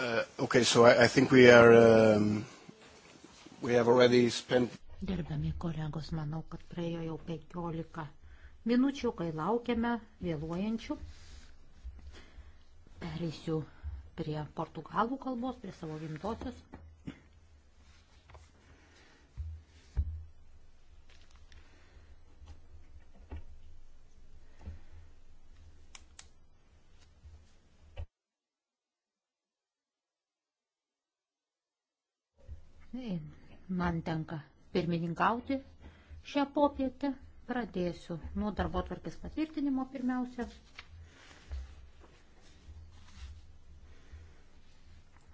Uh, okay, so I, I think we are, um, we have already spent. Gerbiami kolegos, manau, kad praėjo jau 15 minučių, kai laukiame vėluojančių. Pereisiu prie portugalų kalbos, prie savo gimtosios. Man tenka pirmininkauti šią popietę. Pradėsiu nuo darbo tvarkės patvirtinimo pirmiausia.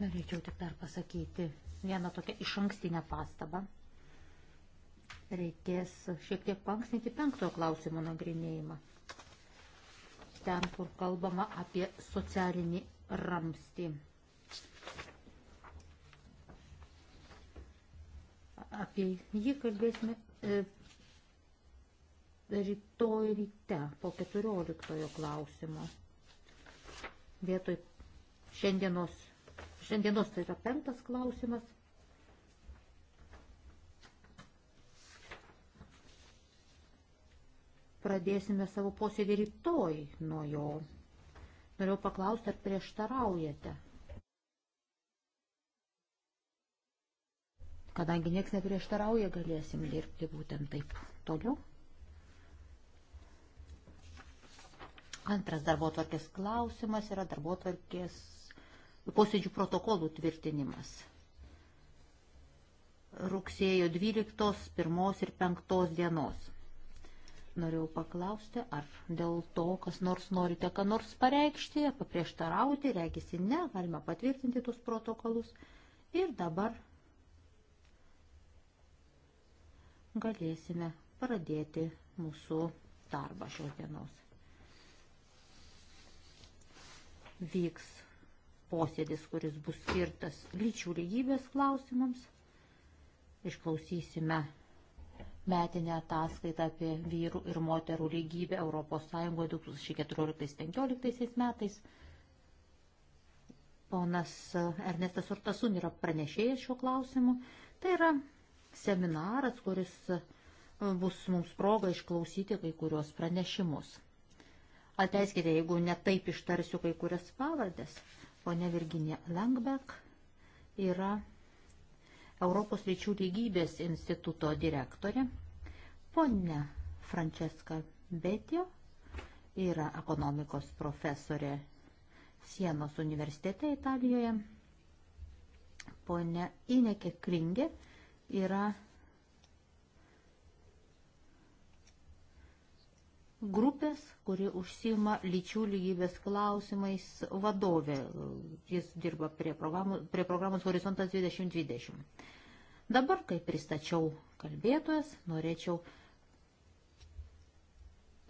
Norėčiau tik dar pasakyti vieną tokią iš ankstinę pastabą. Reikės šiek tiek pankstinti penktojo klausimo nagrinėjimą. Ten, kur kalbama apie socialinį ramstį. Apie jį kalbėsime e, rytoj ryte po 14 klausimo. Vietoj šiandienos, šiandienos tai yra penktas klausimas. Pradėsime savo posėdį rytoj nuo jo. Noriu paklausti, ar prieštaraujate. Kadangi nieks neprieštarauja, galėsim dirbti būtent taip toliau. Antras darbo tvarkės klausimas yra darbo tvarkės posėdžių protokolų tvirtinimas. Rugsėjo 12, 1 ir 5 dienos. Norėjau paklausti, ar dėl to, kas nors norite, ką nors pareikšti, paprieštarauti, reikisi ne, galime patvirtinti tuos protokolus. Ir dabar galėsime pradėti mūsų darbą šios dienos. Vyks posėdis, kuris bus skirtas lyčių lygybės klausimams. Išklausysime metinę ataskaitą apie vyrų ir moterų lygybę ES 2014-2015 metais. Ponas Ernestas Urtasun yra pranešėjęs šiuo klausimu. Tai yra seminaras, kuris e, bus mums proga išklausyti kai kurios pranešimus. Ateiskite, jeigu netaip ištarsiu kai kurias pavardės. Pone Virginija Langbek yra Europos lyčių lygybės instituto direktorė. Pone Franceska Betio yra ekonomikos profesorė Sienos universitete Italijoje. Pone Ineke Kringė yra grupės, kuri užsima lyčių lygybės klausimais vadovė. Jis dirba prie programos, prie programos Horizontas 2020. Dabar, kai pristačiau kalbėtojas, norėčiau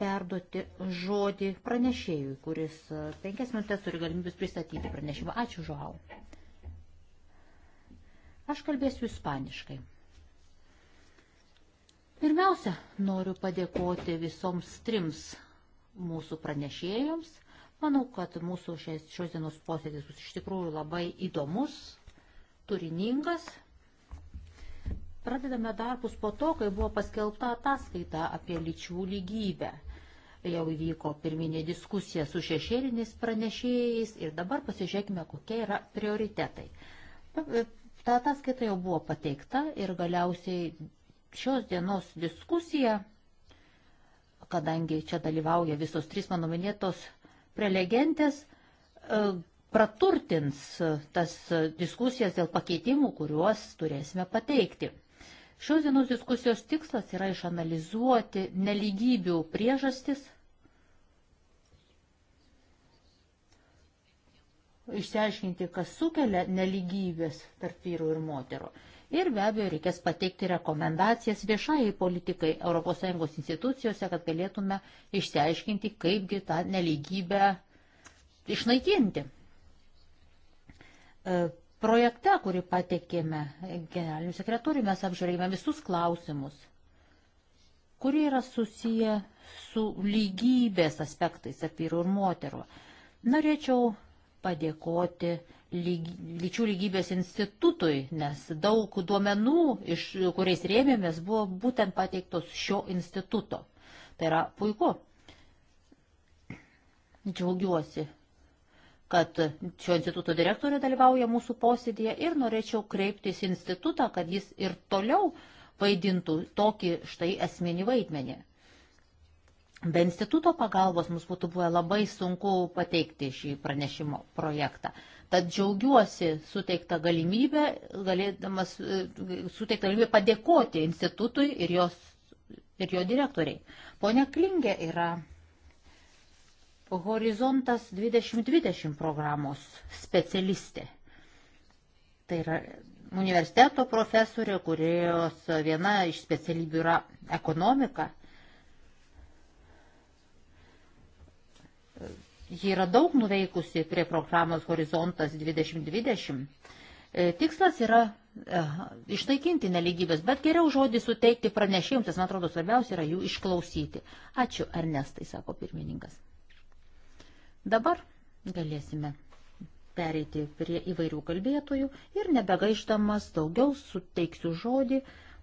perduoti žodį pranešėjui, kuris penkias minutės turi galimybės pristatyti pranešimą. Ačiū, Žuau. Aš kalbėsiu ispaniškai. Pirmiausia, noriu padėkoti visoms trims mūsų pranešėjoms. Manau, kad mūsų šios, šios dienos posėdis bus iš tikrųjų labai įdomus, turiningas. Pradedame darbus po to, kai buvo paskelbta ataskaita apie lyčių lygybę. Jau įvyko pirminė diskusija su šešėliniais pranešėjais ir dabar pasižiūrėkime, kokie yra prioritetai. Ta ataskaita jau buvo pateikta ir galiausiai šios dienos diskusija, kadangi čia dalyvauja visos trys mano minėtos prelegentės, e, praturtins tas diskusijas dėl pakeitimų, kuriuos turėsime pateikti. Šios dienos diskusijos tikslas yra išanalizuoti neligybių priežastis išsiaiškinti, kas sukelia neligybės tarp vyrų ir moterų. Ir be abejo, reikės pateikti rekomendacijas viešai politikai ES institucijose, kad galėtume išsiaiškinti, kaipgi tą neligybę išnaikinti. E, projekte, kurį pateikėme generaliniu sekretoriumi, mes apžiūrėjome visus klausimus, kurie yra susiję su lygybės aspektais tarp vyrų ir moterų. Norėčiau padėkoti lyg, lyčių lygybės institutui, nes daug duomenų, iš, kuriais rėmėmės, buvo būtent pateiktos šio instituto. Tai yra puiku. Džiaugiuosi, kad šio instituto direktorė dalyvauja mūsų posėdėje ir norėčiau kreiptis institutą, kad jis ir toliau vaidintų tokį štai esminį vaidmenį. Be instituto pagalbos mums būtų buvę labai sunku pateikti šį pranešimo projektą. Tad džiaugiuosi suteiktą galimybę, galėdamas e, suteiktą galimybę padėkoti institutui ir, jos, ir jo direktoriai. Pone Klingė yra Horizontas 2020 programos specialistė. Tai yra universiteto profesorė, kurios viena iš specialybių yra ekonomika Ji yra daug nuveikusi prie programos Horizontas 2020. E, tikslas yra e, išnaikinti neligybės, bet geriau žodį suteikti pranešėjams, nes man atrodo svarbiausia yra jų išklausyti. Ačiū, Ernestai, sako pirmininkas. Dabar galėsime pereiti prie įvairių kalbėtojų ir nebegaišdamas daugiau suteiksiu žodį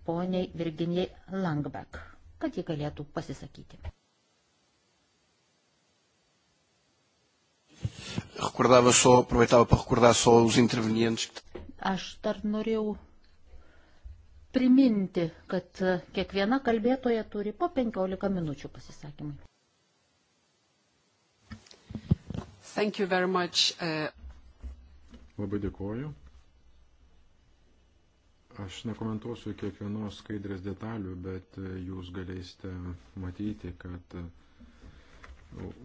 poniai Virginijai Langbek, kad ji galėtų pasisakyti. Recordava só, aproveitava para recordar só os intervenientes. Aš dar norėjau priminti, kad e, kiekviena kalbėtoja turi po 15 minučių pasisakymai. Thank you very much. Uh... Labai dėkoju. Aš nekomentuosiu kiekvienos skaidrės detalių, bet e, jūs galėsite matyti, kad uh,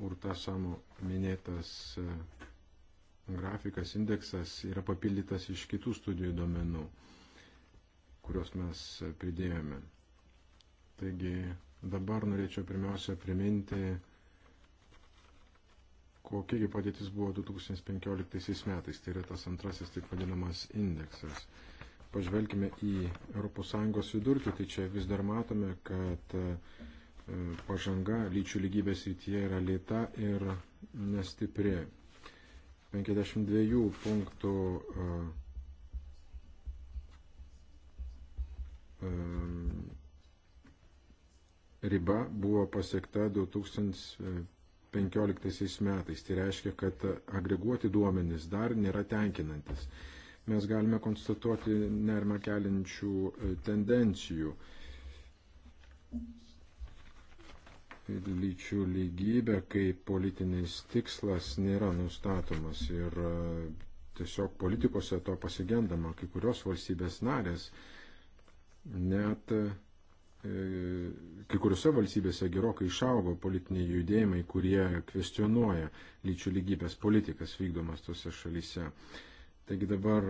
Urtasamo minėtas e, grafikas, indeksas yra papildytas iš kitų studijų domenų, kuriuos mes pridėjome. Taigi dabar norėčiau pirmiausia priminti, kokiegi padėtis buvo 2015 metais. Tai yra tas antrasis taip vadinamas indeksas. Pažvelkime į ES vidurkį, tai čia vis dar matome, kad uh, pažanga lyčių lygybės rytyje yra lėta ir nestipri. 52 punktų e, e, riba buvo pasiekta 2015 metais. Tai reiškia, kad agreguoti duomenys dar nėra tenkinantis. Mes galime konstatuoti nerma kelinčių e, tendencijų lyčių lygybė kaip politinis tikslas nėra nustatomas ir e, tiesiog politikose to pasigendama. Kai kurios valstybės narės net e, kai kuriuose valstybėse gerokai išaugo politiniai judėjimai, kurie kvestionuoja lyčių lygybės politikas vykdomas tose šalyse. Taigi dabar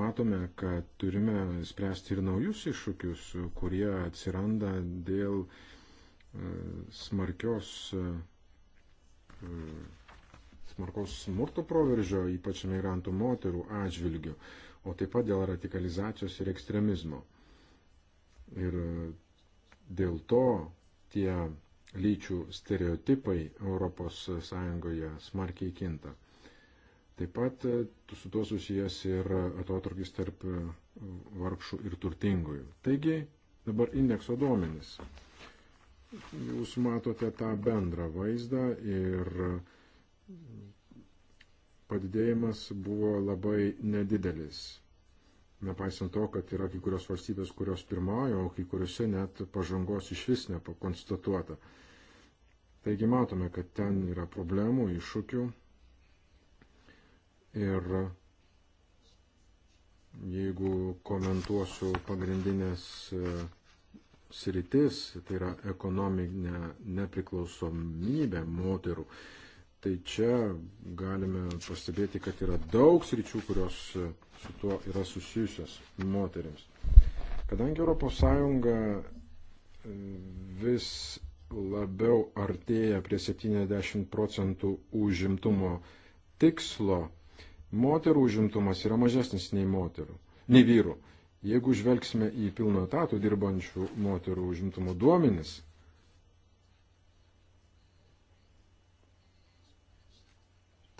matome, kad turime spręsti ir naujus iššūkius, kurie atsiranda dėl uh, smarkios, smarkos smurto proveržio, ypač migrantų moterų atžvilgių, o taip pat dėl radikalizacijos ir ekstremizmo. Ir dėl to tie lyčių stereotipai ES smarkiai kinta. Taip pat e, su tuo susijęs ir atotrukis tarp vargšų ir turtingųjų. Taigi dabar indekso duomenys jūs matote tą bendrą vaizdą ir padidėjimas buvo labai nedidelis. Nepaisant to, kad yra kai kurios valstybės, kurios pirmauja, o kai kuriuose net pažangos iš vis nepakonstatuota. Taigi matome, kad ten yra problemų, iššūkių ir jeigu komentuosiu pagrindinės sritis, tai yra ekonominė nepriklausomybė moterų. Tai čia galime pastebėti, kad yra daug sričių, kurios su tuo yra susijusios moteriams. Kadangi ES e, vis labiau artėja prie 70 procentų užimtumo tikslo, moterų užimtumas yra mažesnis nei, moterų, nei vyrų. Jeigu žvelgsime į pilno etato dirbančių moterų užimtumo duomenis,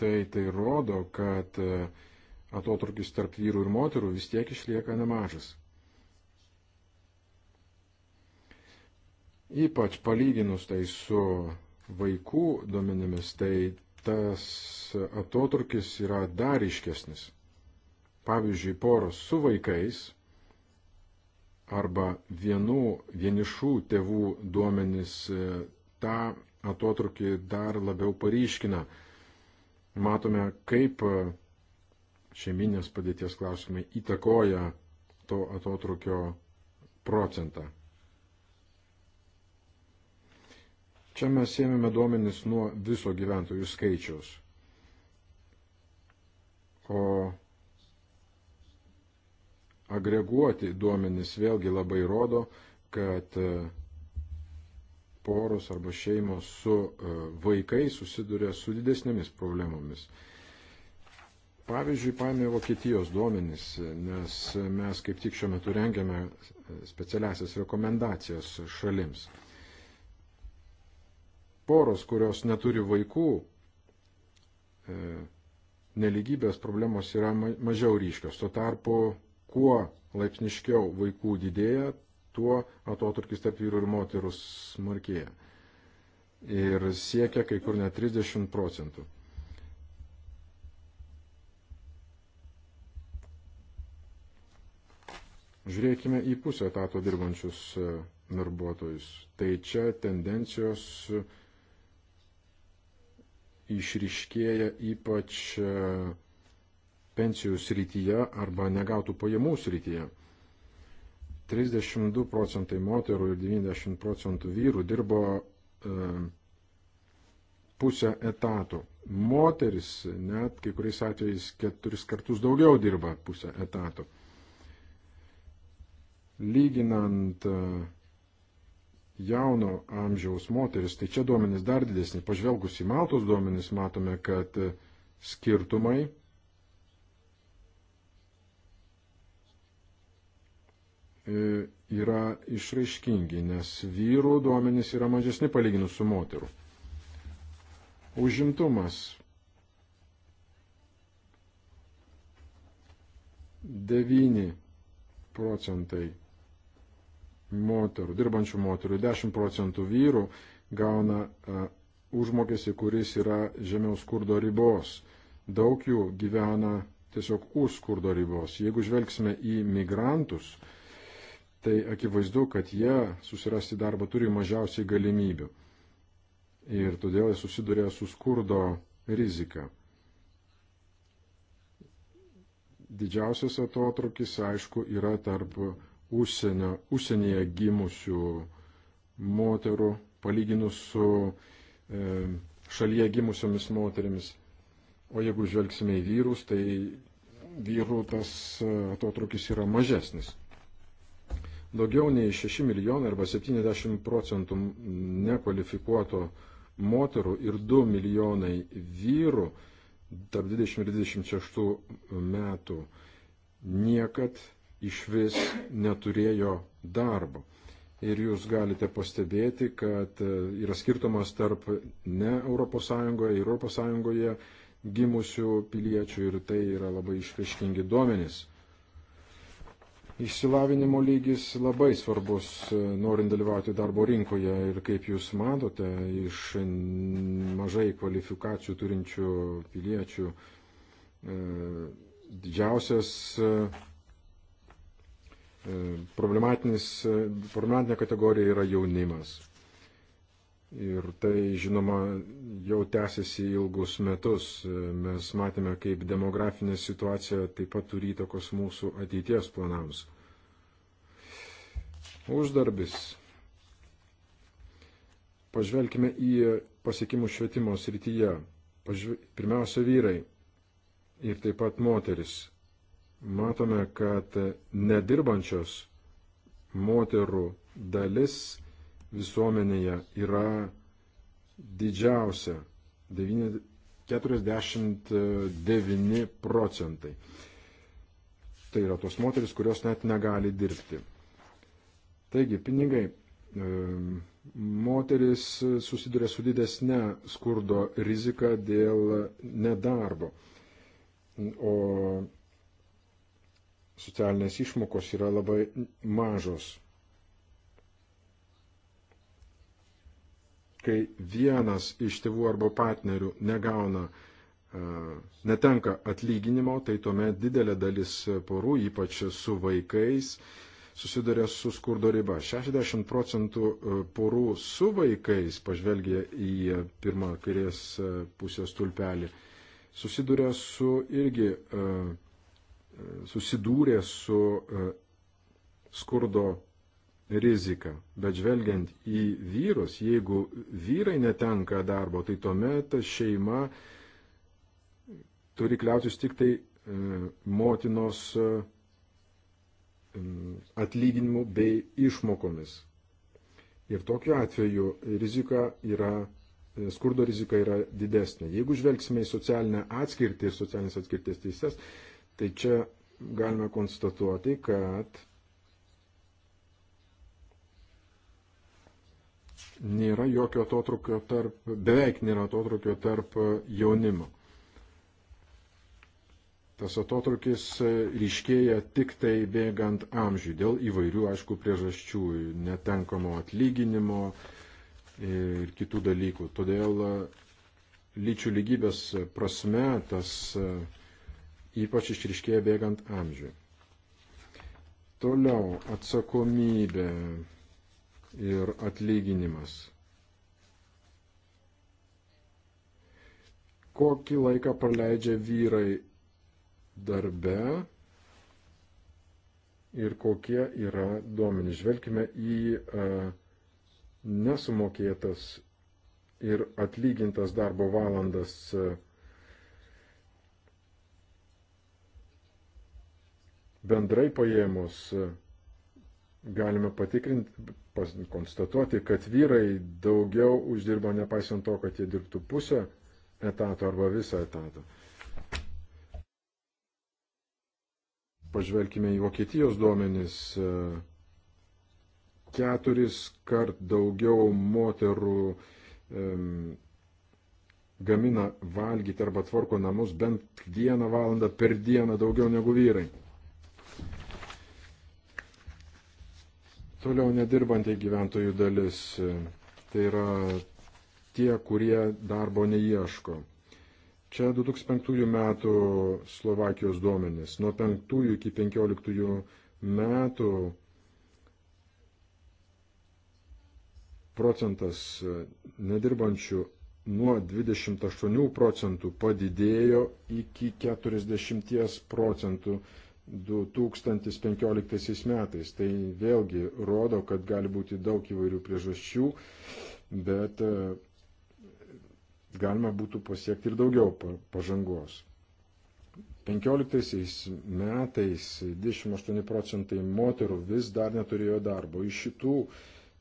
tai tai rodo, kad e, atotrukis tarp vyrų ir moterų vis tiek išlieka nemažas. Ypač palyginus tai su vaikų duomenimis, tai tas atotrukis yra dar iškesnis. Pavyzdžiui, poros su vaikais arba vienų vienišų tėvų duomenys e, tą atotrukį dar labiau paryškina. Matome, kaip e, šeiminės padėties klausimai įtakoja to atotrukio procentą. Čia mes ėmėme duomenis nuo viso gyventojų skaičiaus. O agreguoti duomenys vėlgi labai rodo, kad e, poros arba šeimos su e, vaikai susiduria su didesnėmis problemomis. Pavyzdžiui, paėmė Vokietijos duomenys, nes mes kaip tik šiuo metu rengiame e, specialiasias rekomendacijas šalims. Poros, kurios neturi vaikų, neligybės problemos yra mažiau ryškios. Tuo tarpu kuo laipsniškiau vaikų didėja, tuo atotrukis tarp vyrų ir moterų smarkėja. Ir siekia kai kur net 30 procentų. Žiūrėkime į pusę etato dirbančius e, darbuotojus. Tai čia tendencijos e, išriškėja ypač e, pensijų srityje arba negautų pajamų srityje. 32 procentai moterų ir 90 procentų vyrų dirbo e, pusę etatų. Moteris net kai kuriais atvejais keturis kartus daugiau dirba pusę etatų. Lyginant e, jauno amžiaus moteris, tai čia duomenys dar didesni. Pažvelgus į Maltos duomenys matome, kad e, skirtumai E, yra išraiškingi, nes vyrų duomenys yra mažesni palyginus su moterų. Užimtumas 9 procentai moterų, dirbančių moterų, 10 procentų vyrų gauna e, užmokėsi, kuris yra žemiau skurdo ribos. Daug jų gyvena tiesiog už skurdo ribos. Jeigu žvelgsime į migrantus, tai akivaizdu, kad jie susirasti darbą turi mažiausiai galimybių. Ir todėl jie susiduria su skurdo rizika. Didžiausias atotrukis, aišku, yra tarp užsienio, užsienyje gimusių moterų, palyginus su e, šalyje gimusiomis moterimis. O jeigu žvelgsime į vyrus, tai vyrų tas e, atotrukis yra mažesnis. Daugiau nei 6 milijonai arba 70 procentų nekvalifikuoto moterų ir 2 milijonai vyrų tarp 20 ir 26 metų niekad iš vis neturėjo darbo. Ir jūs galite pastebėti, kad e, yra skirtumas tarp ne ES ir ES gimusių piliečių ir tai yra labai išraiškingi duomenys. Išsilavinimo lygis labai svarbus, e, norint dalyvauti darbo rinkoje ir kaip jūs matote, iš mažai kvalifikacijų turinčių piliečių e, didžiausias e, problematinė kategorija yra jaunimas. Ir tai, žinoma, jau tęsiasi ilgus metus. Mes matėme, kaip demografinė situacija taip pat turi įtakos mūsų ateities planams. Uždarbis. Pažvelkime į pasiekimus švietimo srityje. Pažve... Pirmiausia, vyrai ir taip pat moteris. Matome, kad nedirbančios moterų dalis visuomenėje yra didžiausia 49 procentai. Tai yra tos moteris, kurios net negali dirbti. Taigi, pinigai. Moteris susiduria su didesne skurdo rizika dėl nedarbo. O socialinės išmokos yra labai mažos kai vienas iš tėvų arba partnerių negauna, e, netenka atlyginimo, tai tuomet didelė dalis porų, ypač su vaikais, susiduria su skurdo riba. 60 procentų e, porų su vaikais, pažvelgia į pirmą kairės e, pusės tulpelį, susiduria su irgi susidūrė su skurdo rizika. Bet žvelgiant į vyrus, jeigu vyrai netenka darbo, tai tuomet šeima turi kliautis tik tai e, motinos e, atlyginimu bei išmokomis. Ir tokiu atveju rizika yra, e, skurdo rizika yra didesnė. Jeigu žvelgsime į socialinę atskirtį ir socialinės atskirties teises, tai čia galime konstatuoti, kad nėra jokio atotrukio tarp, beveik nėra atotrukio tarp e, jaunimo. Tas atotrukis e, ryškėja tik tai bėgant amžiui, dėl įvairių, aišku, priežasčių, netenkamo atlyginimo ir kitų dalykų. Todėl e, lyčių lygybės prasme tas ypač išryškėja bėgant amžiui. Toliau atsakomybė ir atlyginimas. Kokį laiką praleidžia vyrai darbe ir kokie yra duomenys. Žvelkime į a, e, nesumokėtas ir atlygintas darbo valandas. A, e, bendrai paėmus e, galime patikrinti, konstatuoti, kad vyrai daugiau uždirbo nepaisant to, kad jie dirbtų pusę etato arba visą etatą. Pažvelkime į Vokietijos duomenis. Keturis kart daugiau moterų um, gamina valgyti arba tvarko namus bent vieną valandą per dieną daugiau negu vyrai. Toliau nedirbantai gyventojų dalis. Tai yra tie, kurie darbo neieško. Čia 2005 metų Slovakijos duomenys. Nuo 5 iki 15 metų procentas nedirbančių nuo 28 procentų padidėjo iki 40 procentų 2015 metais. Tai vėlgi rodo, kad gali būti daug įvairių priežasčių, bet e, galima būtų pasiekti ir daugiau pažangos. 15 metais 28 procentai moterų vis dar neturėjo darbo. Iš šitų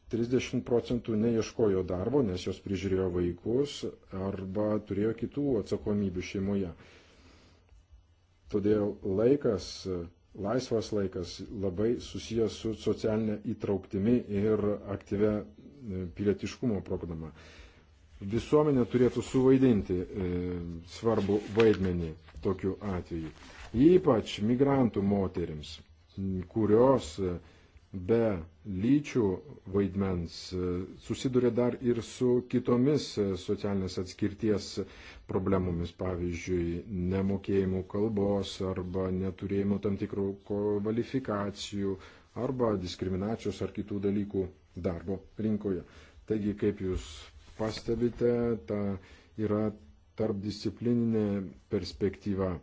30 procentų neieškojo darbo, nes jos prižiūrėjo vaikus arba turėjo kitų atsakomybių šeimoje. Todėl laikas, laisvas laikas labai susijęs su socialinė įtrauktimi ir aktyvia e, pilietiškumo programa. Visuomenė turėtų suvaidinti e, svarbu vaidmenį tokiu atveju. Ypač migrantų moterims, kurios e, be lyčių vaidmens, e, susiduria dar ir su kitomis e, socialinės atskirties problemomis, pavyzdžiui, nemokėjimų kalbos arba neturėjimų tam tikrų kvalifikacijų arba diskriminacijos ar kitų dalykų darbo rinkoje. Taigi, kaip jūs pastebite, ta yra tarpdisciplininė perspektyva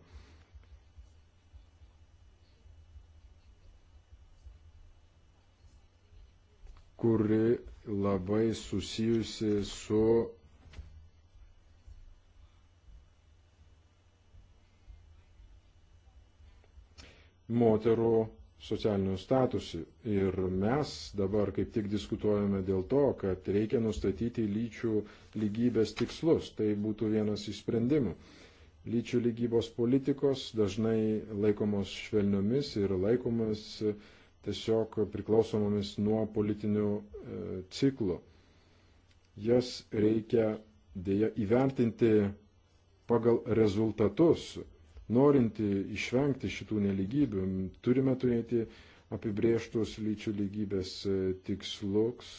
kuri labai susijusi su moterų socialiniu statusu. Ir mes dabar kaip tik diskutuojame dėl to, kad reikia nustatyti lyčių lygybės tikslus. Tai būtų vienas iš sprendimų. Lyčių lygybos politikos dažnai laikomos švelniomis ir laikomas uh, tiesiog priklausomomis nuo politinių e, ciklų. Jas reikia dėja įvertinti pagal rezultatus. Norinti išvengti šitų neligybių, turime turėti apibrieštus lyčių lygybės e, tikslus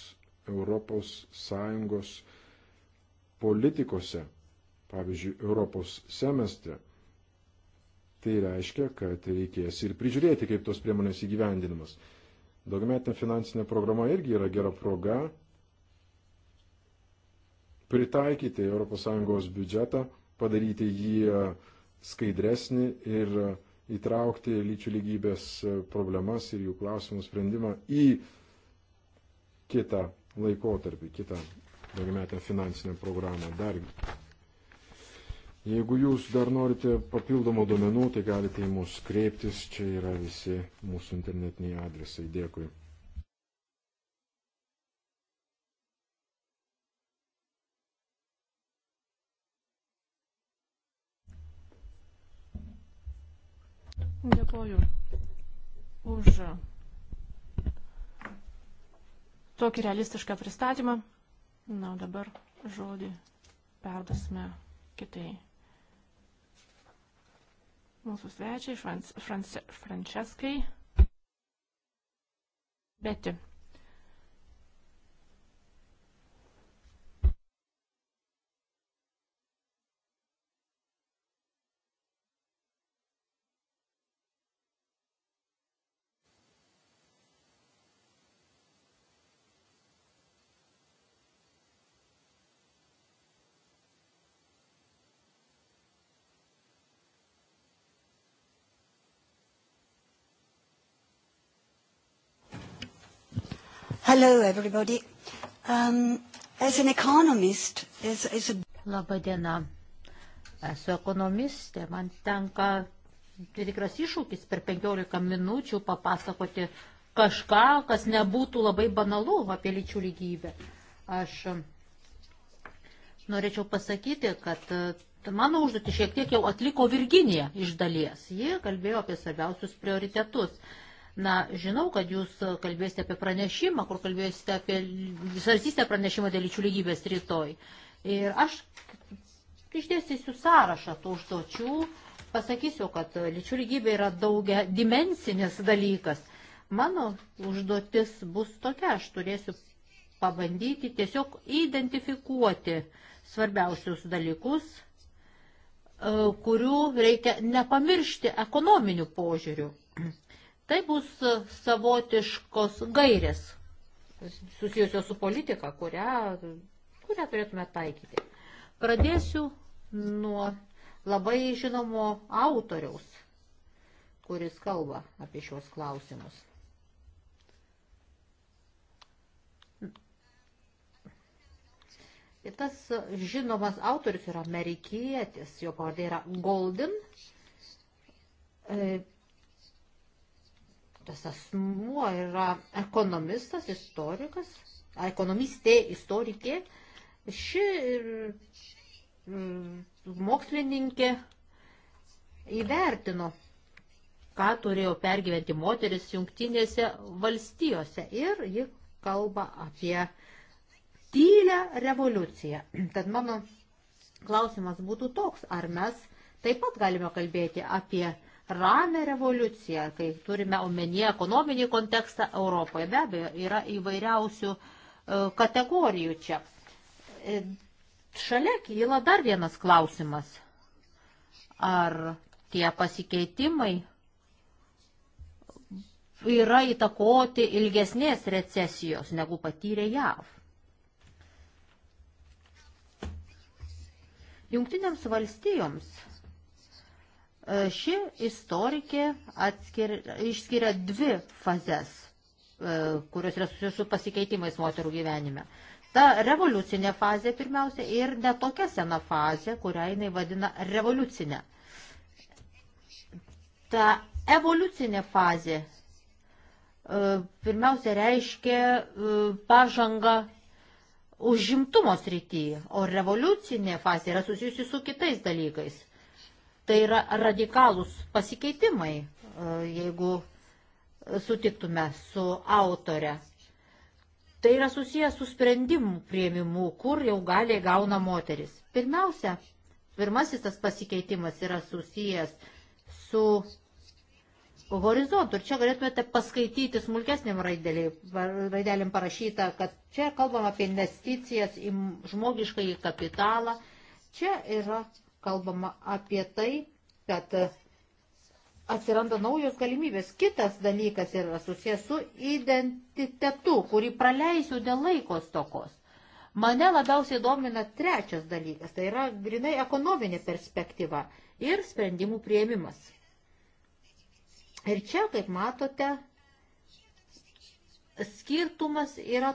ES politikose, pavyzdžiui, Europos semestre tai reiškia, kad reikės ir prižiūrėti, kaip tos priemonės įgyvendinamos. Daugiametinė finansinė programa irgi yra gera proga pritaikyti ES biudžetą, padaryti jį skaidresnį ir įtraukti lyčių lygybės problemas ir jų klausimų sprendimą į kitą laikotarpį, kitą daugiametę finansinę programą. Dar Jeigu jūs dar norite papildomų duomenų, tai galite į mus kreiptis, čia yra visi mūsų internetiniai adresai. Dėkui. Dėkoju už tokį realistišką pristatymą. Na, dabar žodį perdasime kitai mūsų svečiai Frances, Frances, Franceskai Beti. Hello, everybody. Um, as an economist, is, is a... Labą dieną. Esu ekonomistė, man tenka tikras iššūkis per 15 minučių papasakoti kažką, kas nebūtų labai banalu apie lyčių lygybę. Aš norėčiau pasakyti, kad e, mano užduotį šiek tiek jau atliko Virginija iš dalies. Ji kalbėjo apie svarbiausius prioritetus. Na, žinau, kad jūs kalbėsite apie pranešimą, kur kalbėsite apie, svarstysite pranešimą dėl lyčių lygybės rytoj. Ir aš išdėstysiu sąrašą tų užduočių, pasakysiu, kad lyčių lygybė yra daugia dimensinis dalykas. Mano užduotis bus tokia, aš turėsiu pabandyti tiesiog identifikuoti svarbiausius dalykus, e, kurių reikia nepamiršti ekonominių požiūrių. Tai bus savotiškos gairės susijusios su politika, kurią, kurią turėtume taikyti. Pradėsiu nuo labai žinomo autoriaus, kuris kalba apie šios klausimus. Ir tas žinomas autorius yra amerikietis, jo pavardė yra Golden. E, tas asmuo yra ekonomistas, istorikas, ekonomistė, istorikė, ši mokslininkė įvertino, ką turėjo pergyventi moteris jungtinėse valstijose ir ji kalba apie tylę revoliuciją. Tad mano klausimas būtų toks, ar mes taip pat galime kalbėti apie ramę revoliuciją, kai turime omenyje ekonominį kontekstą Europoje. Be abejo, yra įvairiausių e, kategorijų čia. E, šalia kyla dar vienas klausimas. Ar tie pasikeitimai yra įtakoti ilgesnės recesijos negu patyrė JAV? Jungtinėms valstijoms E, ši istorikė atskir, išskiria dvi fazes, e, kurios yra susijusios su pasikeitimais moterų gyvenime. Ta revoliucinė fazė pirmiausia ir ne tokia sena fazė, kurią jinai vadina revoliucinė. Ta evoliucinė fazė e, pirmiausia reiškia pažangą užimtumo srityje, o revoliucinė fazė yra susijusi su kitais dalykais Tai yra radikalūs pasikeitimai, e, jeigu sutiktume su autore. Tai yra susijęs su sprendimų prieimimu, kur jau galiai gauna moteris. Pirmiausia, pirmasis tas pasikeitimas yra susijęs su horizontu. Ir čia galėtumėte paskaityti smulkesniam raidelėm parašytą, kad čia kalbam apie investicijas į žmogiškąjį kapitalą. Čia yra kalbama apie tai, kad atsiranda naujos galimybės. Kitas dalykas yra susijęs su identitetu, kurį praleisiu dėl laiko stokos. Mane labiausiai domina trečias dalykas, tai yra grinai ekonominė perspektyva ir sprendimų prieimimas. Ir čia, kaip matote, skirtumas yra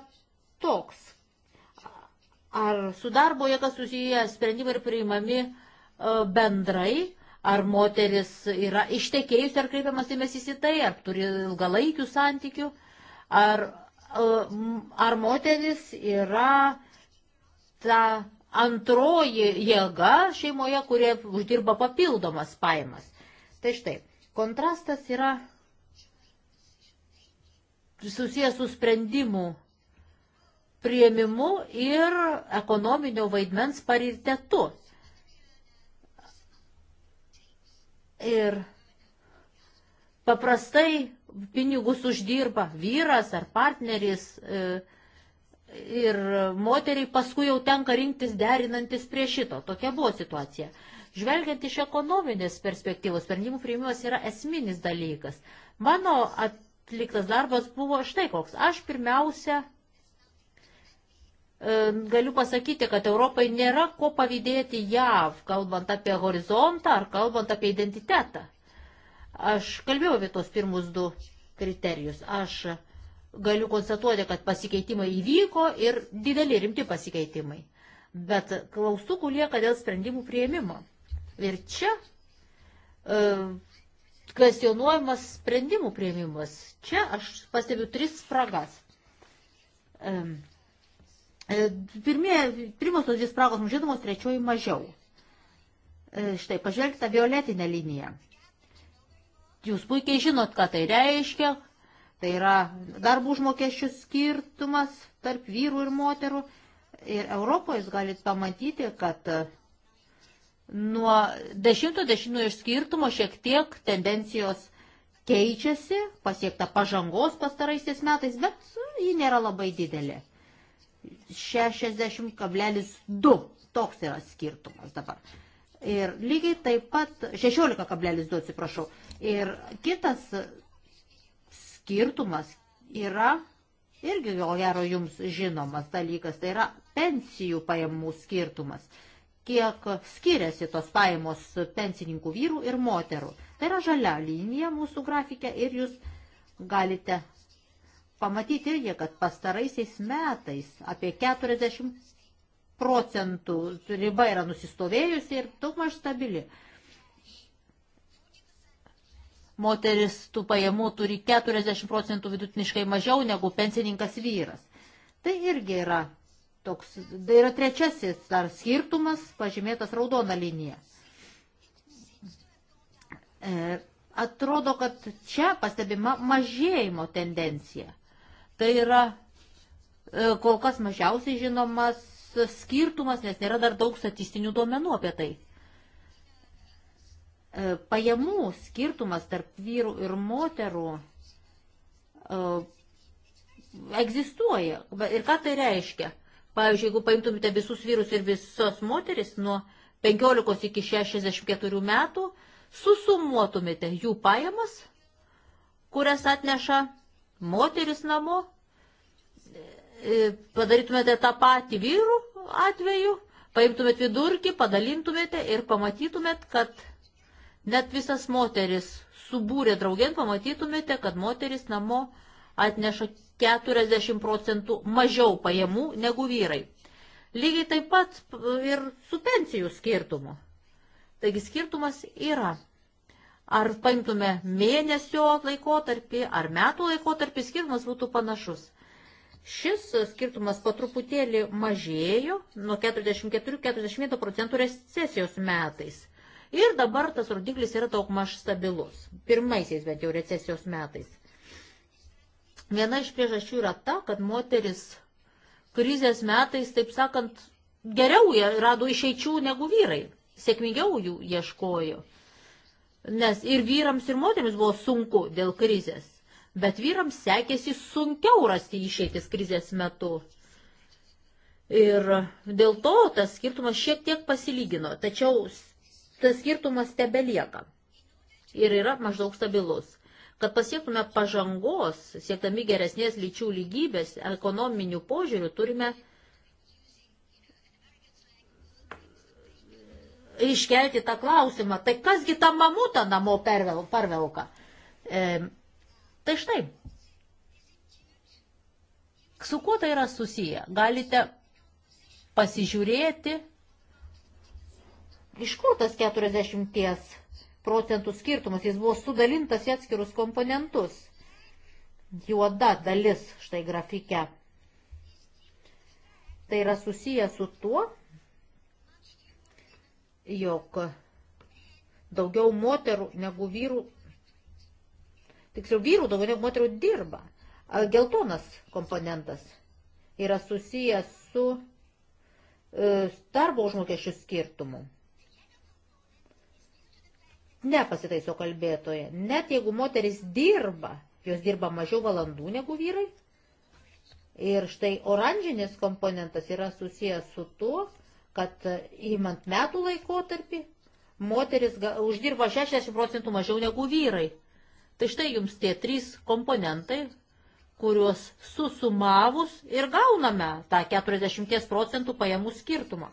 toks. Ar su darbo jėga susiję sprendimai ir priimami uh, E, bendrai, ar moteris yra ištekėjusi, ar kreipiamas dėmesys į tai, ar turi ilgalaikių santykių, ar, e, ar moteris yra ta antroji jėga šeimoje, kurie uždirba papildomas pajamas. Tai štai, kontrastas yra susijęs su sprendimu prieimimu ir ekonominio vaidmens paritetu. Ir paprastai pinigus uždirba vyras ar partneris e, ir moteriai paskui jau tenka rinktis derinantis prie šito. Tokia buvo situacija. Žvelgiant iš ekonominės perspektyvos, sprendimų priimimas yra esminis dalykas. Mano atliktas darbas buvo štai koks. Aš pirmiausia galiu pasakyti, kad Europai nėra ko pavydėti JAV, kalbant apie horizontą ar kalbant apie identitetą. Aš kalbėjau apie tos pirmus du kriterijus. Aš galiu konstatuoti, kad pasikeitimai įvyko ir dideli rimti pasikeitimai. Bet klaustukų lieka dėl sprendimų prieimimo. Ir čia e, kvestionuojamas sprendimų prieimimas. Čia aš pastebiu tris spragas. E, E, pirmie, pirmos tos dvi spragos mažinamos, trečioji mažiau. E, štai, pažvelgite violetinę liniją. Jūs puikiai žinot, ką tai reiškia. Tai yra darbų užmokesčių skirtumas tarp vyrų ir moterų. Ir Europoje jūs galite pamatyti, kad e, nuo 10-10 išskirtumo šiek tiek tendencijos keičiasi, pasiekta pažangos pastaraisiais metais, bet ji nėra labai didelė. 60,2. Toks yra skirtumas dabar. Ir lygiai taip pat 16,2 atsiprašau. Ir kitas skirtumas yra irgi gal gero jums žinomas dalykas, tai yra pensijų pajamų skirtumas. Kiek skiriasi tos pajamos pensininkų vyrų ir moterų. Tai yra žalia linija mūsų grafikė ir jūs galite pamatyti irgi, kad pastaraisiais metais apie 40 procentų riba yra nusistovėjusi ir daugmaž stabili. Moteris tų pajamų turi 40 procentų vidutiniškai mažiau negu pensininkas vyras. Tai irgi yra toks, tai yra trečiasis dar skirtumas, pažymėtas raudona linija. E, atrodo, kad čia pastebima mažėjimo tendencija. Tai yra e, kol kas mažiausiai žinomas skirtumas, nes nėra dar daug statistinių duomenų apie tai. E, pajamų skirtumas tarp vyrų ir moterų e, egzistuoja. Ir ką tai reiškia? Pavyzdžiui, jeigu paimtumėte visus vyrus ir visos moteris nuo 15 iki 64 metų, susumuotumėte jų pajamas, kurias atneša moteris namo, e, padarytumėte tą patį vyrų atveju, paimtumėt vidurkį, padalintumėte ir pamatytumėt, kad net visas moteris subūrė draugien, pamatytumėte, kad moteris namo atneša 40 procentų mažiau pajamų negu vyrai. Lygiai taip pat ir su pensijų skirtumu. Taigi skirtumas yra. Ar paimtume mėnesio laikotarpį, ar metų laikotarpį, skirtumas būtų panašus. Šis skirtumas po truputėlį mažėjo nuo 44-40 procentų recesijos metais. Ir dabar tas rodiklis yra daug maž stabilus. Pirmaisiais bent jau recesijos metais. Viena iš priežasčių yra ta, kad moteris krizės metais, taip sakant, geriau rado išeičių negu vyrai. Sėkmingiau jų ieškojo nes ir vyrams, ir moteriams buvo sunku dėl krizės, bet vyrams sekėsi sunkiau rasti išeitis krizės metu. Ir dėl to tas skirtumas šiek tiek pasilygino, tačiau tas skirtumas tebelieka ir yra maždaug stabilus. Kad pasiektume pažangos, siektami geresnės lyčių lygybės, ekonominių požiūrių, turime iškelti tą klausimą, tai kasgi tą mamutą namo pervelka. E, tai štai. Su kuo tai yra susiję? Galite pasižiūrėti, iš kur tas 40 procentų skirtumas, jis buvo sudalintas į atskirus komponentus. Juoda dalis štai grafike. Tai yra susiję su tuo, jog daugiau moterų negu vyrų, tiksliau vyrų daugiau negu moterų dirba. Geltonas komponentas yra susijęs su e, darbo užmokesčių skirtumu. Nepasitaiso kalbėtoje. Net jeigu moteris dirba, jos dirba mažiau valandų negu vyrai. Ir štai oranžinis komponentas yra susijęs su tuo, kad įmant e, metų laikotarpį moteris uždirba 60 procentų mažiau negu vyrai. Tai štai jums tie trys komponentai, kuriuos susumavus ir gauname tą 40 procentų pajamų skirtumą.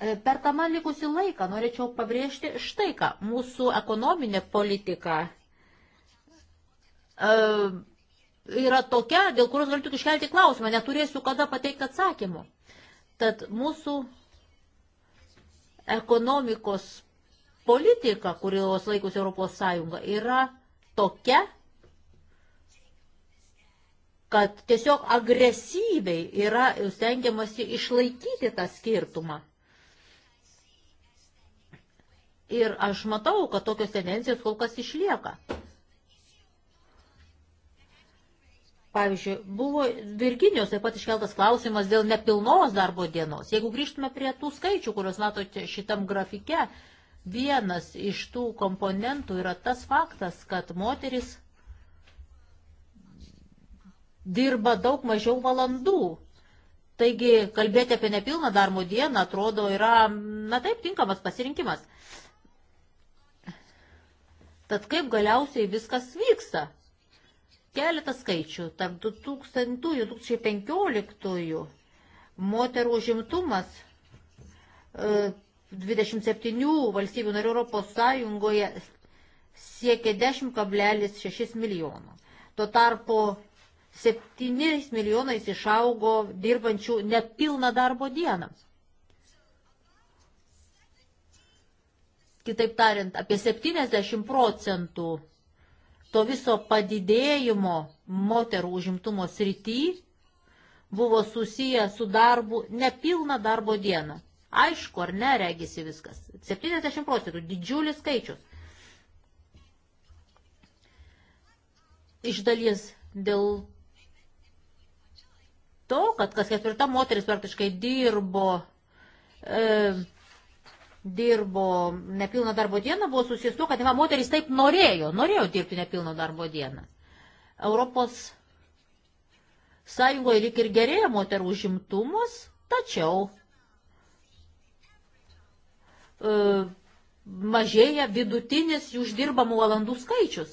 E, per tą man likusį laiką norėčiau pabrėžti štai ką. Mūsų ekonominė politika e, yra tokia, dėl kurios galiu tik iškelti klausimą, neturėsiu kada pateikti atsakymų. Tad mūsų ekonomikos politika, kurios laikus Europos Sąjunga, yra tokia, kad tiesiog agresyviai yra stengiamasi išlaikyti tą skirtumą. Ir aš matau, kad tokios tendencijos kol kas išlieka. Pavyzdžiui, buvo Virginijos taip pat iškeltas klausimas dėl nepilnos darbo dienos. Jeigu grįžtume prie tų skaičių, kuriuos matote šitam grafike, vienas iš tų komponentų yra tas faktas, kad moteris dirba daug mažiau valandų. Taigi kalbėti apie nepilną darbo dieną atrodo yra, na taip, tinkamas pasirinkimas. Tad kaip galiausiai viskas vyksta? Keletą skaičių. Tarp 2000-2015 moterų užimtumas 27 e, valstybių narių Europos Sąjungoje siekia 10,6 milijonų. Tuo tarpu 7 milijonais išaugo dirbančių nepilną darbo dieną. Kitaip tariant, apie 70 procentų to viso padidėjimo moterų užimtumo srity buvo susiję su darbu nepilną darbo dieną. Aišku, ar ne, regisi viskas. 70 procentų, didžiulis skaičius. Iš dalies dėl to, kad kas ketvirta moteris praktiškai dirbo e, dirbo nepilną darbo dieną, buvo susijęs tuo, kad moteris taip norėjo, norėjo dirbti nepilną darbo dieną. Europos Sąjungoje lik ir gerėja moterų užimtumas, tačiau e, mažėja vidutinis uždirbamų valandų skaičius.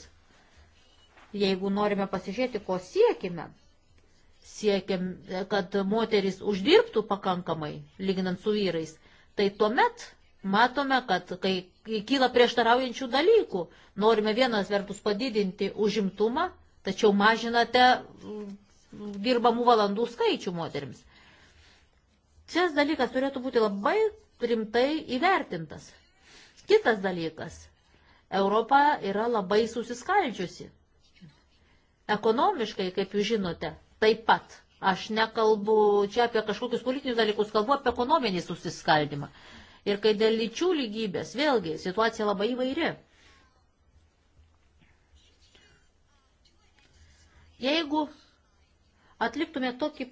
Jeigu norime pasižiūrėti, ko siekime, siekiam, kad moteris uždirbtų pakankamai, lyginant su vyrais, tai tuomet matome, kad kai kyla prieštaraujančių dalykų, norime vienas vertus padidinti užimtumą, tačiau mažinate mm, dirbamų valandų skaičių moteriams. Šis dalykas turėtų būti labai rimtai įvertintas. Kitas dalykas. Europa yra labai susiskaldžiusi. Ekonomiškai, kaip jūs žinote, taip pat. Aš nekalbu čia apie kažkokius politinius dalykus, kalbu apie ekonominį susiskaldimą. Ir kai dėl lyčių lygybės, vėlgi, situacija labai įvairi. Jeigu atliktume tokį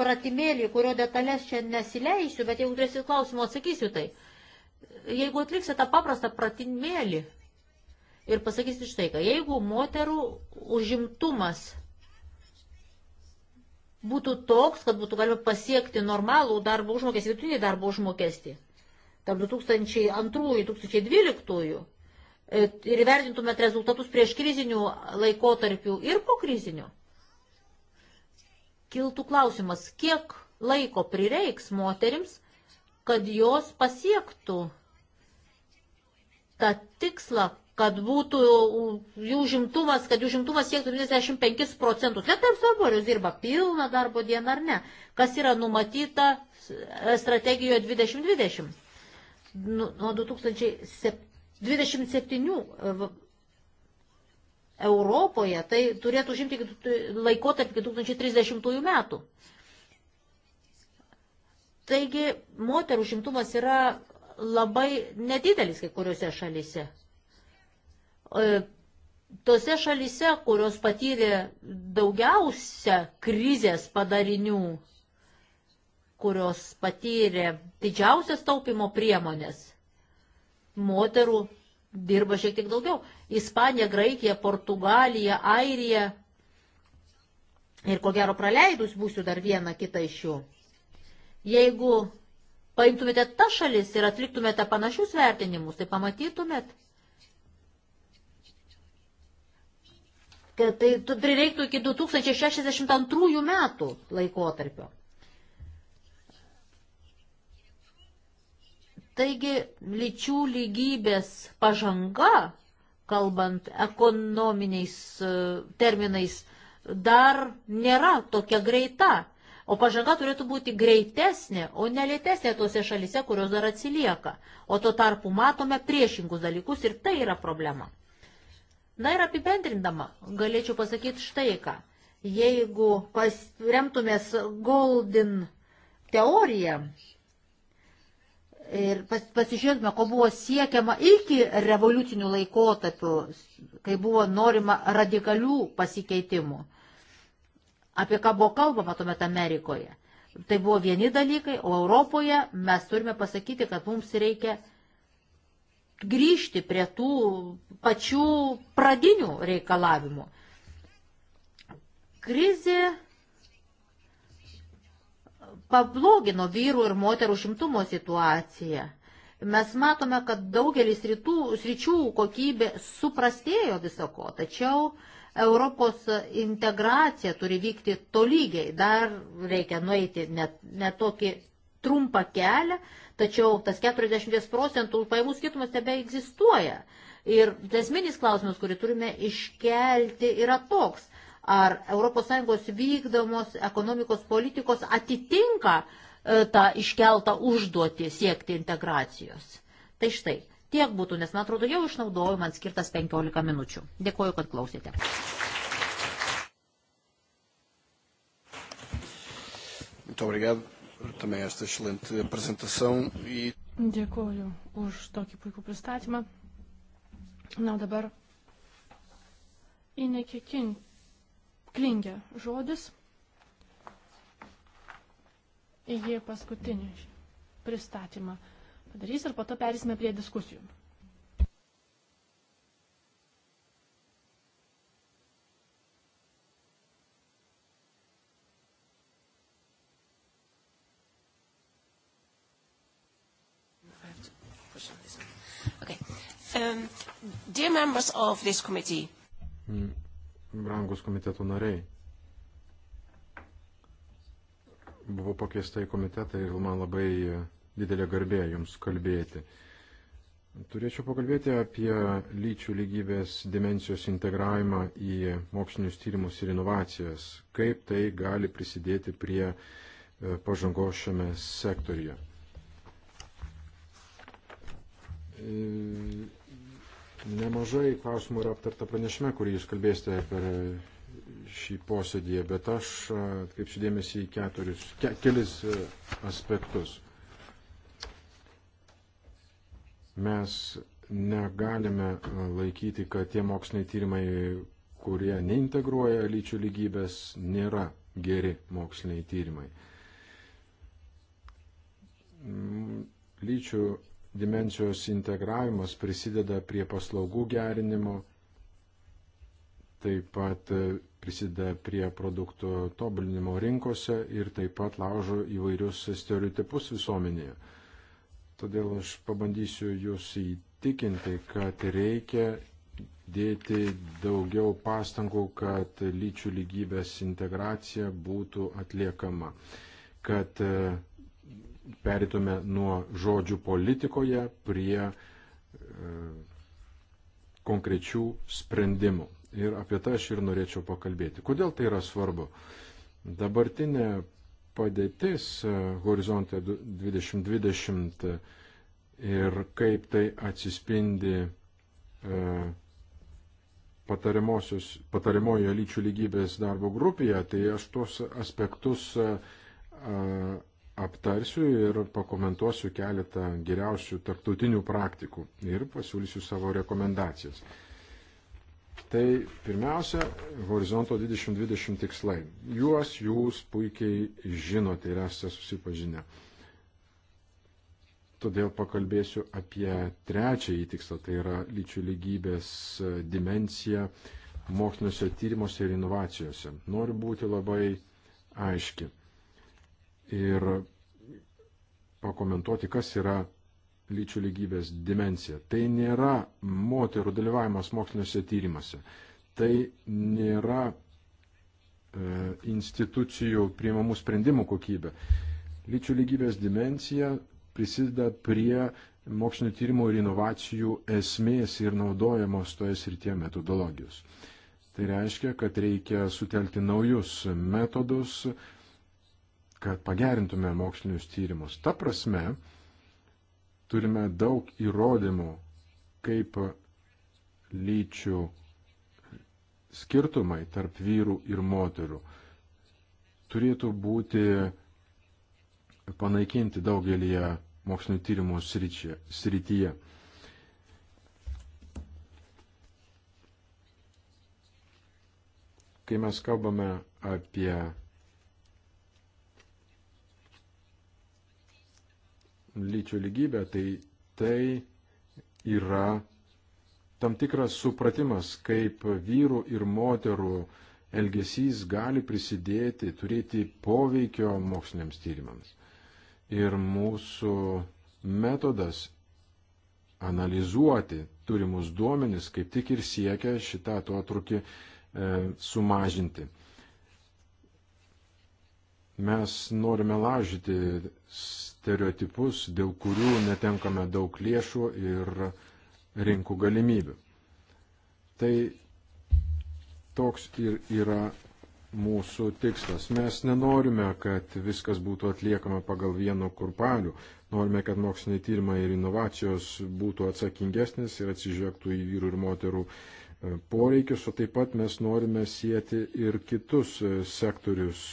pratimėlį, kurio detalės čia nesileisiu, bet jeigu turėsit klausimų, atsakysiu tai. Jeigu atliksite tą paprastą pratimėlį ir pasakysit štai ką, jeigu moterų užimtumas būtų toks, kad būtų galima pasiekti normalų darbo užmokestį, vidutinį darbo užmokestį, tam 2002-2012 e, ir įvertintumėt rezultatus prieš krizinių laikotarpių ir po krizinių, kiltų klausimas, kiek laiko prireiks moterims, kad jos pasiektų tą tikslą, kad būtų jų žimtumas, kad jų žimtumas siektų 25 procentus. Net ar saboris dirba pilną darbo dieną ar ne, kas yra numatyta strategijoje 2020. Nu, nuo 2027 e, Europoje, tai turėtų užimti laikotarpį 2030 metų. Taigi moterų užimtumas yra labai nedidelis kai kuriuose šalise. E, tose šalise, kurios patyrė daugiausia krizės padarinių, kurios patyrė didžiausias taupimo priemonės, moterų dirba šiek tiek daugiau. Ispanija, Graikija, Portugalija, Airija ir ko gero praleidus būsiu dar vieną kitą iš jų. Jeigu paimtumėte tą šalis ir atliktumėte panašius vertinimus, tai pamatytumėt, kad tai prireiktų iki 2062 metų laikotarpio. Taigi lyčių lygybės pažanga, kalbant ekonominiais e, terminais, dar nėra tokia greita. O pažanga turėtų būti greitesnė, o ne lėtesnė tose šalise, kurios dar atsilieka. O tuo tarpu matome priešingus dalykus ir tai yra problema. Na ir apibendrindama, galėčiau pasakyti štai ką. Jeigu remtumės Golden teoriją, Ir pas, pasižiūrėtume, ko buvo siekiama iki revoliucinių laikotarpių, kai buvo norima radikalių pasikeitimų. Apie ką buvo kalbama tuomet Amerikoje. Tai buvo vieni dalykai, o Europoje mes turime pasakyti, kad mums reikia grįžti prie tų pačių pradinių reikalavimų. Krizė pablogino vyrų ir moterų šimtumo situaciją. Mes matome, kad daugelis rytų, sričių kokybė suprastėjo visako, tačiau Europos integracija turi vykti tolygiai. Dar reikia nueiti net, net tokį trumpą kelią, tačiau tas 40 procentų pajamų skirtumas tebe egzistuoja. Ir esminis klausimas, kurį turime iškelti, yra toks ar ES vykdomos ekonomikos politikos atitinka e, tą iškeltą užduotį siekti integracijos. Tai štai, tiek būtų, nes man atrodo, jau išnaudoju man skirtas 15 minučių. Dėkuoju, kad klausėte. Muito obrigado também esta excelente apresentação e Dėkuoju už tokį puikų pristatymą. Na, dabar Inekė Kint klingia žodis. Jie paskutinį pristatymą padarys ir po to perėsime prie diskusijų. Okay. Um, dear members of this committee. Mm brangus komiteto nariai. Buvau pakviesta į komitetą ir man labai didelė garbė jums kalbėti. Turėčiau pakalbėti apie lyčių lygybės dimensijos integravimą į mokslinius tyrimus ir inovacijas, kaip tai gali prisidėti prie e, pažangos šiame sektorijoje. Nemažai klausimų yra aptarta pranešime, kurį jūs kalbėsite per šį posėdį, bet aš atkreipsiu dėmesį į keturis, ke, kelis aspektus. Mes negalime laikyti, kad tie moksliniai tyrimai, kurie neintegruoja lyčių lygybės, nėra geri moksliniai tyrimai. Lyčių dimensijos integravimas prisideda prie paslaugų gerinimo, taip pat e, prisideda prie produktų tobulinimo rinkose ir taip pat laužo įvairius stereotipus visuomenėje. Todėl aš pabandysiu jūs įtikinti, kad reikia dėti daugiau pastangų, kad lyčių lygybės integracija būtų atliekama, kad e, peritume nuo žodžių politikoje prie e, konkrečių sprendimų. Ir apie tai aš ir norėčiau pakalbėti. Kodėl tai yra svarbu? Dabartinė padėtis e, horizonte 2020 ir kaip tai atsispindi e, patariamojo lyčių lygybės darbo grupėje, tai aš tuos aspektus a, e, aptarsiu ir pakomentuosiu keletą geriausių tarptautinių praktikų ir pasiūlysiu savo rekomendacijas. Tai pirmiausia, horizonto 2020 tikslai. Juos jūs puikiai žinote ir esate susipažinę. Todėl pakalbėsiu apie trečiąjį tikslą, tai yra lyčių lygybės dimencija moksliniuose tyrimuose ir inovacijose. Noriu būti labai aiški ir pakomentuoti, kas yra lyčių lygybės dimencija. Tai nėra moterų dalyvavimas moksliniuose tyrimuose. Tai nėra e, institucijų priimamų sprendimų kokybė. Lyčių lygybės dimencija prisideda prie mokslinio tyrimo ir inovacijų esmės ir naudojamos toje srityje metodologijos. Tai reiškia, kad reikia sutelkti naujus metodus, kad pagerintume mokslinius tyrimus. Ta prasme, turime daug įrodymų, kaip lyčių skirtumai tarp vyrų ir moterų turėtų būti panaikinti daugelį mokslinio tyrimų srityje. Kai mes kalbame apie lyčių lygybę, tai tai yra tam tikras supratimas, kaip vyrų ir moterų elgesys gali prisidėti, turėti poveikio moksliniams tyrimams. Ir mūsų metodas analizuoti turimus duomenis kaip tik ir siekia šitą atotrukį e, sumažinti. Mes norime lažyti stereotipus, dėl kurių netenkame daug lėšų ir rinkų galimybių. Tai toks ir yra mūsų tikslas. Mes nenorime, kad viskas būtų atliekama pagal vieno kurpalių. Norime, kad moksliniai tyrimai ir inovacijos būtų atsakingesnis ir atsižvelgtų į vyrų ir moterų e, poreikius, o taip pat mes norime sieti ir kitus e, sektorius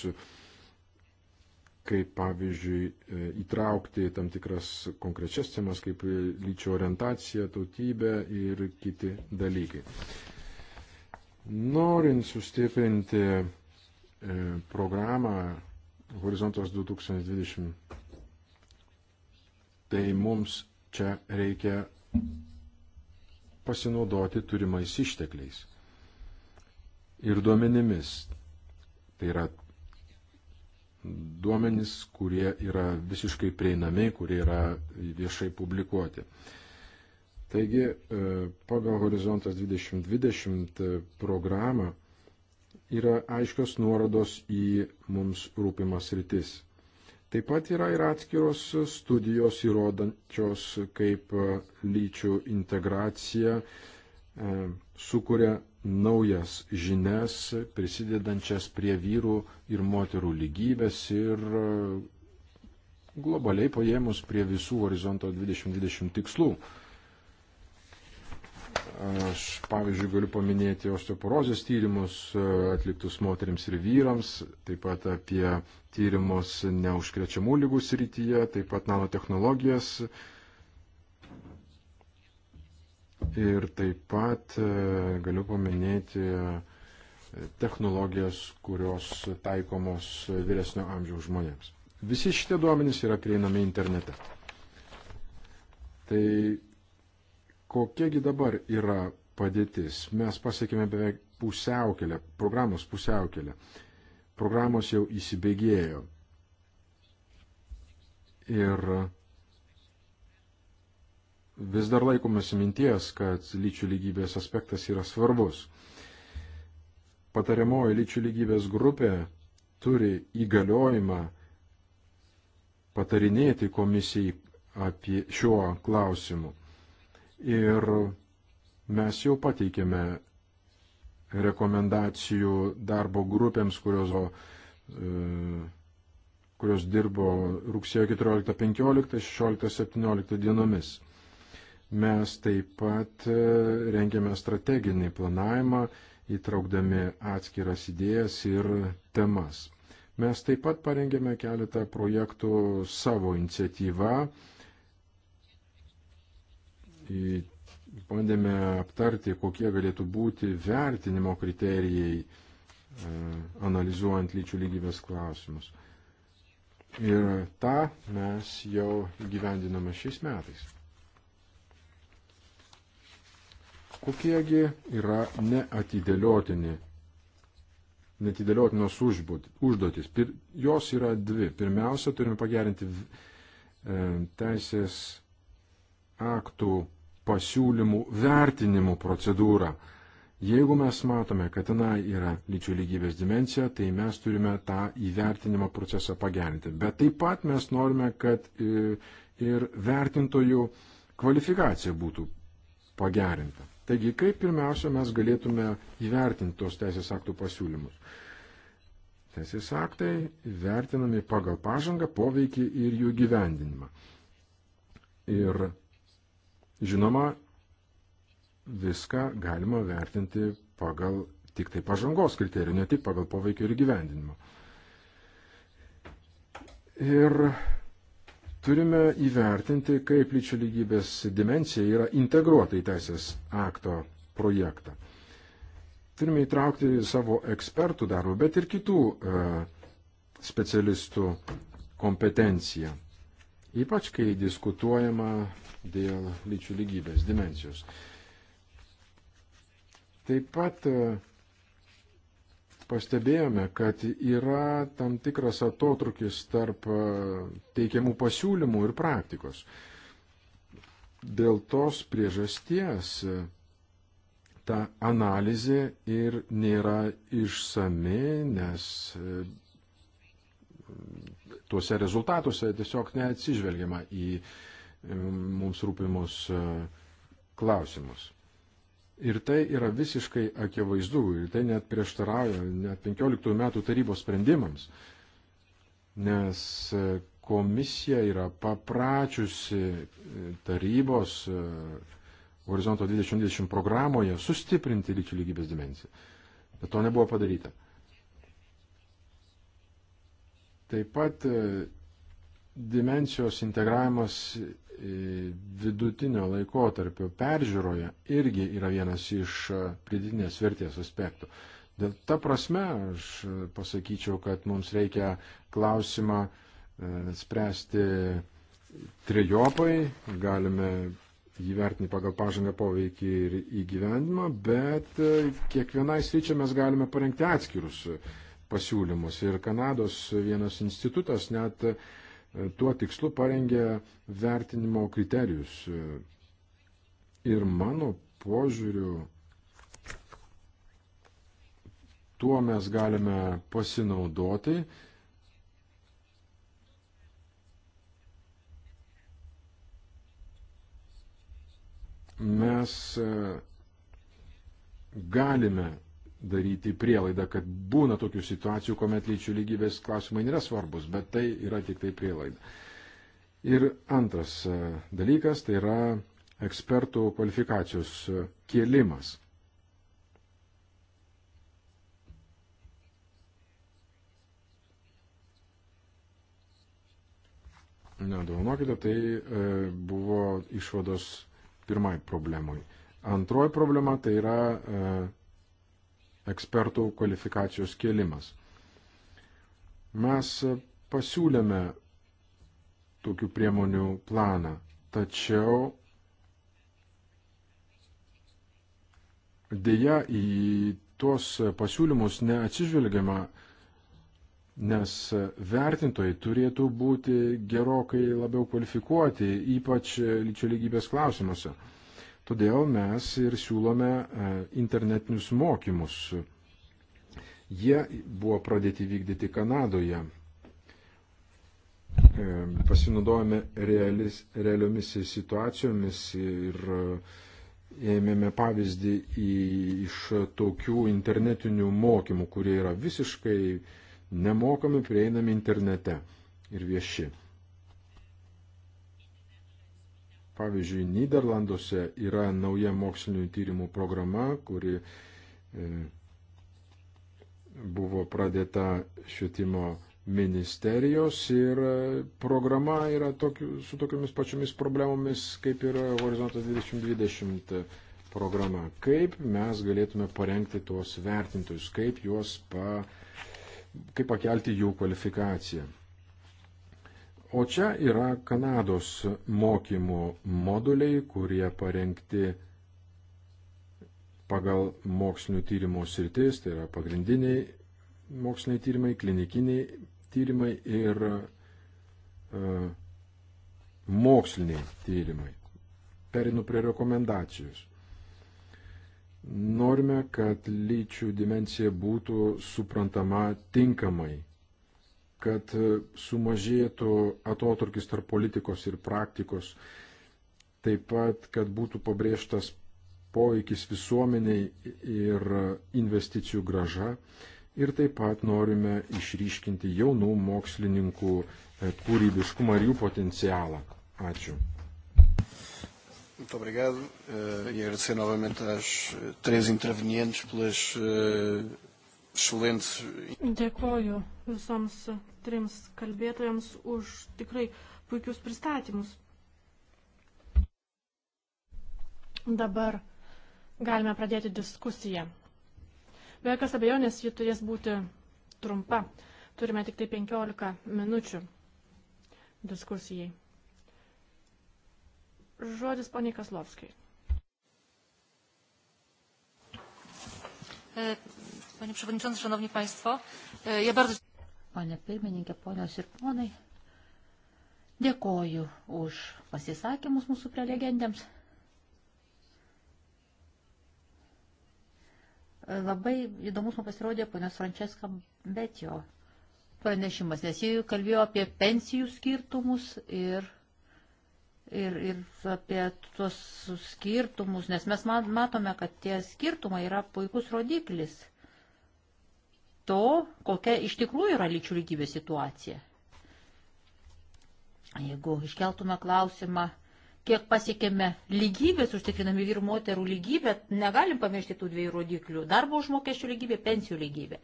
kaip pavyzdžiui e, įtraukti tam tikras konkrečias temas, kaip lyčio orientacija, tautybė ir kiti dalykai. Norint sustiprinti e, programą Horizontas 2020, tai mums čia reikia pasinaudoti turimais ištekliais ir duomenimis. Tai yra duomenys, kurie yra visiškai prieinami, kurie yra viešai publikuoti. Taigi, e, pagal Horizontas 2020 e, programą yra aiškios nuorodos į mums rūpimas rytis. Taip pat yra ir atskiros studijos įrodančios, kaip e, lyčių integracija E, sukuria naujas žinias, prisidedančias prie vyrų ir moterų lygybės ir e, globaliai paėmus prie visų horizonto 2020 tikslų. Aš, pavyzdžiui, galiu paminėti osteoporozės tyrimus e, atliktus moteriams ir vyrams, taip pat apie tyrimus neužkrečiamų lygų srityje, taip pat nanotehnologijas, Ir taip pat e, galiu paminėti e, technologijas, kurios taikomos vyresnio amžiaus žmonėms. Visi šitie duomenys yra prieinami internete. Tai kokiegi dabar yra padėtis? Mes pasiekime beveik pusiaukelę, programos pusiaukelę. Programos jau įsibėgėjo. Ir vis dar laikomasi minties, kad lyčių lygybės aspektas yra svarbus. Patariamoji lyčių lygybės grupė turi įgaliojimą patarinėti komisijai apie šiuo klausimu. Ir mes jau pateikėme rekomendacijų darbo grupėms, kurios, e, kurios dirbo rugsėjo 14, 15, 16, 17 dienomis. Mes taip pat e, rengiame strateginį planavimą, įtraukdami atskiras idėjas ir temas. Mes taip pat parengėme keletą projektų savo iniciatyvą. Bandėme aptarti, kokie galėtų būti vertinimo kriterijai, e, analizuojant lyčių lygybės klausimus. Ir tą mes jau įgyvendiname šiais metais. kokiegi yra neatidėliotini, neatidėliotinos užduotis. Pir, jos yra dvi. Pirmiausia, turime pagerinti e, teisės aktų pasiūlymų vertinimų procedūrą. Jeigu mes matome, kad tenai yra lyčių lygybės dimencija, tai mes turime tą įvertinimo procesą pagerinti. Bet taip pat mes norime, kad e, ir vertintojų kvalifikacija būtų pagerinta. Taigi, kaip pirmiausia mes galėtume įvertinti tos teisės aktų pasiūlymus? Teisės aktai vertinami pagal pažangą, poveikį ir jų gyvendinimą. Ir žinoma, viską galima vertinti pagal tik tai pažangos kriterijų, ne tik pagal poveikio ir gyvendinimo. Ir Turime įvertinti, kaip lyčių lygybės dimencija yra integruota į teisės akto projektą. Turime įtraukti savo ekspertų darbą, bet ir kitų e, specialistų kompetenciją. Ypač, kai diskutuojama dėl lyčių lygybės dimensijos. Taip pat e, pastebėjome, kad yra tam tikras atotrukis tarp e, teikiamų pasiūlymų ir praktikos. Dėl tos priežasties e, ta analizė ir nėra išsami, nes e, tuose rezultatuose tiesiog neatsižvelgiama į mums rūpimus klausimus. Ir tai yra visiškai akivaizdu, ir tai net prieštarauja net 15 metų tarybos sprendimams, nes e, komisija yra papračiusi e, tarybos e, Horizonto 2020 programoje sustiprinti lyčių lygybės dimenciją. Bet to nebuvo padaryta. Taip pat dimensijos integravimas E, vidutinio laikotarpio peržiūroje irgi yra vienas iš e, pridinės vertės aspektų. Dėl ta prasme aš e, pasakyčiau, kad mums reikia klausimą spręsti trijopai, galime įvertinti pagal pažangą poveikį ir įgyvendimą, bet kiekvienai sričiai mes galime parengti atskirus pasiūlymus. Ir Kanados vienas institutas net tuo tikslu parengė vertinimo kriterijus. Ir mano požiūriu, tuo mes galime pasinaudoti. Mes e, galime daryti prielaidą, kad būna tokių situacijų, kuomet lyčių lygybės klausimai nėra svarbus, bet tai yra tik tai prielaida. Ir antras e, dalykas tai yra ekspertų kvalifikacijos e, kėlimas. Nedovanokite, tai e, buvo išvados pirmai problemai. Antroji problema tai yra ekspertų kvalifikacijos kėlimas. Mes pasiūlėme tokių priemonių planą, tačiau dėja į tuos pasiūlymus neatsižvelgiama, nes vertintojai turėtų būti gerokai labiau kvalifikuoti, ypač lyčių lygybės klausimuose. Todėl mes ir siūlome e, internetinius mokymus. Jie buvo pradėti vykdyti Kanadoje. E, Pasinaudojame realis, realiomis situacijomis ir e, ėmėme pavyzdį iš tokių internetinių mokymų, kurie yra visiškai nemokami, prieinami internete ir vieši. Pavyzdžiui, Niderlanduose yra nauja mokslinių tyrimų programa, kuri e, buvo pradėta švietimo ministerijos ir e, programa yra tokiu, su tokiamis pačiomis problemomis, kaip ir Horizontas 2020 e, programa. Kaip mes galėtume parengti tuos vertintojus, kaip juos pa, kaip pakelti jų kvalifikaciją. O čia yra Kanados mokymų moduliai, kurie parengti pagal mokslinių tyrimų sritis, tai yra pagrindiniai moksliniai tyrimai, klinikiniai tyrimai ir e, moksliniai tyrimai. Perinu prie rekomendacijos. Norime, kad lyčių dimencija būtų suprantama tinkamai kad e, sumažėtų atotrukis tarp politikos ir praktikos, taip pat, kad būtų pabrėžtas poveikis visuomeniai ir investicijų graža. Ir taip pat norime išryškinti jaunų mokslininkų e, kūrybiškumą ir jų potencialą. Ačiū. Muito obrigado uh, e agradecer novamente aos três intervenientes pelas uh, Šulins. Dėkoju visoms trims kalbėtojams už tikrai puikius pristatymus. Dabar galime pradėti diskusiją. Be jokios abejonės ji turės būti trumpa. Turime tik tai 15 minučių diskusijai. Žodis poniai Kaslovskai. E, Panie Przewodniczący, Szanowni Państwo, e, ja bardzo... Pane pirmininkė, ponios ir ponai, dėkoju už pasisakymus mūsų prelegendėms. E, labai įdomus man pasirodė ponios Frančeska Betio pranešimas, nes jie kalbėjo apie pensijų skirtumus ir ir, ir apie tuos skirtumus, nes mes matome, kad tie skirtumai yra puikus rodiklis to, kokia iš tikrųjų yra lyčių lygybės situacija. Jeigu iškeltume klausimą, kiek pasiekėme lygybės, užtikrinami vyrų moterų lygybę, negalim pamiršti tų dviejų rodiklių - darbo užmokesčių lygybė, pensijų lygybė.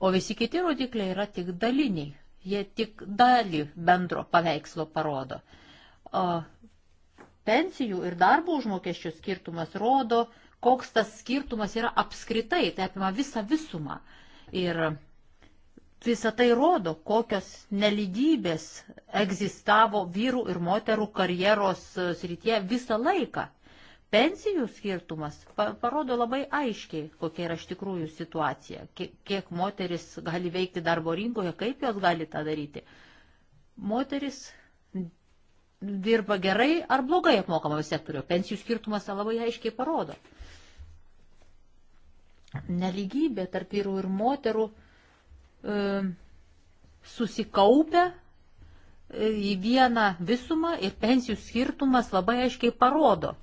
O visi kiti rodikliai yra tik daliniai, jie tik dalį bendro paveikslo parodo. O pensijų ir darbo užmokesčių skirtumas rodo, koks tas skirtumas yra apskritai, tai apima visą visumą. Uh, Ir visą tai rodo, kokios neligybės egzistavo vyrų ir moterų karjeros e, srityje visą laiką. Pensijų skirtumas parodo labai aiškiai, kokia yra iš tikrųjų situacija, kiek moteris gali veikti darbo rinkoje, kaip jos gali tą daryti. Moteris dirba gerai ar blogai apmokamame sektoriuje. Pensijų skirtumas tą labai aiškiai parodo neligybė tarp vyrų ir moterų e, susikaupia e, į vieną visumą ir pensijų skirtumas labai aiškiai parodo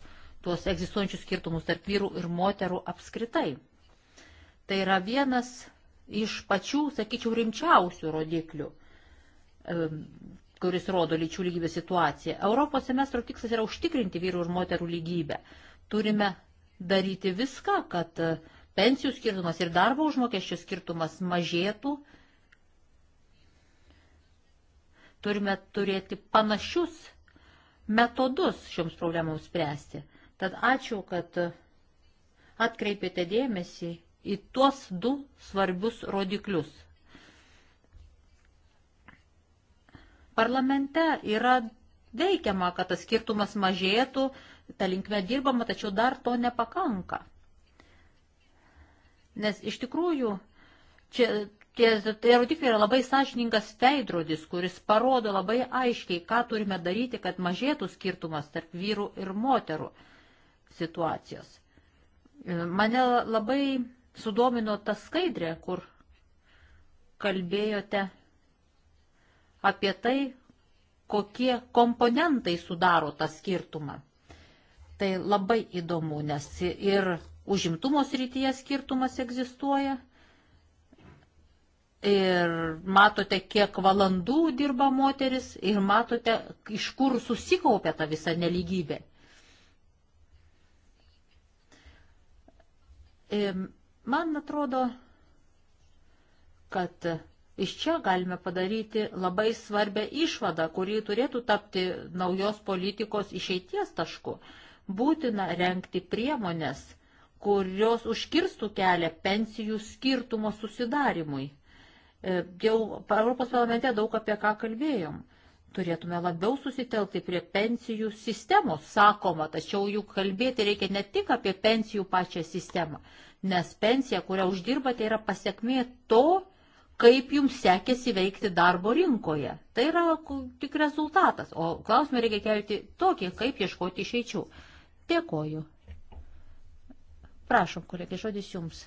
tuos egzistuojančius skirtumus tarp vyrų ir moterų apskritai. Tai yra vienas iš pačių, sakyčiau, rimčiausių rodiklių, e, kuris rodo lyčių lygybės situaciją. Europos semestro tikslas yra užtikrinti vyrų ir moterų lygybę. Turime daryti viską, kad uh, pensijų skirtumas ir darbo užmokesčio skirtumas mažėtų, turime turėti panašius metodus šioms problemams spręsti. Tad ačiū, kad atkreipėte dėmesį į tuos du svarbius rodiklius. Parlamente yra veikiama, kad tas skirtumas mažėtų, ta linkme dirbama, tačiau dar to nepakanka. Nes iš tikrųjų čia tie, tie rodikliai yra labai sąžiningas veidrodis, kuris parodo labai aiškiai, ką turime daryti, kad mažėtų skirtumas tarp vyrų ir moterų situacijos. Mane labai sudomino ta skaidrė, kur kalbėjote apie tai, kokie komponentai sudaro tą skirtumą. Tai labai įdomu, nes ir užimtumo srityje skirtumas egzistuoja. Ir matote, kiek valandų dirba moteris ir matote, iš kur susikaupia ta visa neligybė. Ir man atrodo, kad iš čia galime padaryti labai svarbę išvadą, kuri turėtų tapti naujos politikos išeities tašku. Būtina renkti priemonės, kurios užkirstų kelią pensijų skirtumo susidarimui. Jau e, Europos parlamente daug apie ką kalbėjom. Turėtume labiau susitelkti prie pensijų sistemos, sakoma, tačiau juk kalbėti reikia ne tik apie pensijų pačią sistemą, nes pensija, kurią uždirbate, yra pasiekmė to, kaip jums sekėsi veikti darbo rinkoje. Tai yra tik rezultatas, o klausimą reikia kelti tokį, kaip ieškoti išeičių. Dėkoju. Prašom, kolegė, žodis jums.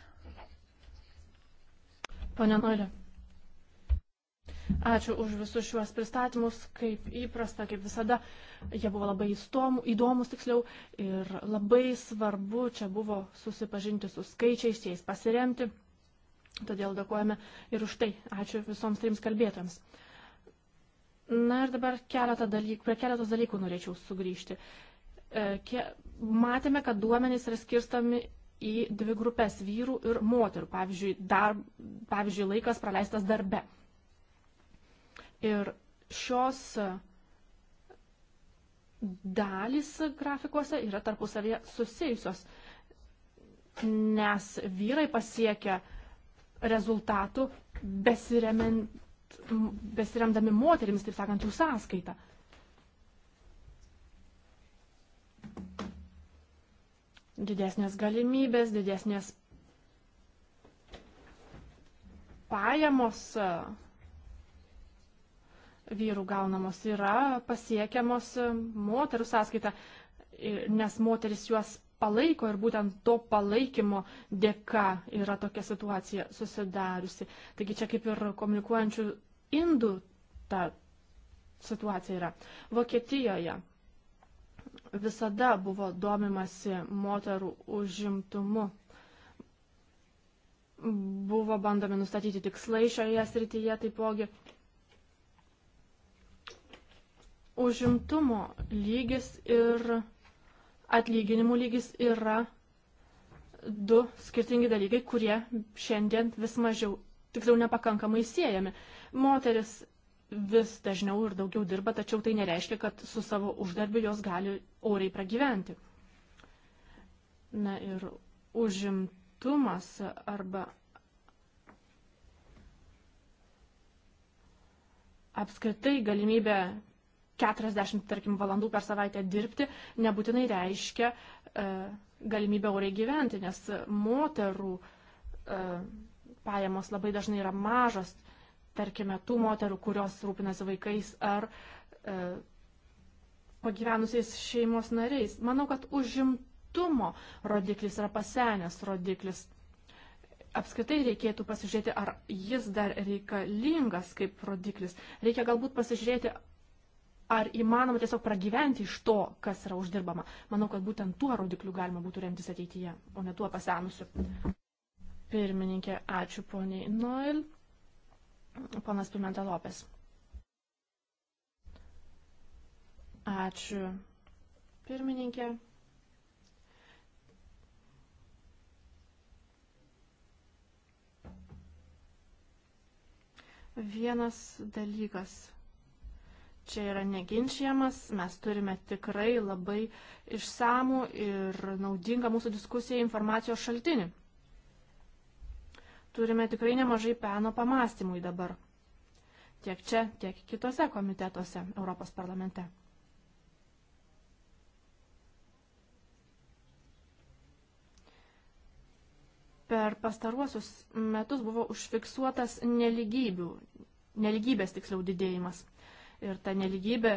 Pone Norė. Ačiū už visus šiuos pristatymus, kaip įprasta, kaip visada. Jie buvo labai įstomų, įdomus, tiksliau, ir labai svarbu čia buvo susipažinti su skaičiais, jais pasiremti. Todėl dėkojame ir už tai. Ačiū visoms trims kalbėtams. Na ir dabar keletą dalykų, prie keletos dalykų norėčiau sugrįžti. E, matėme, kad duomenys yra skirstami į dvi grupės vyrų ir moterų, pavyzdžiui, dar, pavyzdžiui laikas praleistas darbe. Ir šios dalys grafikuose yra tarpusavėje susijusios, nes vyrai pasiekia rezultatų besiremdami moterims, taip sakant, jų sąskaitą. didesnės galimybės, didesnės pajamos e, vyrų gaunamos yra pasiekiamos e, moterų sąskaita, nes moteris juos palaiko ir būtent to palaikymo dėka yra tokia situacija susidariusi. Taigi čia kaip ir komunikuojančių indų ta situacija yra. Vokietijoje visada buvo domimasi moterų užimtumu. Buvo bandomi nustatyti tikslai šioje srityje taipogi. Užimtumo lygis ir atlyginimų lygis yra du skirtingi dalykai, kurie šiandien vis mažiau, tiksliau nepakankamai siejami. Moteris vis dažniau ir daugiau dirba, tačiau tai nereiškia, kad su savo uždarbiu jos gali oriai pragyventi. Na ir užimtumas arba apskritai galimybė 40, tarkim, valandų per savaitę dirbti nebūtinai reiškia e, galimybę oriai gyventi, nes moterų e, pajamos labai dažnai yra mažos, tarkime, tų moterų, kurios rūpinasi vaikais ar e, pagyvenusiais šeimos nariais. Manau, kad užimtumo rodiklis yra pasenęs rodiklis. Apskritai reikėtų pasižiūrėti, ar jis dar reikalingas kaip rodiklis. Reikia galbūt pasižiūrėti, ar įmanoma tiesiog pragyventi iš to, kas yra uždirbama. Manau, kad būtent tuo rodikliu galima būtų remtis ateityje, o ne tuo pasenusiu. Pirmininkė, ačiū poniai Noil. Ponas Pimenta Lopes. Ačiū. Pirmininkė. Vienas dalykas čia yra neginčiamas, mes turime tikrai labai išsamų ir naudingą mūsų diskusiją informacijos šaltinį. Turime tikrai nemažai peno pamastymui dabar. Tiek čia, tiek kitose komitetuose Europos parlamente. per pastaruosius metus buvo užfiksuotas neligybių, neligybės tiksliau didėjimas. Ir ta neligybė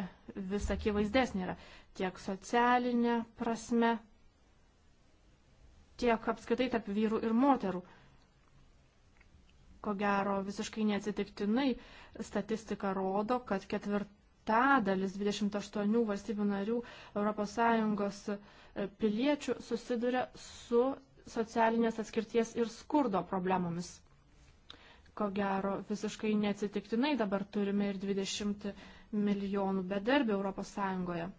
vis akivaizdesnė yra tiek socialinė prasme, tiek apskaitai tarp vyrų ir moterų. Ko gero, visiškai neatsitiktinai statistika rodo, kad ketvirtadalis 28 valstybių narių ES piliečių susiduria su socialinės atskirties ir skurdo problemomis. Ko gero, visiškai neatsitiktinai dabar turime ir 20 milijonų bedarbių Europos Sąjungoje.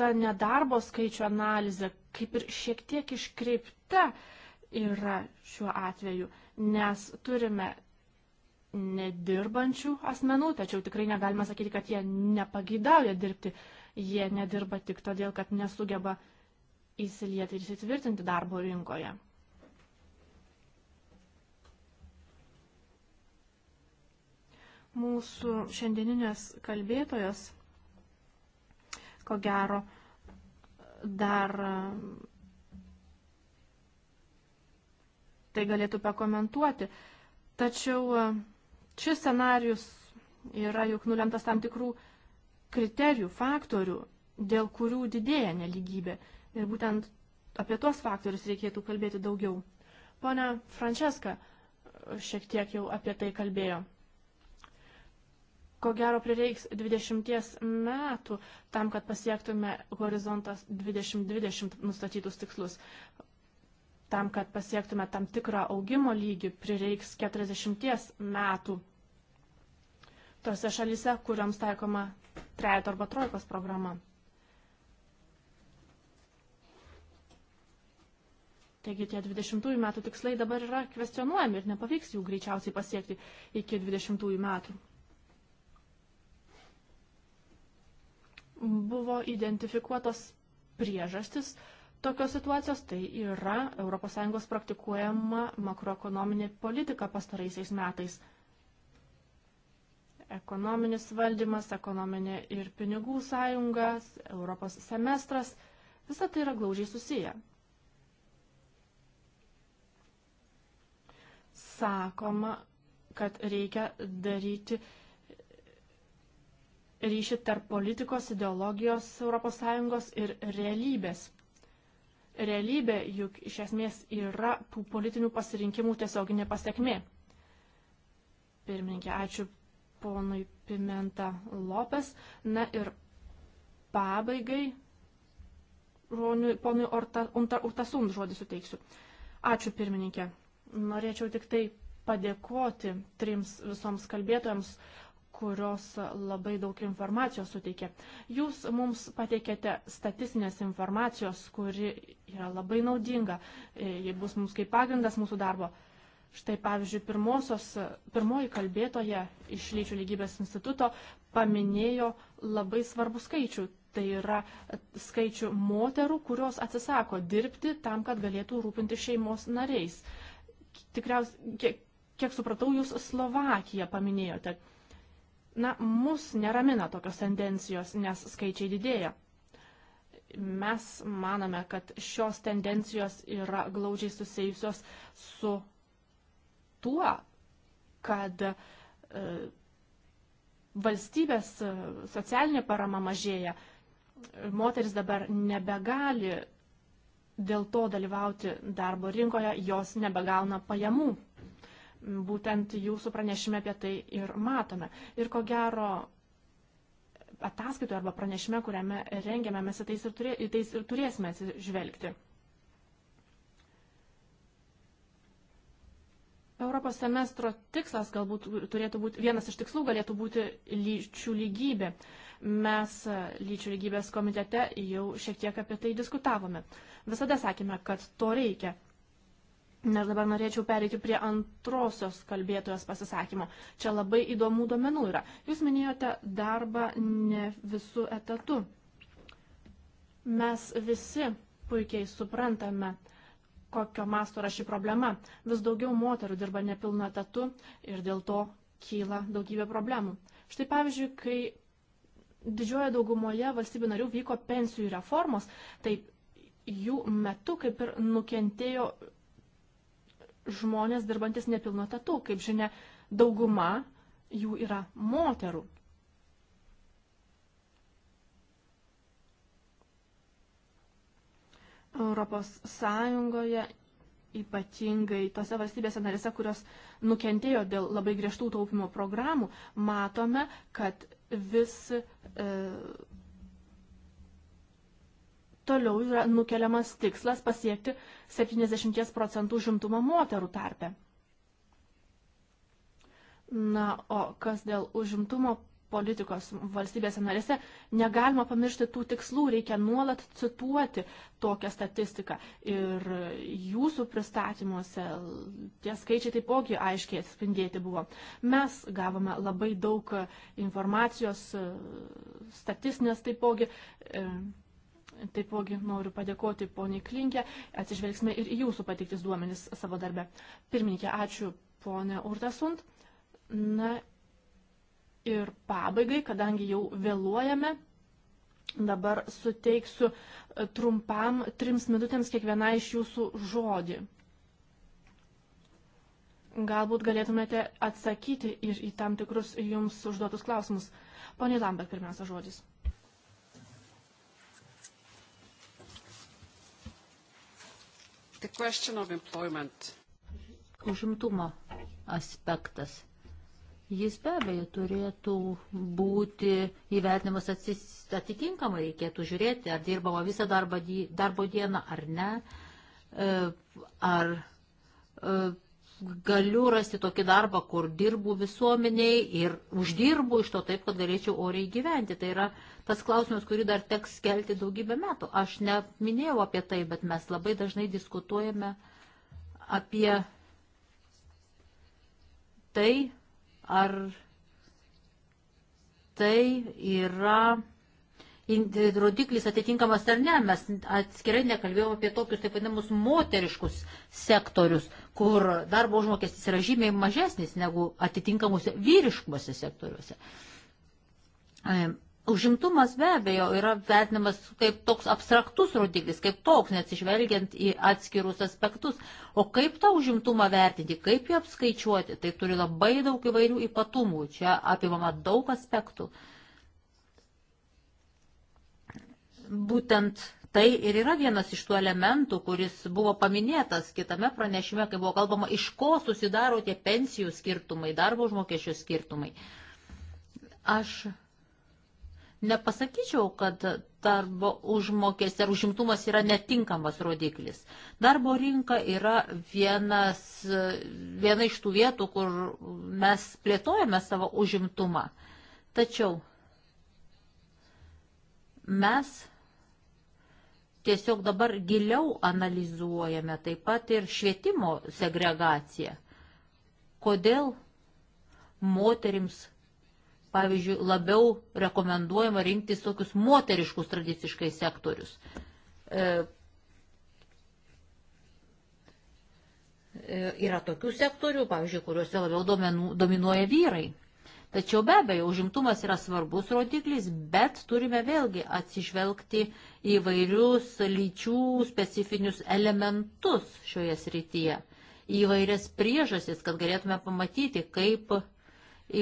ta nedarbo skaičių analizė kaip ir šiek tiek iškreipta yra šiuo atveju, nes turime nedirbančių asmenų, tačiau tikrai negalima sakyti, kad jie nepagydauja dirbti, jie nedirba tik todėl, kad nesugeba įsilieti ir įsitvirtinti darbo rinkoje. Mūsų šiandieninės kalbėtojos ko gero dar tai galėtų pakomentuoti. Tačiau šis scenarius yra juk nulemtas tam tikrų kriterijų, faktorių, dėl kurių didėja neligybė. Ir būtent apie tuos faktorius reikėtų kalbėti daugiau. Pone Franceska šiek tiek jau apie tai kalbėjo ko gero prireiks 20 metų tam, kad pasiektume horizontas 2020 nustatytus tikslus. Tam, kad pasiektume tam tikrą augimo lygį, prireiks 40 metų tose šalyse, kuriams taikoma trejato arba trojkos programa. Taigi tie 20 metų tikslai dabar yra kvestionuojami ir nepavyks jų greičiausiai pasiekti iki 20 metų. buvo identifikuotos priežastis tokios situacijos, tai yra ES praktikuojama makroekonominė politika pastaraisiais metais. Ekonominis valdymas, ekonominė ir pinigų sąjungas, Europos semestras, visa tai yra glaužiai susiję. Sakoma, kad reikia daryti ryšį tarp politikos, ideologijos ES ir realybės. Realybė juk iš esmės yra tų politinių pasirinkimų tiesioginė pasiekmė. Pirmininkė, ačiū ponui Pimenta Lopes. Na ir pabaigai ponui Urtasun žodį suteiksiu. Ačiū pirmininkė. Norėčiau tik tai padėkoti trims visoms kalbėtojams kurios labai daug informacijos suteikė. Jūs mums pateikėte statistinės informacijos, kuri yra labai naudinga, e, ji bus mums kaip pagrindas mūsų darbo. Štai pavyzdžiui, pirmosios, pirmoji kalbėtoja iš lyčių lygybės instituto paminėjo labai svarbų skaičių. Tai yra skaičių moterų, kurios atsisako dirbti tam, kad galėtų rūpinti šeimos nariais. Tikriausiai, kiek, kiek supratau, jūs Slovakiją paminėjote. Na, mus neramina tokios tendencijos, nes skaičiai didėja. Mes manome, kad šios tendencijos yra glaudžiai susijusios su tuo, kad e, valstybės e, socialinė parama mažėja. Moteris dabar nebegali dėl to dalyvauti darbo rinkoje, jos nebegauna pajamų Būtent jūsų pranešime apie tai ir matome. Ir ko gero ataskaitoje arba pranešime, kuriame rengiame, mes į tai ir, turė, į tais ir turėsime atsižvelgti. Europos semestro tikslas galbūt turėtų būti, vienas iš tikslų galėtų būti lyčių lygybė. Mes lyčių lygybės komitete jau šiek tiek apie tai diskutavome. Visada sakėme, kad to reikia. Nes dabar norėčiau pereiti prie antrosios kalbėtojos pasisakymo. Čia labai įdomų duomenų yra. Jūs minėjote darbą ne visų etatų. Mes visi puikiai suprantame, kokio masto yra ši problema. Vis daugiau moterų dirba nepilnu etatu ir dėl to kyla daugybė problemų. Štai pavyzdžiui, kai didžioje daugumoje valstybių narių vyko pensijų reformos, tai jų metu kaip ir nukentėjo žmonės dirbantis nepilno tatu. Kaip žinia, dauguma jų yra moterų. Europos Sąjungoje, ypatingai tose valstybėse narėse, kurios nukentėjo dėl labai griežtų taupimo programų, matome, kad vis e, toliau yra nukeliamas tikslas pasiekti 70 procentų žimtumą moterų tarpe. Na, o kas dėl užimtumo politikos valstybėse narėse, negalima pamiršti tų tikslų, reikia nuolat cituoti tokią statistiką. Ir jūsų pristatymuose tie skaičiai taipogi aiškiai atspindėti buvo. Mes gavome labai daug informacijos, statistinės taipogi. E, Taipogi noriu padėkoti poniai Klinkė, atsižvelgsime ir į jūsų pateiktis duomenis savo darbe. Pirmininkė, ačiū ponė Urtasund. Na ir pabaigai, kadangi jau vėluojame, dabar suteiksiu e, trumpam trims minutėms kiekvieną iš jūsų žodį. Galbūt galėtumėte atsakyti ir į tam tikrus jums užduotus klausimus. Pone Lambert, pirmiausia žodis. The question of employment. Užimtumo aspektas. Jis be abejo turėtų būti įvertinimas atitinkamai, reikėtų žiūrėti, ar dirbama visą darbo, darbo dieną ar ne, e, ar e, galiu rasti tokį darbą, kur dirbu visuomeniai ir uždirbu iš to taip, kad galėčiau oriai gyventi. Tai yra tas klausimas, kurį dar teks kelti daugybę metų. Aš neminėjau apie tai, bet mes labai dažnai diskutuojame apie tai, ar tai yra rodiklis atitinkamas ar ne. Mes atskirai nekalbėjome apie tokius taip vadinamus moteriškus sektorius, kur darbo užmokestis yra žymiai mažesnis negu atitinkamuose vyriškuose sektoriuose. E, užimtumas be abejo yra vertinamas kaip toks abstraktus rodiklis, kaip toks, neatsižvelgiant į atskirus aspektus. O kaip tą užimtumą vertinti, kaip jį apskaičiuoti, tai turi labai daug įvairių ypatumų. Čia apimama daug aspektų. Uh, būtent tai ir yra vienas iš tų elementų, kuris buvo paminėtas kitame pranešime, kai buvo kalbama, iš ko susidaro tie pensijų skirtumai, darbo užmokesčių skirtumai. Aš nepasakyčiau, kad darbo užmokestis ar užimtumas yra netinkamas rodiklis. Darbo rinka yra vienas, viena iš tų vietų, kur mes plėtojame savo užimtumą. Tačiau mes tiesiog dabar giliau analizuojame taip pat ir švietimo segregaciją. Kodėl moterims, pavyzdžiui, labiau rekomenduojama rinktis tokius moteriškus tradiciškai sektorius. E, e yra tokių sektorių, pavyzdžiui, kuriuose labiau domenų, dominuoja vyrai. Tačiau be abejo, užimtumas yra svarbus rodiklis, bet turime vėlgi atsižvelgti įvairius lyčių specifinius elementus šioje srityje, įvairias priežasis, kad galėtume pamatyti, kaip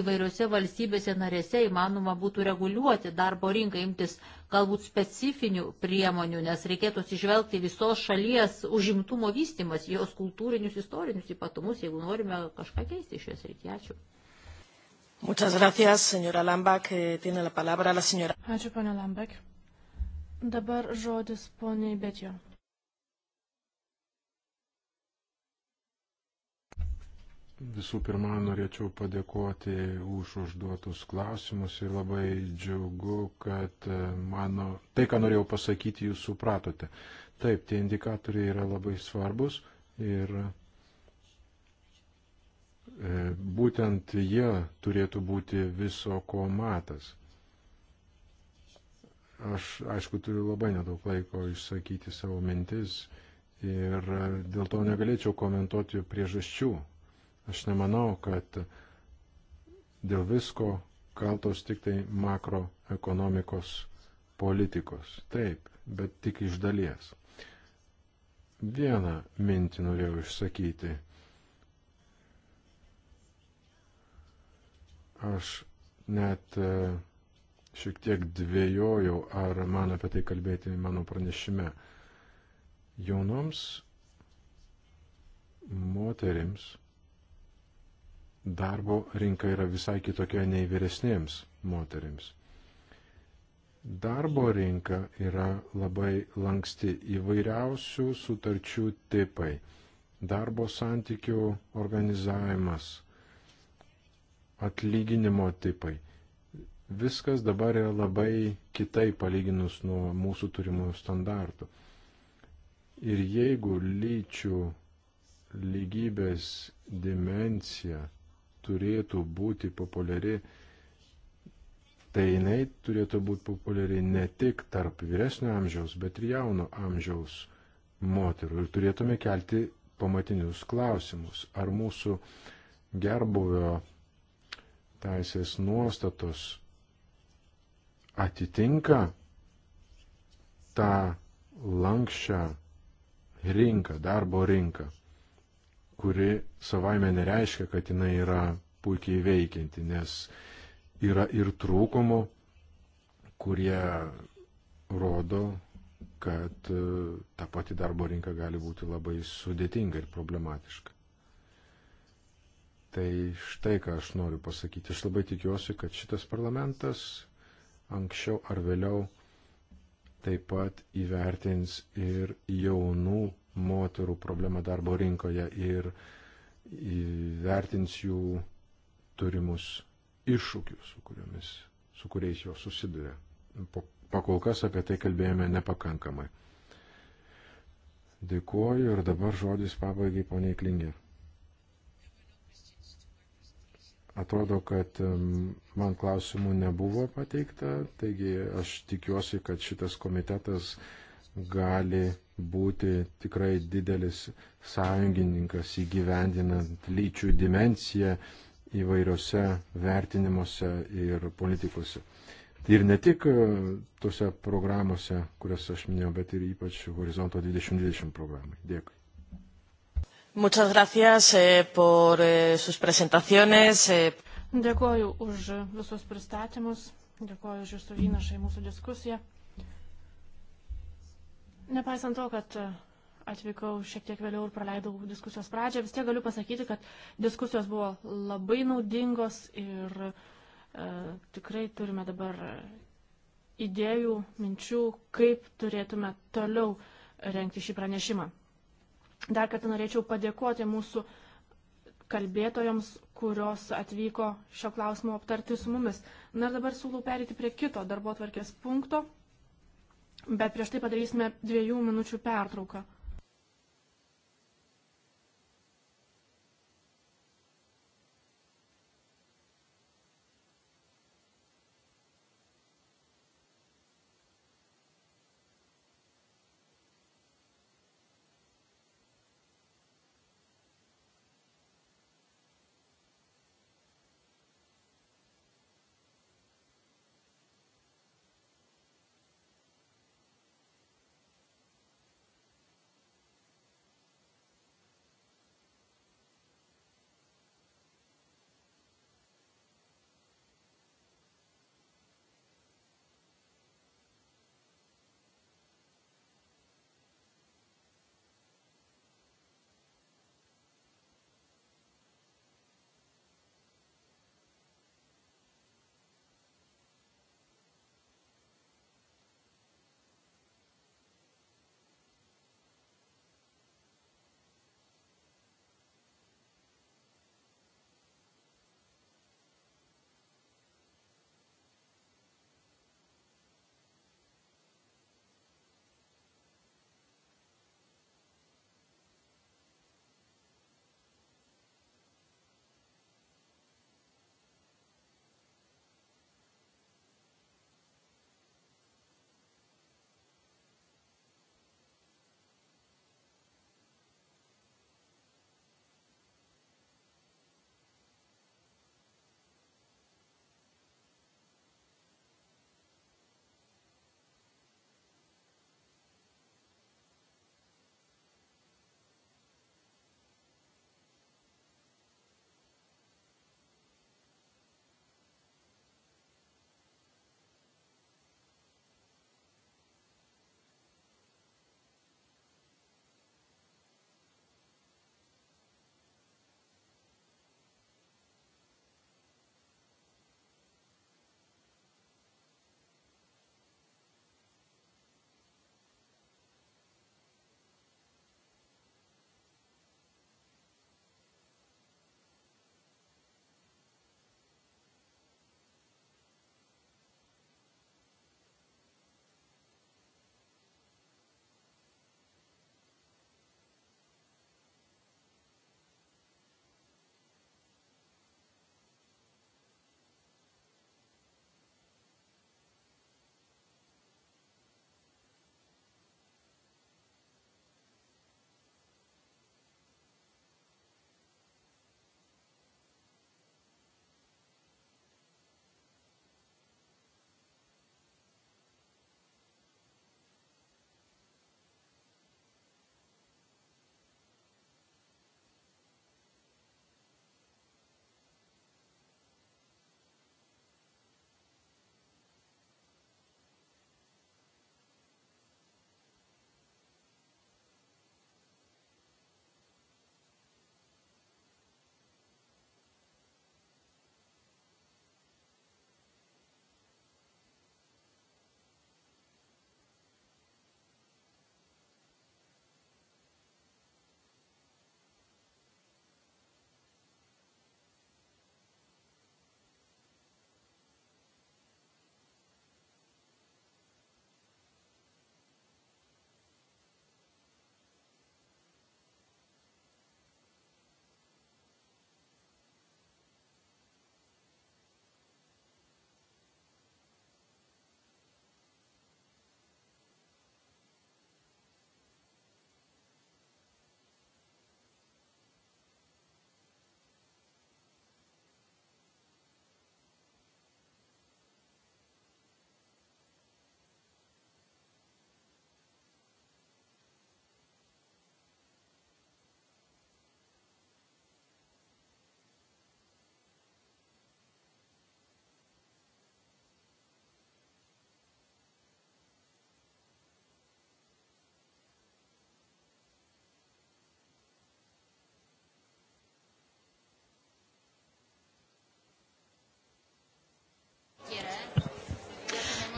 įvairiose valstybėse narėse įmanoma būtų reguliuoti darbo rinką, imtis galbūt specifinių priemonių, nes reikėtų atsižvelgti visos šalies užimtumo vystimas, jos kultūrinius, istorinius ypatumus, jeigu norime kažką keisti iš jos rytį. Ačiū. Muchas gracias, señora Lambak. Tiene la palabra la señora. Ačiū, ponia Lambak. Dabar žodis poniai Betjo. Visų pirma, norėčiau padėkoti už užduotus klausimus ir labai džiaugu, kad e, mano, tai, ką norėjau pasakyti, jūs supratote. Taip, tie indikatoriai yra labai svarbus ir E, būtent jie turėtų būti viso ko matas. Aš, aišku, turiu labai nedaug laiko išsakyti savo mintis ir dėl to negalėčiau komentuoti priežasčių. Aš nemanau, kad dėl visko kaltos tik tai makroekonomikos politikos. Taip, bet tik iš dalies. Vieną mintį norėjau išsakyti – Aš net e, šiek tiek dvėjojau, ar man apie tai kalbėti mano pranešime. Jaunoms moterims darbo rinka yra visai kitokia nei vyresnėms moterims. Darbo rinka yra labai lanksti įvairiausių sutarčių tipai. Darbo santykių organizavimas atlyginimo tipai. Viskas dabar yra labai kitai palyginus nuo mūsų turimų standartų. Ir jeigu lyčių lygybės dimencija turėtų būti populiari, tai jinai turėtų būti populiari ne tik tarp vyresnio amžiaus, bet ir jauno amžiaus moterų. Ir turėtume kelti pamatinius klausimus. Ar mūsų gerbuvio teisės nuostatos atitinka tą lankščią rinką, darbo rinką, kuri savaime nereiškia, kad jinai yra puikiai veikianti, nes yra ir trūkumų, kurie rodo, kad e, ta pati darbo rinka gali būti labai sudėtinga ir problematiška. Tai štai ką aš noriu pasakyti. Aš labai tikiuosi, kad šitas parlamentas anksčiau ar vėliau taip pat įvertins ir jaunų moterų problemą darbo rinkoje ir įvertins jų turimus iššūkius, su, kuriomis, su kuriais jos susiduria. Pakol kas apie tai kalbėjome nepakankamai. Dėkuoju ir dabar žodis pabaigai poniai Klinger. Atrodo, kad man klausimų nebuvo pateikta, taigi aš tikiuosi, kad šitas komitetas gali būti tikrai didelis sąjungininkas įgyvendinant lyčių dimenciją įvairiose vertinimuose ir politikose. Ir ne tik e, tose programuose, kurias aš minėjau, bet ir ypač Horizonto 2020 programai. Dėkui. Muchas gracias eh, por eh, sus presentaciones. Eh. Dėkuoju už visus pristatymus, dėkuoju už jūsų įnašą į mūsų diskusiją. Nepaisant to, kad eh, atvykau šiek tiek vėliau ir praleidau diskusijos pradžią, vis tiek galiu pasakyti, kad diskusijos buvo labai naudingos ir e, tikrai turime dabar idėjų, minčių, kaip turėtume toliau renkti šį pranešimą. Dar kartą norėčiau padėkoti mūsų kalbėtojoms, kurios atvyko šio klausimo aptarti su mumis. Na ir dabar siūlau perėti prie kito darbo tvarkės punkto, bet prieš tai padarysime dviejų minučių pertrauką.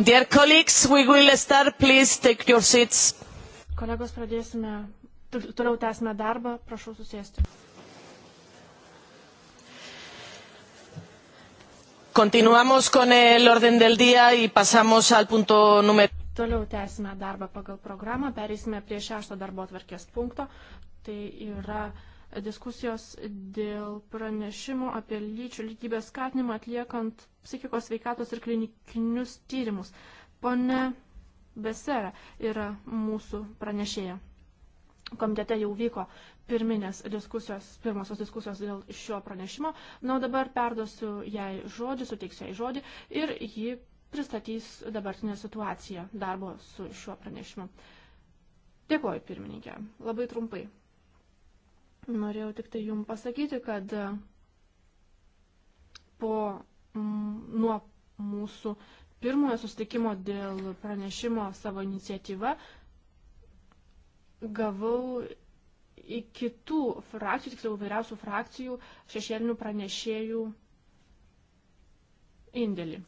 Dear colleagues, we will start. Please take your seats. Kolegos, pradėsime, toliau tęsime darbą. Prašau susėsti. Continuamos con el orden del día y pasamos al punto número. Toliau tęsime darbą pagal programą, perėsime prie šešto darbo atvarkės punkto. Tai yra diskusijos dėl pranešimo apie lyčių lygybės skatinimą atliekant psichikos veikatos ir klinikinius tyrimus. Pone Besera yra mūsų pranešėja. Komitete jau vyko pirminės diskusijos, pirmosios diskusijos dėl šio pranešimo. Na, o dabar perduosiu jai žodį, suteiksiu jai žodį ir ji pristatys dabartinę situaciją darbo su šiuo pranešimu. Dėkuoju, pirmininkė. Labai trumpai Norėjau tik tai jums pasakyti, kad e, po, m, nuo mūsų pirmojo sustikimo dėl pranešimo savo iniciatyvą gavau į kitų frakcijų, tiksliau vairiausių frakcijų šešėlinių pranešėjų indėlį.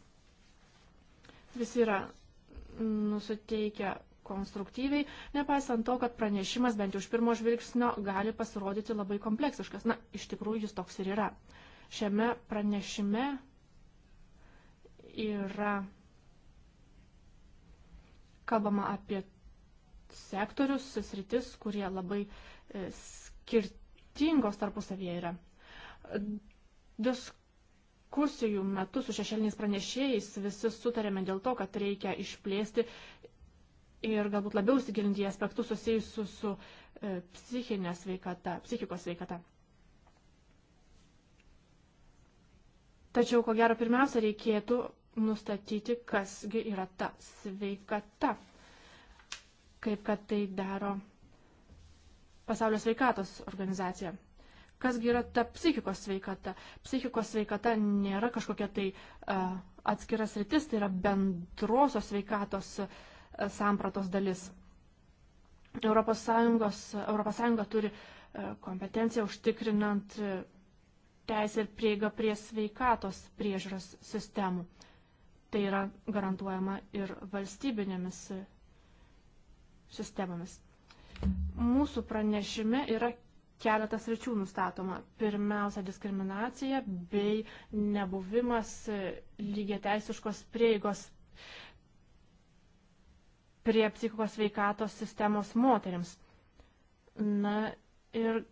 Visi yra nusiteikę konstruktyviai, nepaisant to, kad pranešimas bent jau iš pirmo žvilgsnio gali pasirodyti labai kompleksiškas. Na, iš tikrųjų jis toks ir yra. Šiame pranešime yra kalbama apie sektorius, sritis, kurie labai e, skirtingos tarpusavėje yra. Diskusijų metu su šešėliniais pranešėjais visi sutarėme dėl to, kad reikia išplėsti ir galbūt labiau įsigilinti į aspektus susijusius su e, psichinė sveikata, psichikos sveikata. Tačiau, ko gero, pirmiausia, reikėtų nustatyti, kasgi yra ta sveikata, kaip kad tai daro Pasaulio sveikatos organizacija. Kasgi yra ta psichikos sveikata? Psichikos sveikata nėra kažkokia tai uh, e, atskiras rytis, tai yra bendrosios sveikatos uh, sampratos dalis. Europos, Sąjungos, Europos Sąjunga turi e, kompetenciją užtikrinant e, teisę ir prieigą prie sveikatos priežiūros sistemų. Tai yra garantuojama ir valstybinėmis e, sistemomis. Mūsų pranešime yra keletas ryčių nustatoma. Pirmiausia, diskriminacija bei nebuvimas lygiateisiškos prieigos prie psichikos veikatos sistemos moteriams. Na ir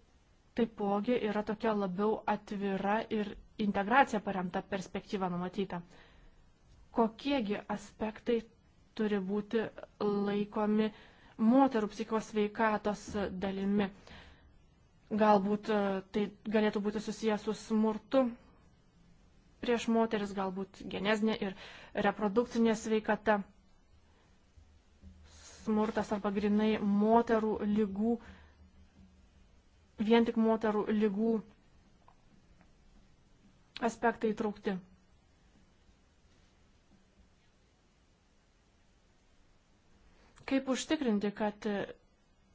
taipogi yra tokia labiau atvira ir integracija paremta perspektyva numatyta. Kokiegi aspektai turi būti laikomi moterų psichikos veikatos dalimi? Galbūt e, tai galėtų būti susijęs su smurtu prieš moteris, galbūt genezinė ir reprodukcinė sveikata smurtas arba grinai moterų lygų, vien tik moterų lygų aspektai įtraukti. Kaip užtikrinti, kad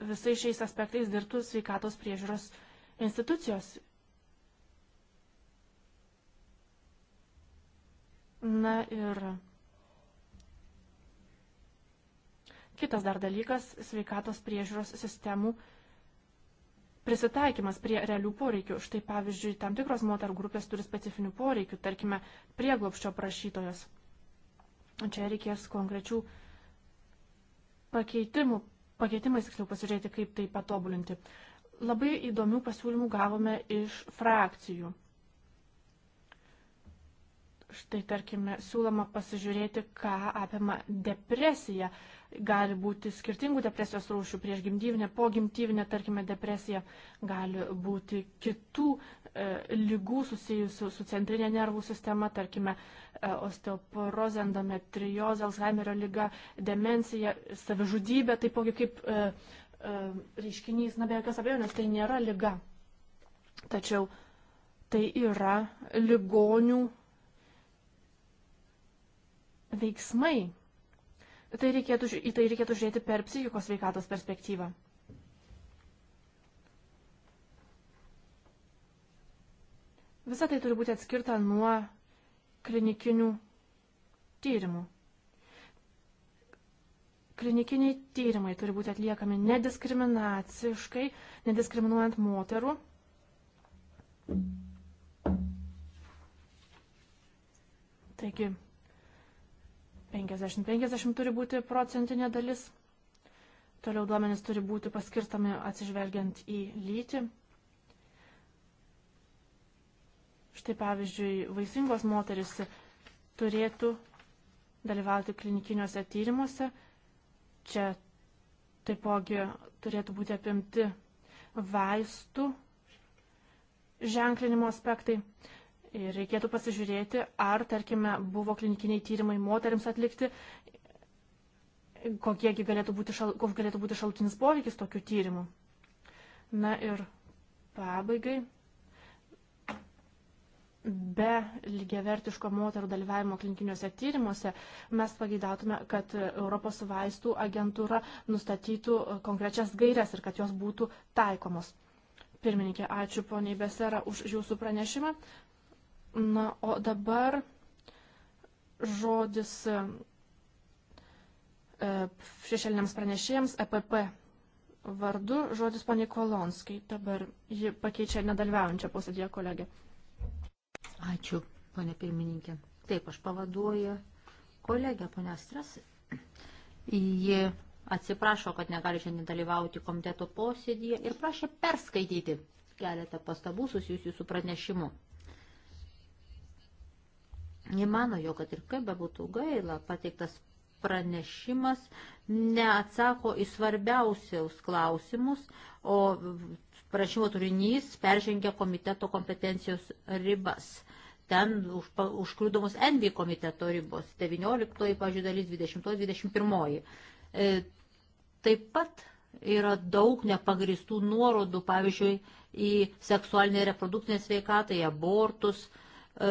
visais šiais aspektais dirbtų sveikatos priežiūros institucijos? Na ir. Yra... Kitas dar dalykas - sveikatos priežiūros sistemų prisitaikymas prie realių poreikių. Štai pavyzdžiui, tam tikros moterų grupės turi specifinių poreikių, tarkime, prieglopščio prašytojos. Čia reikės konkrečių pakeitimų, pakeitimais tiksliau pasižiūrėti, kaip tai patobulinti. Labai įdomių pasiūlymų gavome iš frakcijų. Štai, tarkime, siūloma pasižiūrėti, ką apima depresija. Uh, gali būti skirtingų depresijos rūšių, prieš gimdyvinę, po gimdyvinę, tarkime, depresija, gali būti kitų e, lygų susijusių su centrinė nervų sistema, tarkime, e, osteoporozė, endometriozė, Alzheimerio lyga, demencija, savižudybė, taipogi kaip e, e, reiškinys, na be jokios abejonės, tai nėra lyga. Tačiau tai yra ligonių veiksmai tai reikėtų, į tai reikėtų žiūrėti per psichikos veikatos perspektyvą. Visą tai turi būti atskirta nuo klinikinių tyrimų. Klinikiniai tyrimai turi būti atliekami nediskriminaciškai, nediskriminuojant moterų. Taigi, 50-50 turi būti procentinė dalis. Toliau duomenys turi būti paskirstami atsižvelgiant į lytį. Štai pavyzdžiui, vaisingos moteris turėtų dalyvauti klinikiniuose tyrimuose. Čia taipogi turėtų būti apimti vaistų ženklinimo aspektai. Ir reikėtų pasižiūrėti, ar, tarkime, buvo klinikiniai tyrimai moteriams atlikti, kokiegi galėtų būti, šal, koks galėtų būti šaltinis poveikis tokių tyrimų. Na ir pabaigai, be lygiavertiško moterų dalyvavimo klinikiniuose tyrimuose, mes pageidautume, kad Europos vaistų agentūra nustatytų konkrečias gairias ir kad jos būtų taikomos. Pirmininkė, ačiū poniai Besera už jūsų pranešimą. Na, o dabar žodis e, šešėliniams pranešėjams EPP vardu, žodis poniai Kolonskai. Dabar ji pakeičia nedalyvaujančią posėdėje kolegę. Ačiū, ponė pirmininkė. Taip, aš pavaduoju kolegę, ponę Stras. Ji atsiprašo, kad negali šiandien dalyvauti komiteto posėdėje ir prašė perskaityti keletą pastabų susijusių su pranešimu. Mano jo, kad ir kaip bebūtų gaila, pateiktas pranešimas neatsako į svarbiausiaus klausimus, o prašymo turinys peržengia komiteto kompetencijos ribas. Ten už, užkliūdomos NB komiteto ribos 19, pažiūrėjau, dalis 20, 21. E, taip pat yra daug nepagristų nuorodų, pavyzdžiui, į seksualinę reprodukcinę sveikatą, į abortus, e,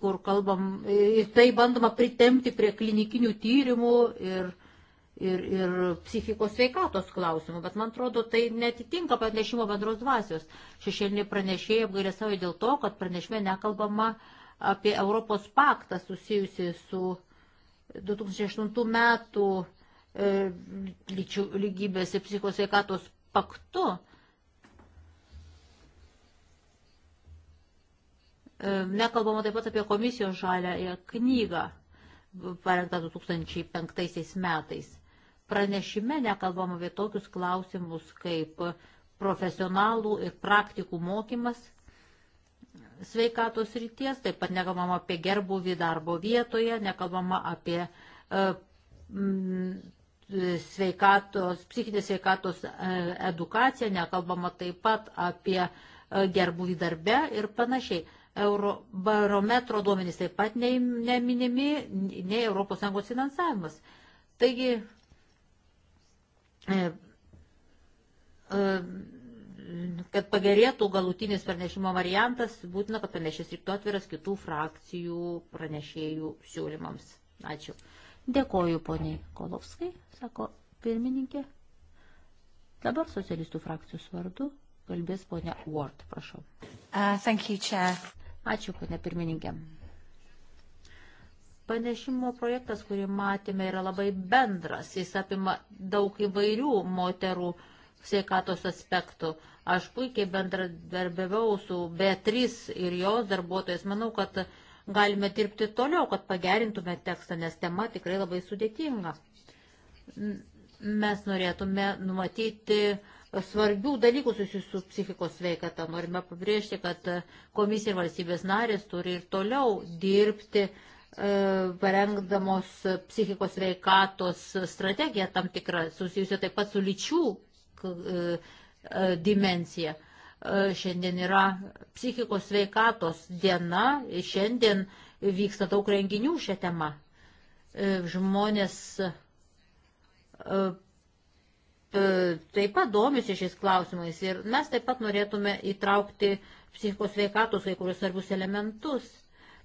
kur kalbam, tai bandoma pritemti prie klinikinių tyrimų ir, ir, ir psichikos sveikatos klausimų, bet man atrodo, tai netitinka pranešimo bendros dvasios. Šešėlinė pranešėja apgailė savo dėl to, kad pranešime nekalbama apie Europos paktą susijusi su 2008 metų e, lyčių lygybės ir psichikos sveikatos paktu E, nekalbama taip pat apie komisijos žalę e, knygą, parengtą 2005 metais. Pranešime nekalbama apie tokius klausimus kaip profesionalų ir praktikų mokymas sveikatos ryties, taip pat nekalbama apie gerbuvį darbo vietoje, nekalbama apie e, sveikatos, psichinės sveikatos edukaciją, nekalbama taip pat apie gerbuvį darbe ir panašiai. Eurobarometro duomenys taip pat nei, neminimi, nei ES finansavimas. Taigi, e, e, kad pagerėtų galutinis pranešimo variantas, būtina, kad pranešės reiktų atviras kitų frakcijų pranešėjų siūlymams. Ačiū. Dėkoju poniai Kolovskai, sako pirmininkė. Dabar socialistų frakcijos vardu kalbės ponia Ward, prašau. Uh, thank you, Chair. Ačiū, ponė pirmininkė. Panešimo projektas, kurį matėme, yra labai bendras. Jis apima daug įvairių moterų sveikatos aspektų. Aš puikiai bendradarbiavau su Beatriz ir jos darbuotojais. Manau, kad galime dirbti toliau, kad pagerintume tekstą, nes tema tikrai labai sudėtinga. Mes norėtume numatyti uh, svarbių dalykų susijusių su psichikos sveikata. Norime pabrėžti, kad komisija ir valstybės narės turi ir toliau dirbti e, parengdamos psichikos veikatos strategiją tam tikrą, susijusią taip pat su lyčių e, e, dimencija. Šiandien yra psichikos veikatos diena, šiandien vyksta daug renginių šią temą. Žmonės E, taip pat domisi šiais klausimais ir mes taip pat norėtume įtraukti psichikos veikatos kai kurios svarbius elementus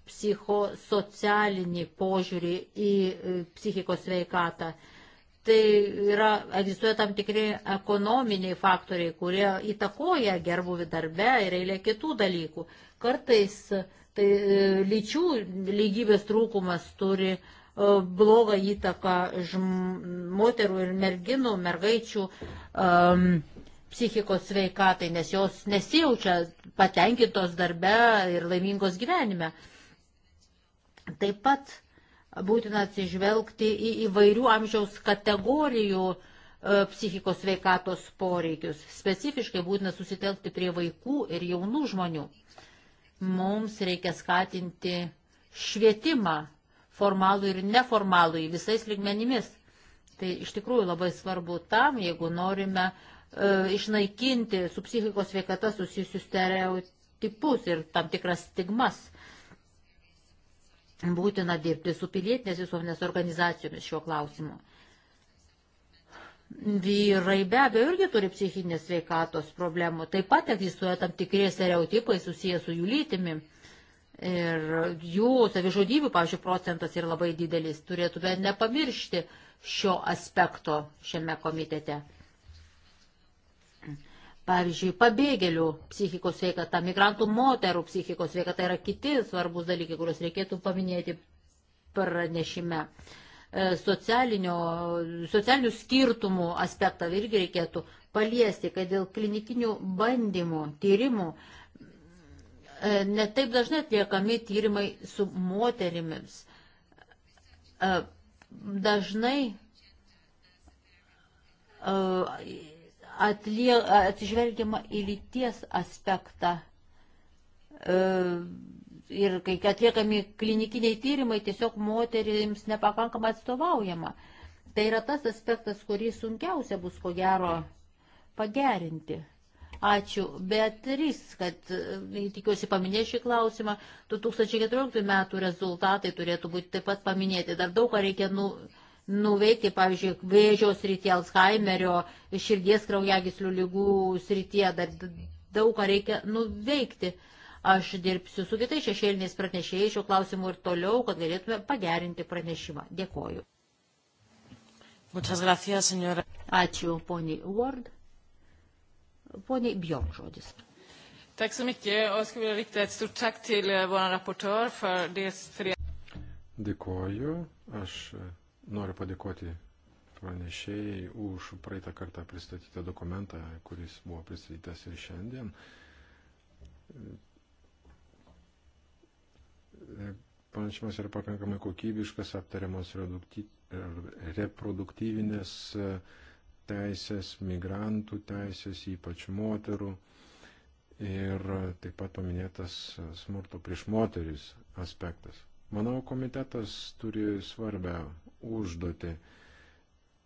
psichosocialinį požiūrį į e, psichikos veikatą. Tai yra, egzistuoja tam tikri ekonominiai faktoriai, kurie įtakoja gerbuvį darbę ir eilė kitų dalykų. Kartais e, tai lyčių lygybės trūkumas turi uh, E, blogą įtaką moterų ir merginų, mergaičių um, psichikos sveikatai, nes jos nesijaučia patenkintos darbe ir laimingos gyvenime. Taip pat būtina atsižvelgti į įvairių amžiaus kategorijų uh, psichikos sveikatos poreikius. Specifiškai būtina susitelkti prie vaikų ir jaunų žmonių. Mums reikia skatinti švietimą formalų ir neformalų į visais lygmenimis. Tai iš tikrųjų labai svarbu tam, jeigu norime e, išnaikinti su psichikos veikata susijusius stereotipus ir tam tikras stigmas. Būtina dirbti su pilietinės visuomenės organizacijomis šiuo klausimu. Vyrai be abejo irgi turi psichinės sveikatos problemų. Taip pat egzistuoja tam tikrie stereotipai susiję su jų lytimi. Ir jų savižudybių, pavyzdžiui, procentas yra labai didelis. Turėtume nepamiršti šio aspekto šiame komitete. Pavyzdžiui, pabėgėlių psichikos sveikata, migrantų moterų psichikos sveikata yra kiti svarbus dalykai, kuriuos reikėtų paminėti pranešime. E, socialinių skirtumų aspektą irgi reikėtų paliesti, kad dėl klinikinių bandymų, tyrimų E, netaip dažnai atliekami tyrimai su moterimis. E, dažnai e, atlie, atsižvelgiama į lyties aspektą. Ir kai atliekami klinikiniai tyrimai, tiesiog moterims nepakankamai atstovaujama. Tai yra tas aspektas, kurį sunkiausia bus ko gero pagerinti. Ačiū, Beatriz, kad e, tikiuosi paminėti šį klausimą. 2014 metų rezultatai turėtų būti taip pat paminėti. Dar daug ką reikia nu, nuveikti, pavyzdžiui, vėžio srityje, Alzheimerio, širdies kraujagislių lygų srityje. Dar daug ką reikia nuveikti. Aš dirbsiu su kitais šešėliniais pranešėjais šio klausimu ir toliau, kad galėtume pagerinti pranešimą. Dėkoju. Gracias, Ačiū, poniai Ward. Pone Bjorn žodis. Tack så mycket och jag skulle vilja rikta ett stort tack till eh, vår rapportör för det Dėkoju, aš eh, noriu padėkoti pranešėjai už praeitą kartą pristatytą dokumentą, kuris buvo pristatytas ir šiandien. Eh, pranešimas yra pakankamai kokybiškas, aptariamos reproduktyvinės. Redukty teisės, migrantų teisės, ypač moterų. Ir taip pat paminėtas smurto prieš moteris aspektas. Manau, komitetas turi svarbę užduoti,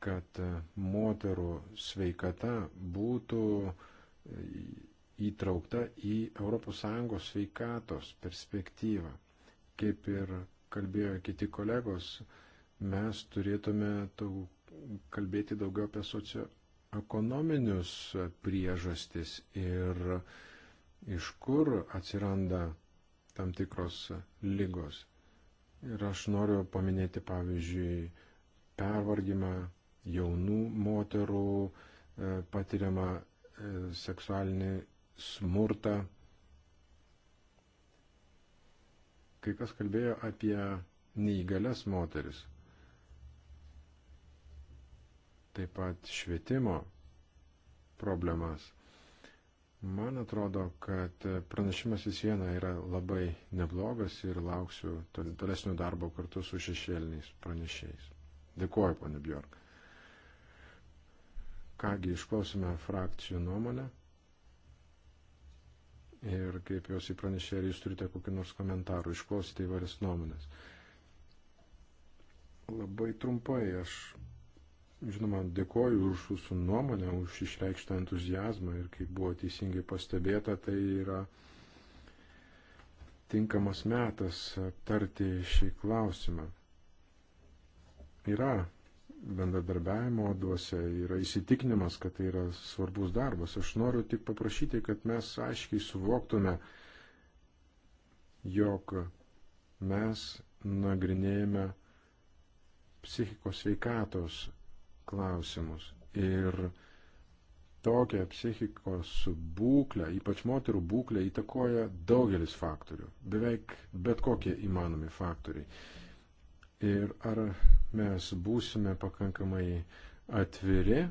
kad moterų sveikata būtų įtraukta į ES sveikatos perspektyvą. Kaip ir kalbėjo kiti kolegos, mes turėtume taug kalbėti daugiau apie socioekonominius priežastis ir iš kur atsiranda tam tikros lygos. Ir aš noriu paminėti pavyzdžiui pervargimą jaunų moterų, e, patiriamą e, seksualinį smurtą. Kai kas kalbėjo apie neįgalias moteris taip pat švietimo problemas. Man atrodo, kad pranašimas į sieną yra labai neblogas ir lauksiu tolesnio darbo kartu su šešėliniais pranešėjais. Dėkuoju, ponė Bjork. Kągi, išklausime frakcijų nuomonę. Ir kaip jos įpranešė, ar jūs turite kokį nors komentarų, išklausite įvairias nuomonės. Labai trumpai aš Žinoma, dėkoju už jūsų nuomonę, už išreikštą entuzijazmą ir kaip buvo teisingai pastebėta, tai yra tinkamas metas aptarti šį klausimą. Yra bendradarbiavimo duose, yra įsitikinimas, kad tai yra svarbus darbas. Aš noriu tik paprašyti, kad mes aiškiai suvoktume, jog mes nagrinėjame psichikos sveikatos klausimus. Ir tokią psichikos būklę, ypač moterų būklę, įtakoja daugelis faktorių, beveik bet kokie įmanomi faktoriai. Ir ar mes būsime pakankamai atviri,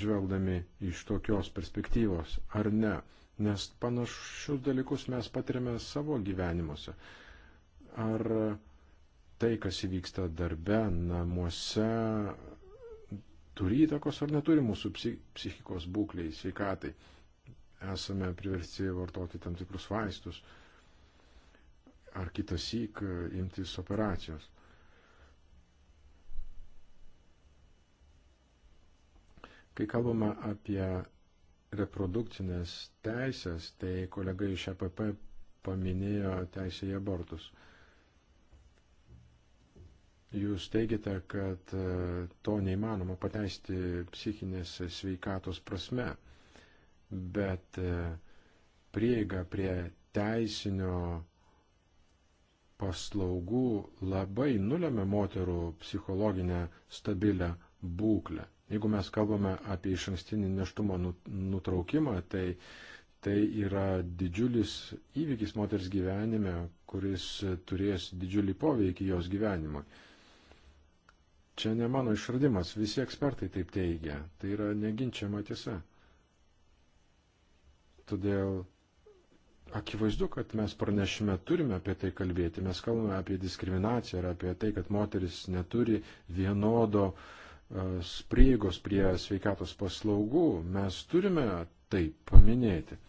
žvelgdami iš tokios perspektyvos, ar ne, nes panašius dalykus mes patiriame savo gyvenimuose. Ar tai, kas įvyksta darbe, namuose, turi įtakos ar neturi mūsų psichikos būkliai, sveikatai. Esame priversti vartoti tam tikrus vaistus ar kitas įk e, imtis operacijos. Kai kalbama apie reprodukcinės teisės, tai kolega iš EPP paminėjo teisę į abortus. Jūs teigiate, kad e, to neįmanoma pateisti psichinės sveikatos prasme, bet e, prieiga prie teisinio paslaugų labai nulėmė moterų psichologinę stabilę būklę. Jeigu mes kalbame apie iš ankstinį neštumo nu, nutraukimą, tai tai yra didžiulis įvykis moters gyvenime, kuris turės didžiulį poveikį jos gyvenimui. Čia ne mano išradimas, visi ekspertai taip teigia, tai yra neginčiama tiesa. Todėl akivaizdu, kad mes pranešime turime apie tai kalbėti, mes kalbame apie diskriminaciją ir apie tai, kad moteris neturi vienodo e, prieigos prie sveikatos paslaugų, mes turime tai paminėti.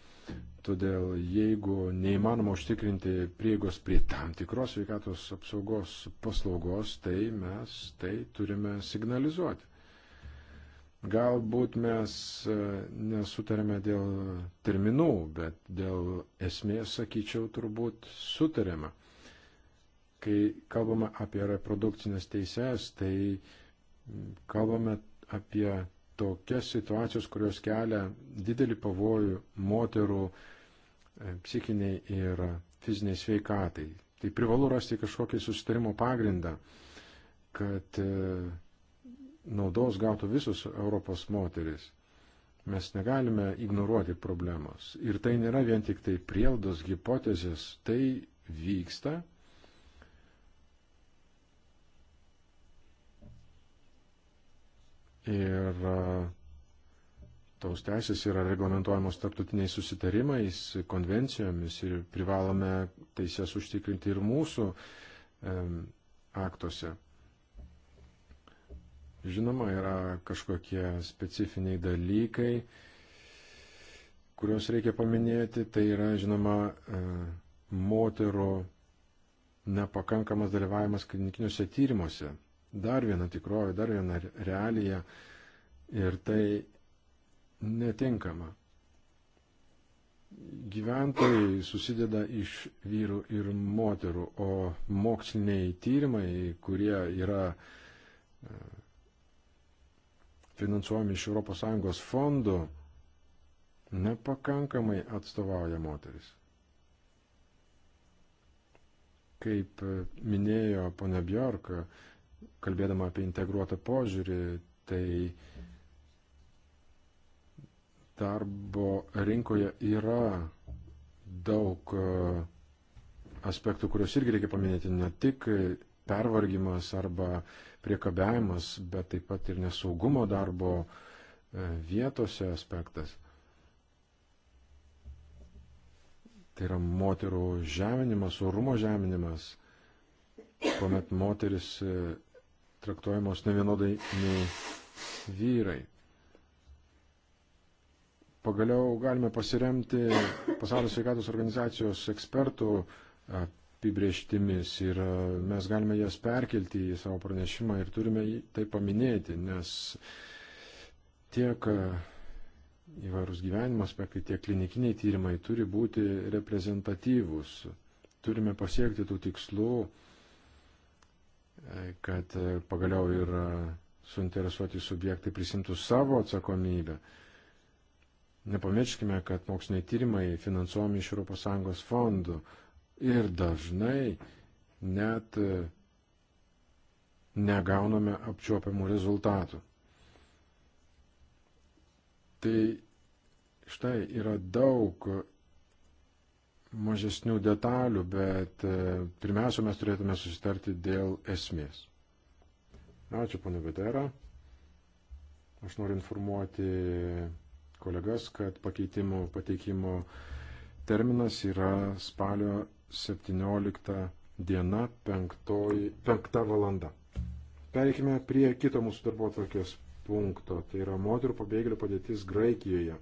Todėl jeigu neįmanoma užtikrinti priegos prie tam tikros sveikatos apsaugos paslaugos, tai mes tai turime signalizuoti. Galbūt mes e, nesutarėme dėl terminų, bet dėl esmės, sakyčiau, turbūt sutarėme. Kai kalbame apie reprodukcinės teises, tai kalbame apie tokias situacijas, kurios kelia didelį pavojų moterų uh, E, psichiniai ir fiziniai sveikatai. Tai privalu rasti kažkokį sustarimo pagrindą, kad e, naudos gautų visus Europos moteris. Mes negalime ignoruoti problemos. Ir tai nėra vien tik tai prieldos, hipotezės, tai vyksta. Ir tos teisės yra reglamentuojamos tarptautiniais susitarimais, konvencijomis ir privalome teisės užtikrinti ir mūsų e, aktuose. Žinoma, yra kažkokie specifiniai dalykai, kuriuos reikia paminėti. Tai yra, žinoma, e, moterų nepakankamas dalyvavimas klinikiniuose tyrimuose. Dar viena tikrovė, dar viena realija. Ir tai netinkama. Gyventojai susideda iš vyrų ir moterų, o moksliniai tyrimai, kurie yra e, finansuojami iš ES fondų, nepakankamai atstovauja moteris. Kaip e, minėjo ponia Bjork, kalbėdama apie integruotą požiūrį, tai darbo rinkoje yra daug e, aspektų, kuriuos irgi reikia paminėti, ne tik pervargimas arba priekabiavimas, bet taip pat ir nesaugumo darbo e, vietose aspektas. Tai yra moterų žeminimas, orumo žeminimas, kuomet moteris e, traktuojamos nevienodai nei vyrai. Pagaliau galime pasiremti pasaulio sveikatos organizacijos ekspertų apibrieštimis ir e, mes galime jas perkelti į savo pranešimą ir turime tai paminėti, nes tiek e, įvairūs gyvenimo aspektai, tiek klinikiniai tyrimai turi būti reprezentatyvūs. Turime pasiekti tų tikslų, e, kad pagaliau ir suinteresuoti subjektai prisimtų savo atsakomybę. Nepamirškime, kad moksliniai tyrimai finansuomi iš ES fondų ir dažnai net e, negauname apčiuopiamų rezultatų. Tai štai yra daug mažesnių detalių, bet e, pirmiausia, mes turėtume susitarti dėl esmės. Ačiū, pana Bedera. Aš noriu informuoti kolegas, kad pakeitimų pateikimo terminas yra spalio 17 diena 5 valanda. Pereikime prie kito mūsų darbo atvarkės punkto, tai yra moterų pabėgėlių padėtis Graikijoje.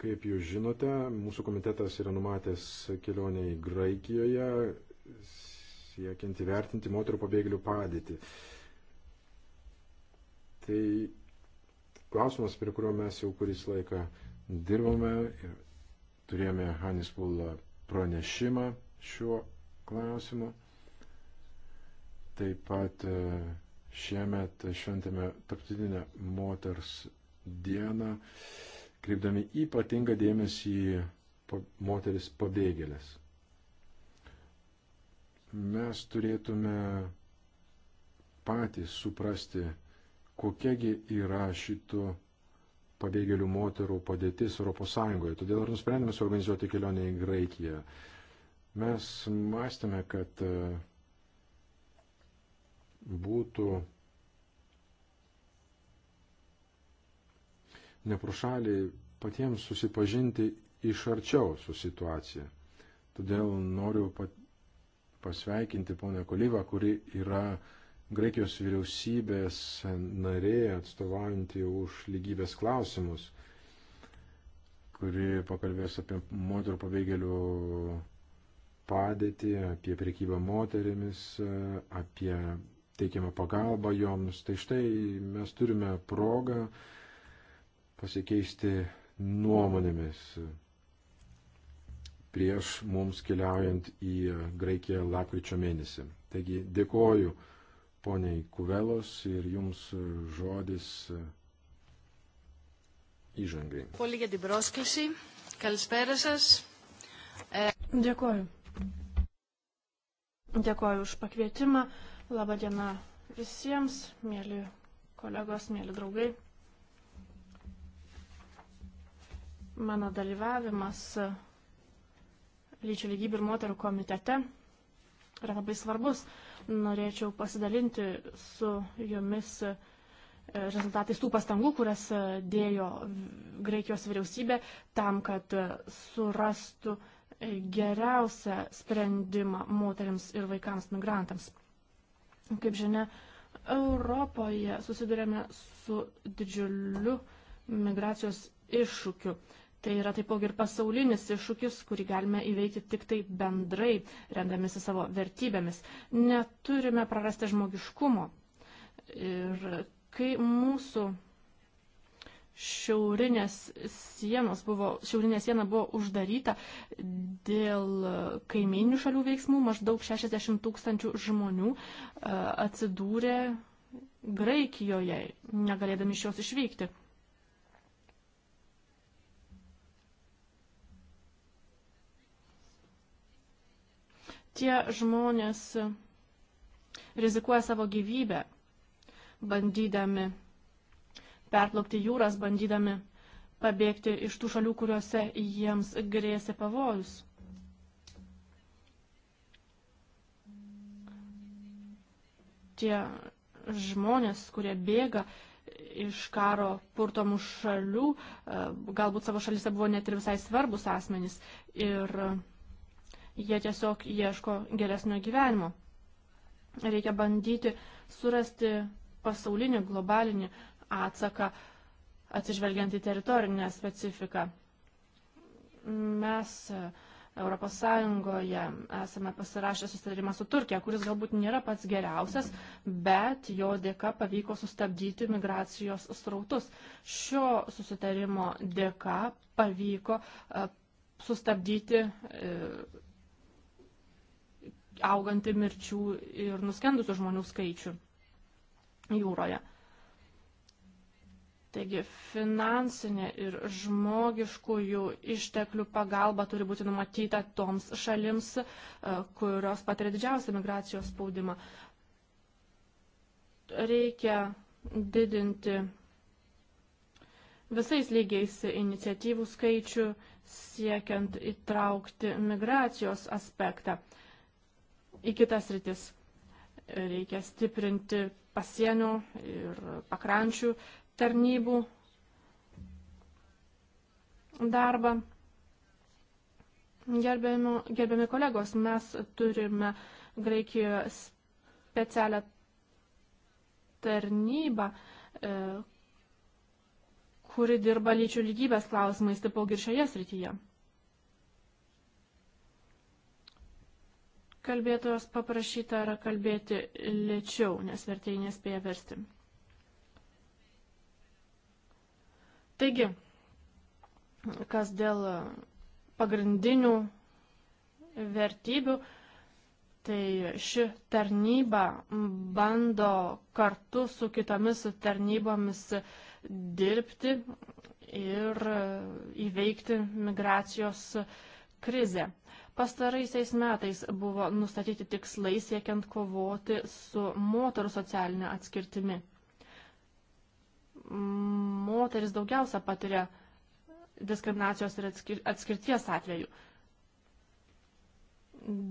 Kaip jūs žinote, mūsų komitetas yra numatęs kelionę į Graikijoje siekiant įvertinti moterų pabėgėlių padėtį. Tai klausimas, prie kurio mes jau kuris laiką dirbame ir turėjome Hanispulą pranešimą šiuo klausimu. Taip pat e, šiemet šventėme tarptautinę moters dieną, kreipdami ypatingą dėmesį į moteris pabėgėlės mes turėtume patys suprasti, kokiagi yra šito pabėgėlių moterų padėtis ES. Todėl ir nusprendėme suorganizuoti kelionę į Graikiją. Mes mąstėme, kad e, būtų neprošaliai patiems susipažinti iš arčiau su situacija. Todėl noriu pat pasveikinti ponę Kolyvą, kuri yra Graikijos vyriausybės narė atstovaujanti už lygybės klausimus, kuri pakalbės apie moterų pabėgėlių padėtį, apie priekybą moterimis, apie teikiamą pagalbą joms. Tai štai mes turime progą pasikeisti nuomonėmis prieš mums keliaujant į Graikiją lakryčio mėnesį. Taigi dėkoju poniai Kuvelos ir jums žodis įžangai. Dėkoju. Dėkoju už pakvietimą. Labą dieną visiems, mėly kolegos, mėly draugai. Mano dalyvavimas lyčių lygybė ir moterų komitete yra labai svarbus. Norėčiau pasidalinti su jumis e, rezultatais tų pastangų, kurias e, dėjo Graikijos vyriausybė tam, kad e, surastų geriausią sprendimą moteriams ir vaikams migrantams. Kaip žinia, Europoje susidurėme su didžiuliu migracijos iššūkiu. Tai yra taipogi ir pasaulinis iššūkis, kurį galime įveikti tik tai bendrai, remdamėsi savo vertybėmis. Neturime prarasti žmogiškumo. Ir kai mūsų šiaurinės sienos buvo, šiaurinė siena buvo uždaryta dėl kaiminių šalių veiksmų, maždaug 60 tūkstančių žmonių e, atsidūrė Graikijoje, negalėdami iš jos išvykti. Tie žmonės rizikuoja savo gyvybę, bandydami perplaukti jūras, bandydami pabėgti iš tų šalių, kuriuose jiems grėsia pavojus. Tie žmonės, kurie bėga iš karo purtomų šalių, e, galbūt savo šalyse buvo net ir visai svarbus asmenys. Ir jie tiesiog ieško geresnio gyvenimo. Reikia bandyti surasti pasaulinį, globalinį atsaką, atsižvelgiant į teritorinę specifiką. Mes e, Europos Sąjungoje esame pasirašę susitarimą su Turkija, kuris galbūt nėra pats geriausias, bet jo dėka pavyko sustabdyti migracijos srautus. Šio susitarimo dėka pavyko e, sustabdyti e, augantį mirčių ir nuskendusių žmonių skaičių jūroje. Taigi finansinė ir žmogiškųjų išteklių pagalba turi būti numatyta toms šalims, e, kurios patiria didžiausią migracijos spaudimą. Reikia didinti visais lygiais iniciatyvų skaičių, siekiant įtraukti migracijos aspektą į kitas rytis. Reikia stiprinti pasienio ir pakrančių tarnybų darbą. Gerbiami, gerbiami kolegos, mes turime Graikijoje specialią tarnybą, e, kuri dirba lyčių lygybės klausimais, taipogi ir šioje srityje. Kalbėtojos paprašyta yra kalbėti lėčiau, nes vertėjai nespėja versti. Taigi, kas dėl pagrindinių vertybių, tai ši tarnyba bando kartu su kitomis tarnybomis dirbti ir įveikti migracijos krizę. Pastaraisiais metais buvo nustatyti tikslai siekiant kovoti su moterų socialinė atskirtimi. Moteris daugiausia patiria diskriminacijos ir atskirties atveju.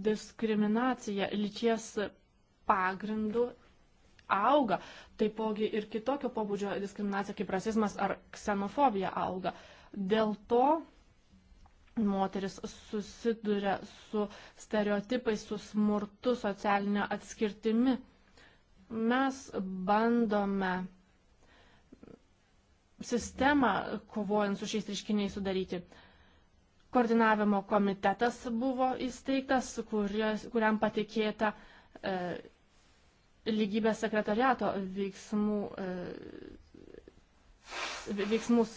Diskriminacija lyties pagrindų auga, taipogi ir kitokio pobūdžio diskriminacija kaip rasizmas ar ksenofobija auga. Dėl to moteris susiduria su stereotipais, su smurtu, socialinė atskirtimi. Mes bandome sistemą kovojant su šiais reiškiniais sudaryti. Koordinavimo komitetas buvo įsteigtas, kurios, kuriam patikėta e, lygybės sekretariato veiksmų, e, veiksmus,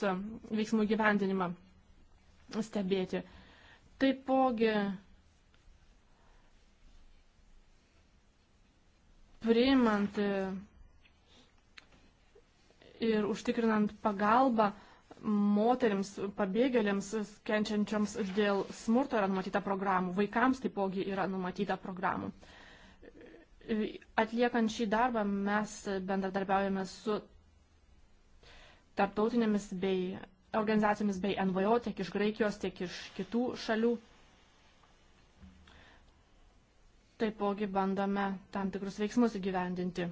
veiksmų gyvendinimą stebėti. Taipogi priimant ir užtikrinant pagalbą moteriams, pabėgėliams, kenčiančiams dėl smurto yra numatyta programų, vaikams taipogi yra numatyta programų. Atliekant šį darbą mes bendradarbiaujame su tarptautinėmis bei organizacijomis bei NVO tiek iš Graikijos, tiek iš kitų šalių. Taipogi bandome tam tikrus veiksmus įgyvendinti.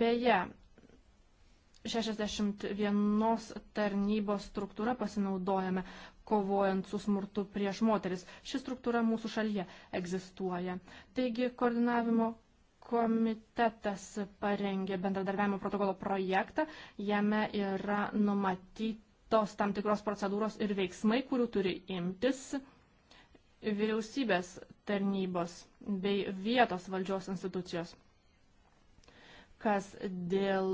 Beje, 61 tarnybos struktūra pasinaudojame, kovojant su smurtu prieš moteris. Ši struktūra mūsų šalyje egzistuoja. Taigi koordinavimo komitetas parengė bendradarbiavimo protokolo projektą. Jame yra numatyti tos tam tikros procedūros ir veiksmai, kurių turi imtis vyriausybės tarnybos bei vietos valdžios institucijos. Kas dėl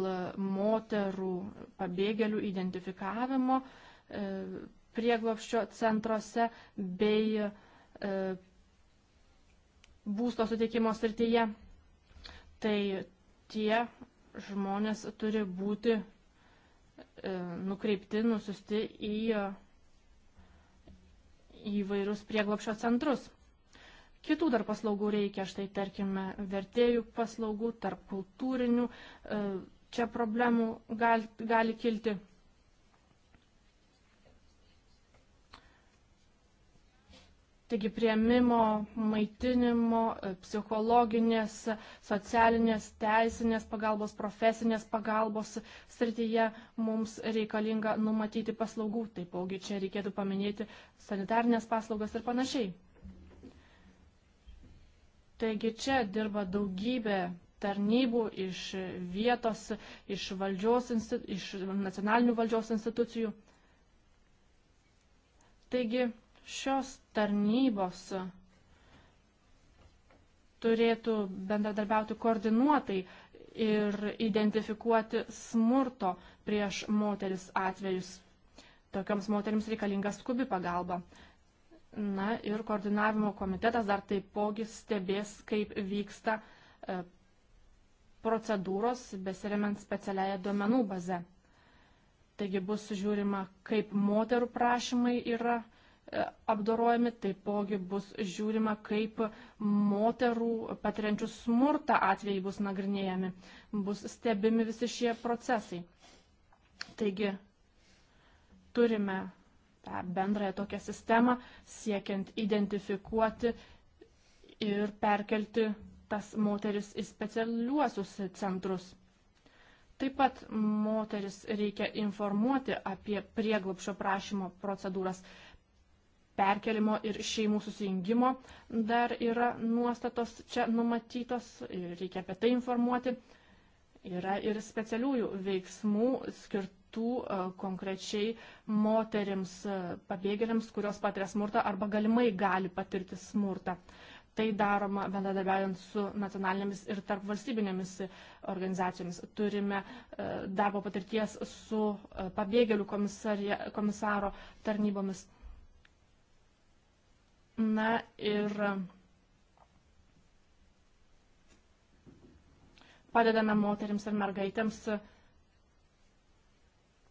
moterų pabėgėlių identifikavimo e, prieglopščio centruose bei e, būsto suteikimo srityje, tai tie žmonės turi būti E, nukreipti, nusiusti į įvairius prieglopšio centrus. Kitų dar paslaugų reikia, štai tarkime, vertėjų paslaugų, tarp kultūrinių, e, čia problemų gali, gali kilti. Taigi prieimimo, maitinimo, e, psichologinės, socialinės, teisinės pagalbos, profesinės pagalbos srityje mums reikalinga numatyti paslaugų. Taipogi čia reikėtų paminėti sanitarnės paslaugas ir panašiai. Taigi čia dirba daugybė tarnybų iš vietos, iš, valdžios, iš nacionalinių valdžios institucijų. Taigi, šios tarnybos turėtų bendradarbiauti koordinuotai ir identifikuoti smurto prieš moteris atvejus. Tokioms moteriams reikalinga skubi pagalba. Na ir koordinavimo komitetas dar taipogi stebės, kaip vyksta e, procedūros besiremiant specialiaja duomenų baze. Taigi bus žiūrima, kaip moterų prašymai yra apdorojami, taipogi bus žiūrima, kaip moterų patiriančių smurtą atvejai bus nagrinėjami, bus stebimi visi šie procesai. Taigi turime tą bendrąją tokią sistemą, siekiant identifikuoti ir perkelti tas moteris į specialiuosius centrus. Taip pat moteris reikia informuoti apie prieglupšio prašymo procedūras perkelimo ir šeimų susijungimo dar yra nuostatos čia numatytos, reikia apie tai informuoti. Yra ir specialiųjų veiksmų skirtų e, konkrečiai moterims e, pabėgėliams, kurios patiria smurtą arba galimai gali patirti smurtą. Tai daroma bendradarbiaujant su nacionalinėmis ir tarpvalstybinėmis organizacijomis. Turime e, darbo patirties su pabėgėlių komisaro tarnybomis. Na ir padedame moteriams ir mergaitėms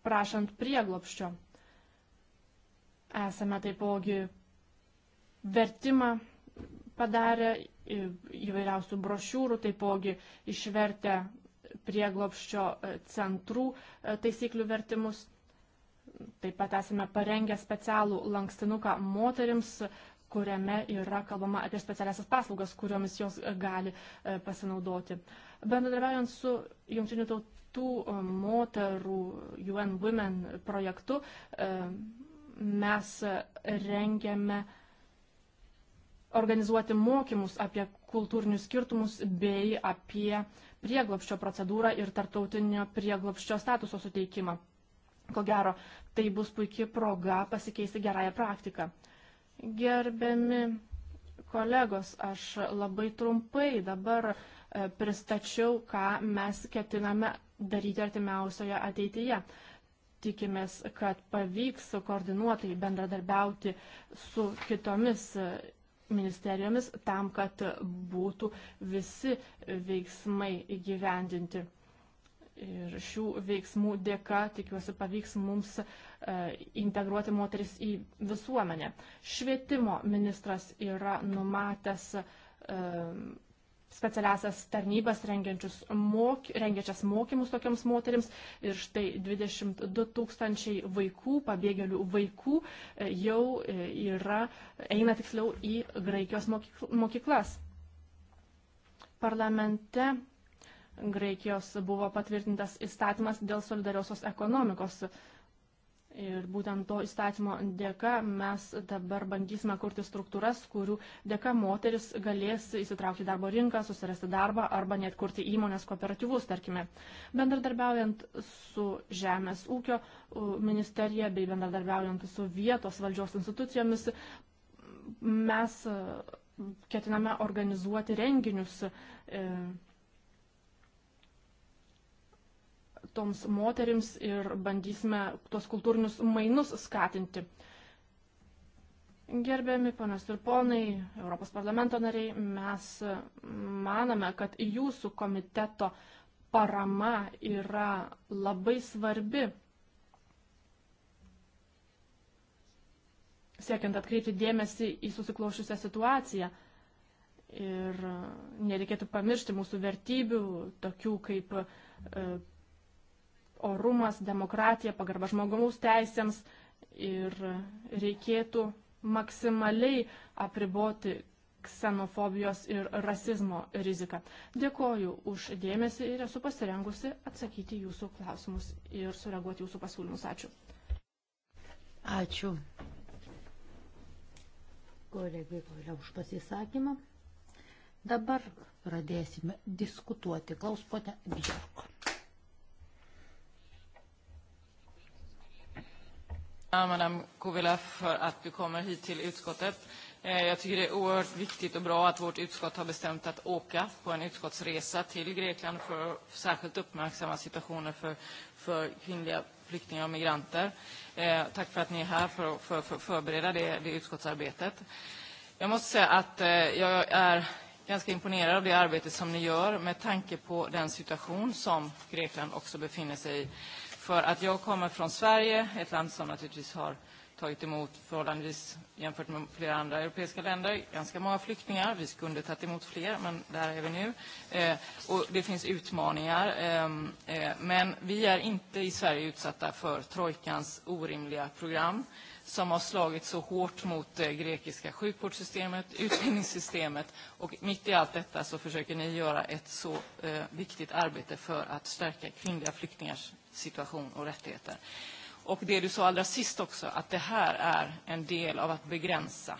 prašant prieglopščio. Esame taipogi vertimą padarę įvairiausių brošiūrų, taipogi išvertę prieglopščio e, centrų e, taisyklių vertimus. Taip pat esame parengę specialų lankstinuką moteriams, kuriame yra kalbama apie specialiasias paslaugas, kuriomis jos e, gali e, pasinaudoti. Bendradarbiaujant su Jungtinių tautų e, moterų UN Women projektu, mes rengiame organizuoti mokymus apie kultūrinius skirtumus bei apie prieglopščio procedūrą ir tartautinio prieglopščio statuso suteikimą. Ko gero, tai bus puikia proga pasikeisti gerąją praktiką. Gerbiami kolegos, aš labai trumpai dabar e, pristačiau, ką mes ketiname daryti artimiausioje ateityje. Tikimės, kad pavyks koordinuotai bendradarbiauti su kitomis e, ministerijomis tam, kad būtų visi veiksmai įgyvendinti. Ir šių veiksmų dėka, tikiuosi, pavyks mums E, integruoti moteris į visuomenę. Švietimo ministras yra numatęs e, specialiasias tarnybas moky, rengiačias mokymus tokiams moteriams. Ir štai 22 tūkstančiai vaikų, pabėgėlių vaikų e, jau yra, eina tiksliau į Graikijos mokyklas. Parlamente Graikijos buvo patvirtintas įstatymas dėl solidariosios ekonomikos Ir būtent to įstatymo dėka mes dabar bandysime kurti struktūras, kurių dėka moteris galės įsitraukti į darbo rinką, susirasti darbą arba net kurti įmonės kooperatyvus, tarkime. Bendradarbiaujant su Žemės ūkio ministerija bei bendradarbiaujant su vietos valdžios institucijomis, mes ketiname organizuoti renginius. E, toms moterims ir bandysime tos kultūrinius mainus skatinti. Gerbiami panas ir ponai, Europos parlamento nariai, mes manome, kad jūsų komiteto parama yra labai svarbi. Siekiant atkreipti dėmesį į susiklošusią situaciją ir nereikėtų pamiršti mūsų vertybių, tokių kaip e, orumas, demokratija, pagarba žmogaus teisėms ir reikėtų maksimaliai apriboti ksenofobijos ir rasizmo riziką. Dėkoju už dėmesį ir esu pasirengusi atsakyti jūsų klausimus ir sureaguoti jūsų pasiūlymus. Ačiū. Ačiū. Kolegai Kolia už pasisakymą. Dabar pradėsime diskutuoti. Klaus ponia Bjorko. Madame Kovila, för att du kommer hit till utskottet. Eh, jag tycker det är oerhört viktigt och bra att vårt utskott har bestämt att åka på en utskottsresa till Grekland för att särskilt uppmärksamma situationen för, för kvinnliga flyktingar och migranter. Eh, tack för att ni är här för att för, för förbereda det, det utskottsarbetet. Jag måste säga att eh, jag är ganska imponerad av det arbete som ni gör med tanke på den situation som Grekland också befinner sig i för att jag kommer från Sverige, ett land som naturligtvis har tagit emot förhållandevis, jämfört med flera andra europeiska länder, ganska många flyktingar. Vi kunde tagit emot fler, men där är vi nu. Eh, och det finns utmaningar. Eh, eh, men vi är inte i Sverige utsatta för trojkans orimliga program. Eh, som har slagit så hårt mot det eh, grekiska sjukvårdssystemet, utbildningssystemet och mitt i allt detta så försöker ni göra ett så eh, viktigt arbete för att stärka kvinnliga flyktingars situation och rättigheter. Och det du sa allra sist också, att det här är en del av att begränsa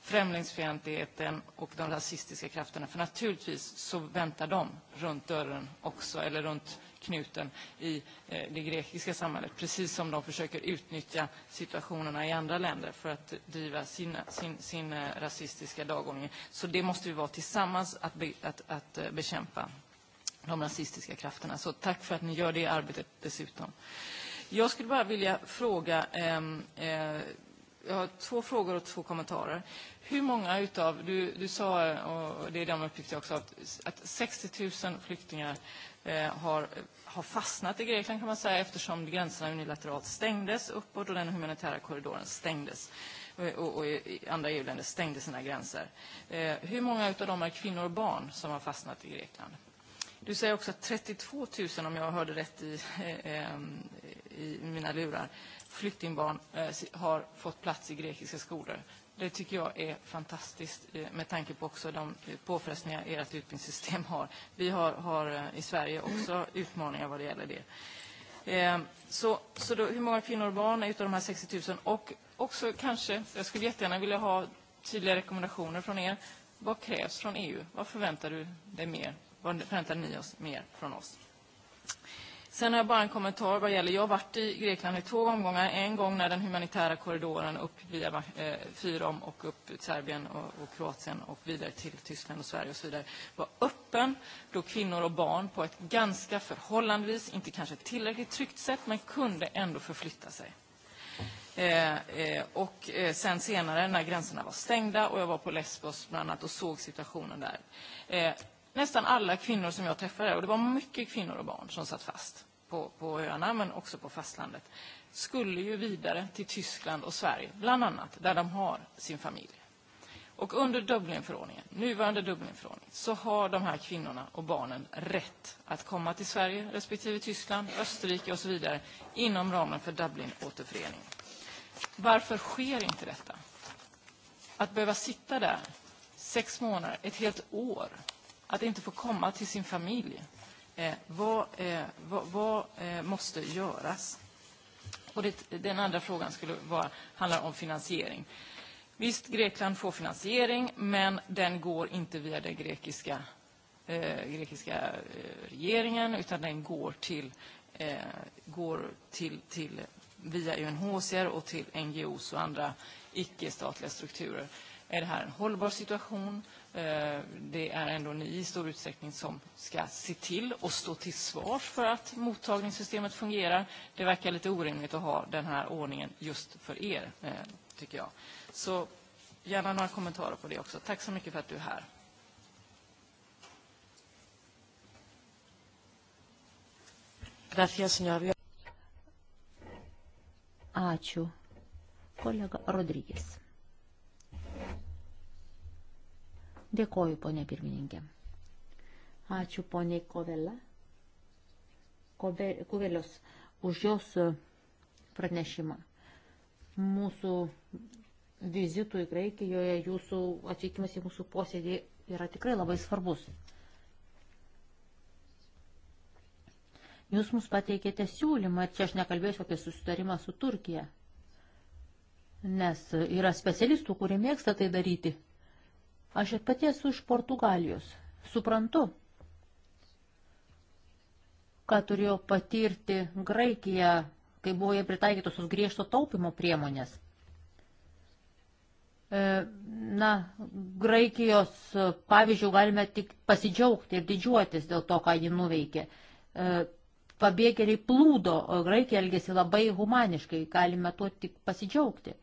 främlingsfientligheten och de rasistiska krafterna. För naturligtvis så väntar de runt dörren också, eller runt knuten i eh, det grekiska samhället, precis som de försöker utnyttja situationerna i andra länder för att driva sin, sin, sin eh, rasistiska dagordning. Så det måste vi vara tillsammans att, be, att, att eh, bekämpa de rasistiska krafterna. Så tack för att ni gör det arbetet dessutom. Jag skulle bara vilja fråga, eh, eh, jag har två frågor och två kommentarer. Hur många utav, du, du sa, och det är de uppgifter jag också har, att 60 000 flyktingar Eh, har, har fastnat i Grekland kan man säga eftersom gränserna unilateralt stängdes uppåt och den humanitära korridoren stängdes och, och andra EU-länder stängde sina gränser. Eh, hur många av dem är kvinnor och barn som har fastnat i Grekland? Du säger också att 32 000, om jag hörde rätt i, eh, i mina lurar, flyktingbarn eh, har fått plats i grekiska skolor. Det tycker jag är fantastiskt eh, med tanke på också de eh, påfrestningar ert utbildningssystem har. Vi har, har eh, i Sverige också utmaningar vad det gäller det. Eh, så så då, hur många kvinnor och barn är utav de här 60 000? Och också kanske, jag skulle jättegärna vilja ha tydliga rekommendationer från er. Vad krävs från EU? Vad förväntar du dig mer? Vad förväntar ni oss mer från oss? Sen har jag bara en kommentar vad gäller, jag har varit i Grekland i två omgångar. En gång när den humanitära korridoren upp via eh, Fyrom och upp Serbien och, och Kroatien och vidare till Tyskland och Sverige och så vidare var öppen. Då kvinnor och barn på ett ganska förhållandevis, inte kanske tillräckligt tryggt sätt, men kunde ändå förflytta sig. Eh, eh, och eh, sen senare när gränserna var stängda och jag var på Lesbos bland annat och såg situationen där. Eh, nästan alla kvinnor som jag träffade, och det var mycket kvinnor och barn som satt fast på, på öarna men också på fastlandet, skulle ju vidare till Tyskland och Sverige, bland annat, där de har sin familj. Och under Dublinförordningen, nuvarande Dublinförordning, så har de här kvinnorna och barnen rätt att komma till Sverige respektive Tyskland, Österrike och så vidare inom ramen för Dublinåterföreningen. Varför sker inte detta? Att behöva sitta där sex månader, ett helt år att inte få komma till sin familj. Eh, vad eh, vad, vad eh, måste göras? Och det, den andra frågan skulle vara, handlar om finansiering. Visst, Grekland får finansiering, men den går inte via den grekiska, eh, grekiska eh, regeringen, utan den går till, eh, går till, till via UNHCR och till NGOs och andra icke-statliga strukturer. Är det här en hållbar situation? Eh, det är ändå ni i stor utsträckning som ska se till och stå till svars för att mottagningssystemet fungerar. Det verkar lite orimligt att ha den här ordningen just för er, eh, tycker jag. Så gärna några kommentarer på det också. Tack så mycket för att du är här. Gracias, señora. Ačiū. Kolega Rodrygės. Dėkoju, ponė pirmininkė. Ačiū poniai Kovela. Kovelios už jos e, pranešimą. Mūsų vizitų į Graikijoje, jūsų atvykimas į mūsų posėdį yra tikrai labai svarbus. Jūs mus pateikėte siūlymą, ir čia aš nekalbėsiu apie susitarimą su Turkija, nes yra specialistų, kurie mėgsta tai daryti Aš pati esu iš Portugalijos. Suprantu, ką turėjo patirti Graikija, kai buvo jie pritaikytosios griežto taupimo priemonės. E, na, Graikijos pavyzdžių galime tik pasidžiaugti ir didžiuotis dėl to, ką ji nuveikė. E, pabėgėliai plūdo, Graikija elgėsi labai humaniškai, galime tuo tik pasidžiaugti.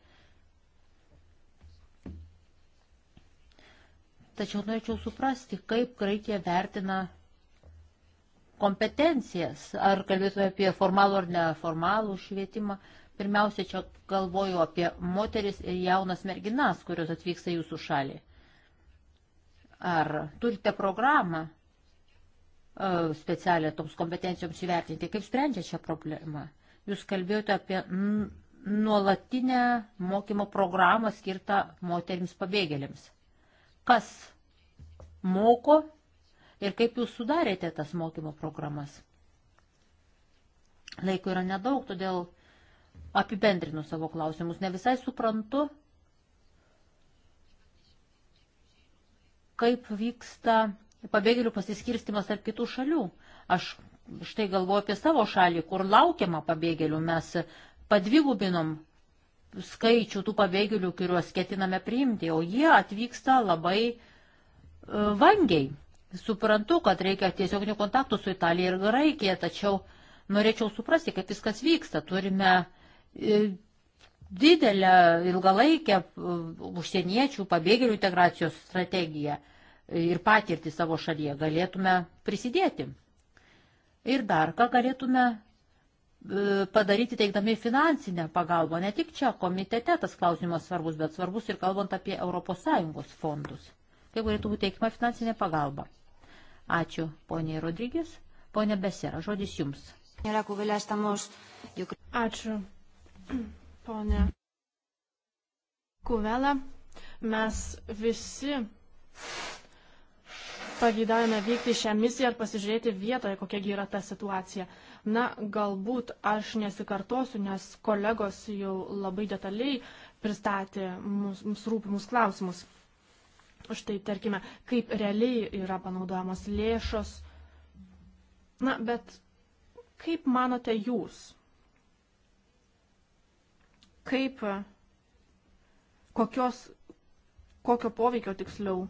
Tačiau norėčiau suprasti, kaip Graikija vertina kompetencijas, ar kalbėtume apie formalų ar neformalų švietimą. Pirmiausia, čia galvoju apie moteris ir jaunas merginas, kurios atvyksta jūsų šalį. Ar turite programą e, specialią toms kompetencijoms įvertinti? Kaip sprendžia šią problemą? Jūs kalbėjote apie nuolatinę mokymo programą skirtą moterims pabėgėliams. Kas moko ir kaip jūs sudarėte tas mokymo programas. Laiko yra nedaug, todėl apibendrinu savo klausimus. Ne visai suprantu, kaip vyksta pabėgėlių pasiskirstimas tarp kitų šalių. Aš štai galvoju apie savo šalį, kur laukiama pabėgėlių. Mes padvigubinom skaičių tų pabėgėlių, kuriuos ketiname priimti, o jie atvyksta labai uh, E, vangiai. Suprantu, kad reikia tiesioginių kontaktų su Italija ir Graikija, tačiau norėčiau suprasti, kaip viskas vyksta. Turime e, didelę ilgalaikę e, užsieniečių pabėgėlių integracijos strategiją ir patirtį savo šalyje. Galėtume prisidėti. Ir dar ką galėtume padaryti teikdami finansinę pagalbą. Ne tik čia komitete tas klausimas svarbus, bet svarbus ir kalbant apie ES fondus kaip galėtų būti teikima finansinė pagalba. Ačiū, poniai Rodrygės. Pone Besera, žodis jums. Ačiū, ponė Kuvela. Mes visi pavydavome vykti šią misiją ir pasižiūrėti vietoje, kokiagi yra ta situacija. Na, galbūt aš nesikartosiu, nes kolegos jau labai detaliai pristatė mums, mums rūpimus klausimus. Štai tarkime, kaip realiai yra panaudojamos lėšos. Na, bet kaip manote jūs? Kaip, kokios, kokio poveikio tiksliau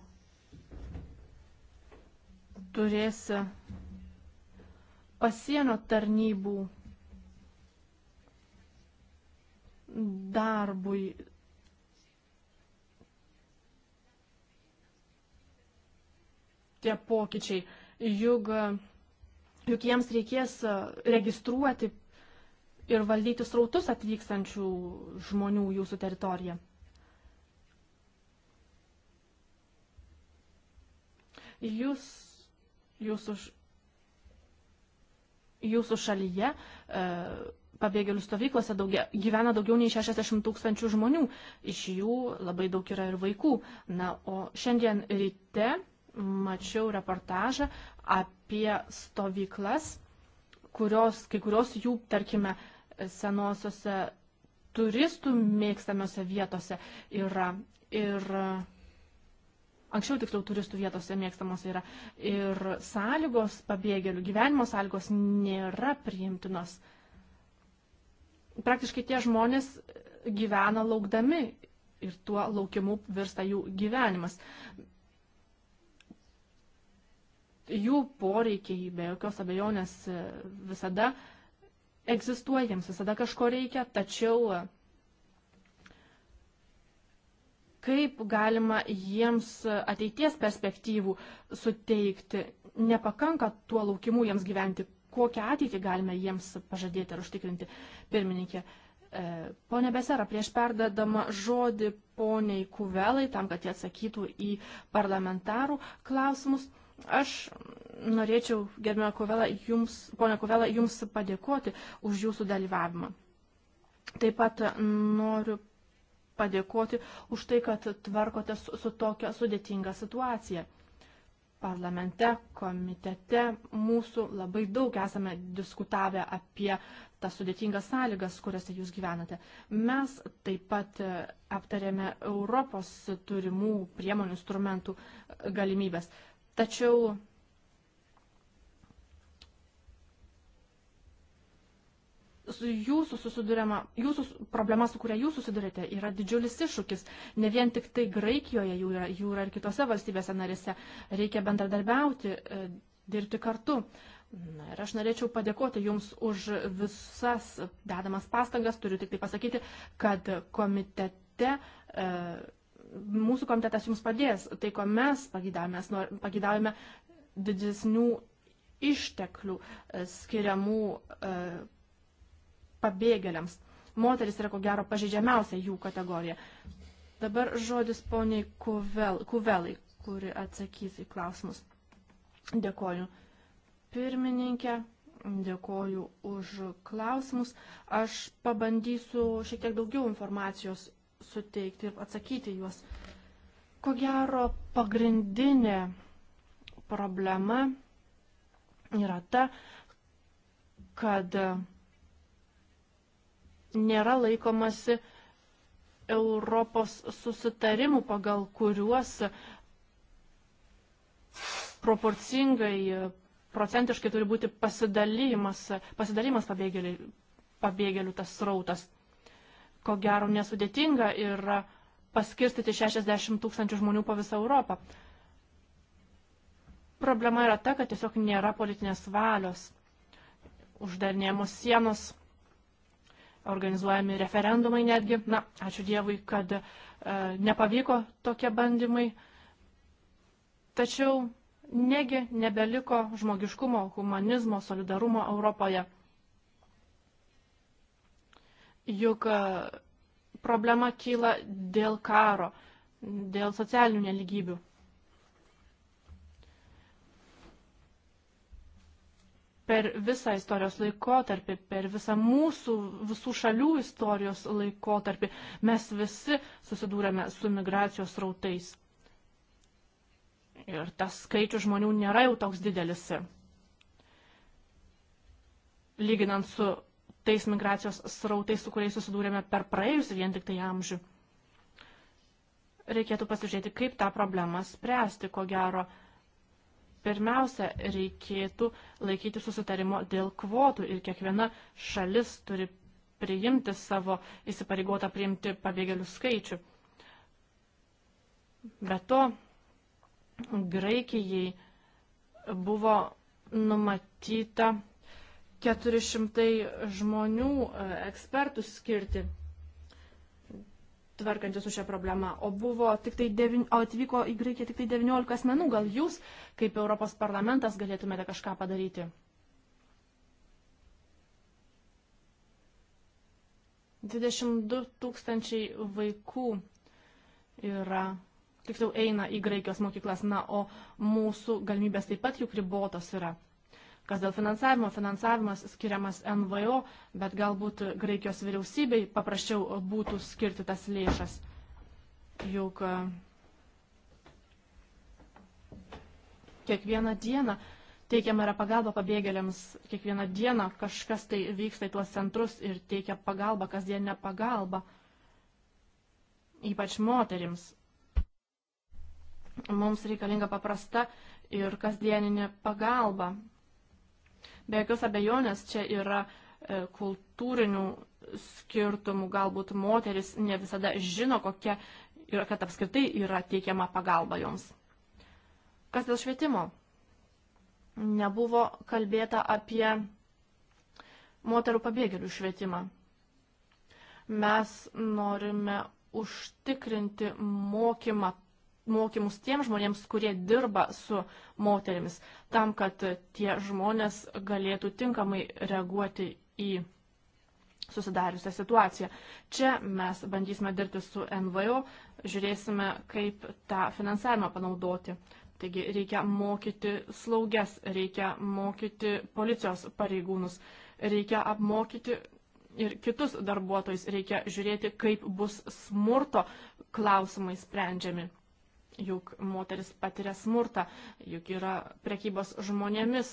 turės pasienio tarnybų darbui tie pokyčiai, juk, juk jiems reikės e, registruoti ir valdyti srautus atvykstančių žmonių jūsų teritoriją. Jūs, jūsų, jūsų šalyje e, pabėgėlių stovyklose daugia, gyvena daugiau nei 60 tūkstančių žmonių, iš jų labai daug yra ir vaikų. Na, o šiandien ryte mačiau reportažą apie stovyklas, kurios, kai kurios jų, tarkime, senosiose turistų mėgstamiose vietose yra. Ir anksčiau tiksliau turistų vietose mėgstamos yra. Ir sąlygos pabėgėlių, gyvenimo sąlygos nėra priimtinos. Praktiškai tie žmonės gyvena laukdami ir tuo laukimu virsta jų gyvenimas jų poreikiai be jokios abejonės e, visada egzistuoja, jiems visada kažko reikia, tačiau e, kaip galima jiems ateities perspektyvų suteikti, nepakanka tuo laukimu jiems gyventi, kokią ateitį galime jiems pažadėti ir užtikrinti. Pirmininkė, e, Pone Besera, prieš perdedama žodį poniai Kuvelai, tam, kad jie atsakytų į parlamentarų klausimus, Aš norėčiau, gerbėme Kovela, jums, ponia Kovela, jums padėkoti už jūsų dalyvavimą. Taip pat noriu padėkoti už tai, kad tvarkote su, su tokia sudėtinga situacija. Parlamente, komitete mūsų labai daug esame diskutavę apie tas sudėtingas sąlygas, kuriuose jūs gyvenate. Mes taip pat aptarėme Europos turimų priemonių instrumentų galimybės. Tačiau jūsų, jūsų problema, su kuria jūs susidurite, yra didžiulis iššūkis. Ne vien tik tai Graikijoje jų yra, jų yra ir kitose valstybėse narėse. Reikia bendradarbiauti, e, dirbti kartu. Na ir aš norėčiau padėkoti Jums už visas dedamas pastangas. Turiu tik tai pasakyti, kad komitete. E, mūsų komitetas jums padės. Tai, ko mes pagidavome, pagidavome didesnių išteklių e, skiriamų e, pabėgėliams. Moteris yra ko gero pažeidžiamiausia jų kategorija. Dabar žodis poniai Kuvel, Kuvelai, kuri atsakys į klausimus. Dėkoju pirmininkė, dėkoju už klausimus. Aš pabandysiu šiek tiek daugiau informacijos suteikti ir atsakyti juos. Ko gero, pagrindinė problema yra ta, kad nėra laikomasi Europos susitarimų, pagal kuriuos proporcingai, procentiškai turi būti pasidalymas, pasidalymas pabėgėlių, pabėgėlių tas srautas ko gero nesudėtinga yra paskirstyti 60 tūkstančių žmonių po visą Europą. Problema yra ta, kad tiesiog nėra politinės valios. Uždarnėjamos sienos, organizuojami referendumai netgi. Na, ačiū Dievui, kad e, nepavyko tokie bandymai. Tačiau negi nebeliko žmogiškumo, humanizmo, solidarumo Europoje juk e, problema kyla dėl karo, dėl socialinių neligybių. Per visą istorijos laikotarpį, per visą mūsų visų šalių istorijos laikotarpį mes visi susidūrėme su migracijos rautais. Ir tas skaičius žmonių nėra jau toks didelis. Lyginant su tais migracijos srautais, su kuriais susidūrėme per praėjusį vien tik tai amžių. Reikėtų pasižiūrėti, kaip tą problemą spręsti, ko gero. Pirmiausia, reikėtų laikyti susitarimo dėl kvotų ir kiekviena šalis turi priimti savo įsipareigotą priimti pabėgėlių skaičių. Be to, Graikijai buvo numatyta 400 žmonių e, ekspertų skirti tvarkantis su šią problemą, o, buvo tik tai devin, o atvyko į Graikiją tik tai 19 asmenų. Gal jūs, kaip Europos parlamentas, galėtumėte kažką padaryti? Dvidešimt du tūkstančiai vaikų yra, tiksliau, eina į Graikijos mokyklas, na, o mūsų galimybės taip pat juk ribotos yra. Kas dėl finansavimo, finansavimas skiriamas NVO, bet galbūt Graikijos vyriausybei paprasčiau būtų skirti tas lėšas. Juk e, kiekvieną dieną teikiama yra pagalba pabėgėliams, kiekvieną dieną kažkas tai vyksta į tuos centrus ir teikia pagalbą, kasdieninę pagalbą, ypač moterims. Mums reikalinga paprasta ir kasdieninė pagalba, Be jokios abejonės čia yra e, kultūrinių skirtumų, galbūt moteris ne visada žino, kokia ir kad apskritai yra teikiama pagalba joms. Kas dėl švietimo? Nebuvo kalbėta apie moterų pabėgėlių švietimą. Mes norime užtikrinti mokymą mokymus tiem žmonėms, kurie dirba su moterimis, tam, kad tie žmonės galėtų tinkamai reaguoti į susidariusią situaciją. Čia mes bandysime dirbti su NVO, žiūrėsime, kaip tą finansavimą panaudoti. Taigi reikia mokyti slauges, reikia mokyti policijos pareigūnus, reikia apmokyti ir kitus darbuotojus, reikia žiūrėti, kaip bus smurto klausimai sprendžiami juk moteris patiria smurtą, juk yra prekybos žmonėmis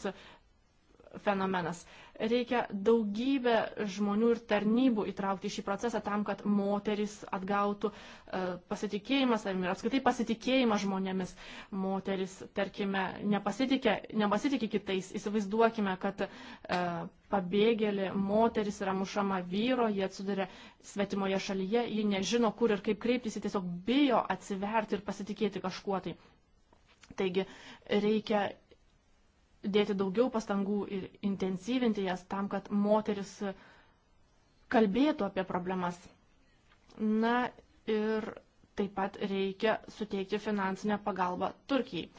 fenomenas. Reikia daugybę žmonių ir tarnybų įtraukti į šį procesą tam, kad moteris atgautų e, pasitikėjimą savimi ir apskaitai pasitikėjimą žmonėmis. Moteris, tarkime, nepasitikė kitais. Įsivaizduokime, kad e, pabėgėlė moteris yra mušama vyro, jie atsiduria svetimoje šalyje, ji nežino, kur ir kaip kreiptis, ji tiesiog bijo atsiverti ir pasitikėti kažkuo tai. Taigi reikia dėti daugiau pastangų ir intensyvinti jas tam, kad moteris kalbėtų apie problemas. Na ir taip pat reikia suteikti finansinę pagalbą Turkijai.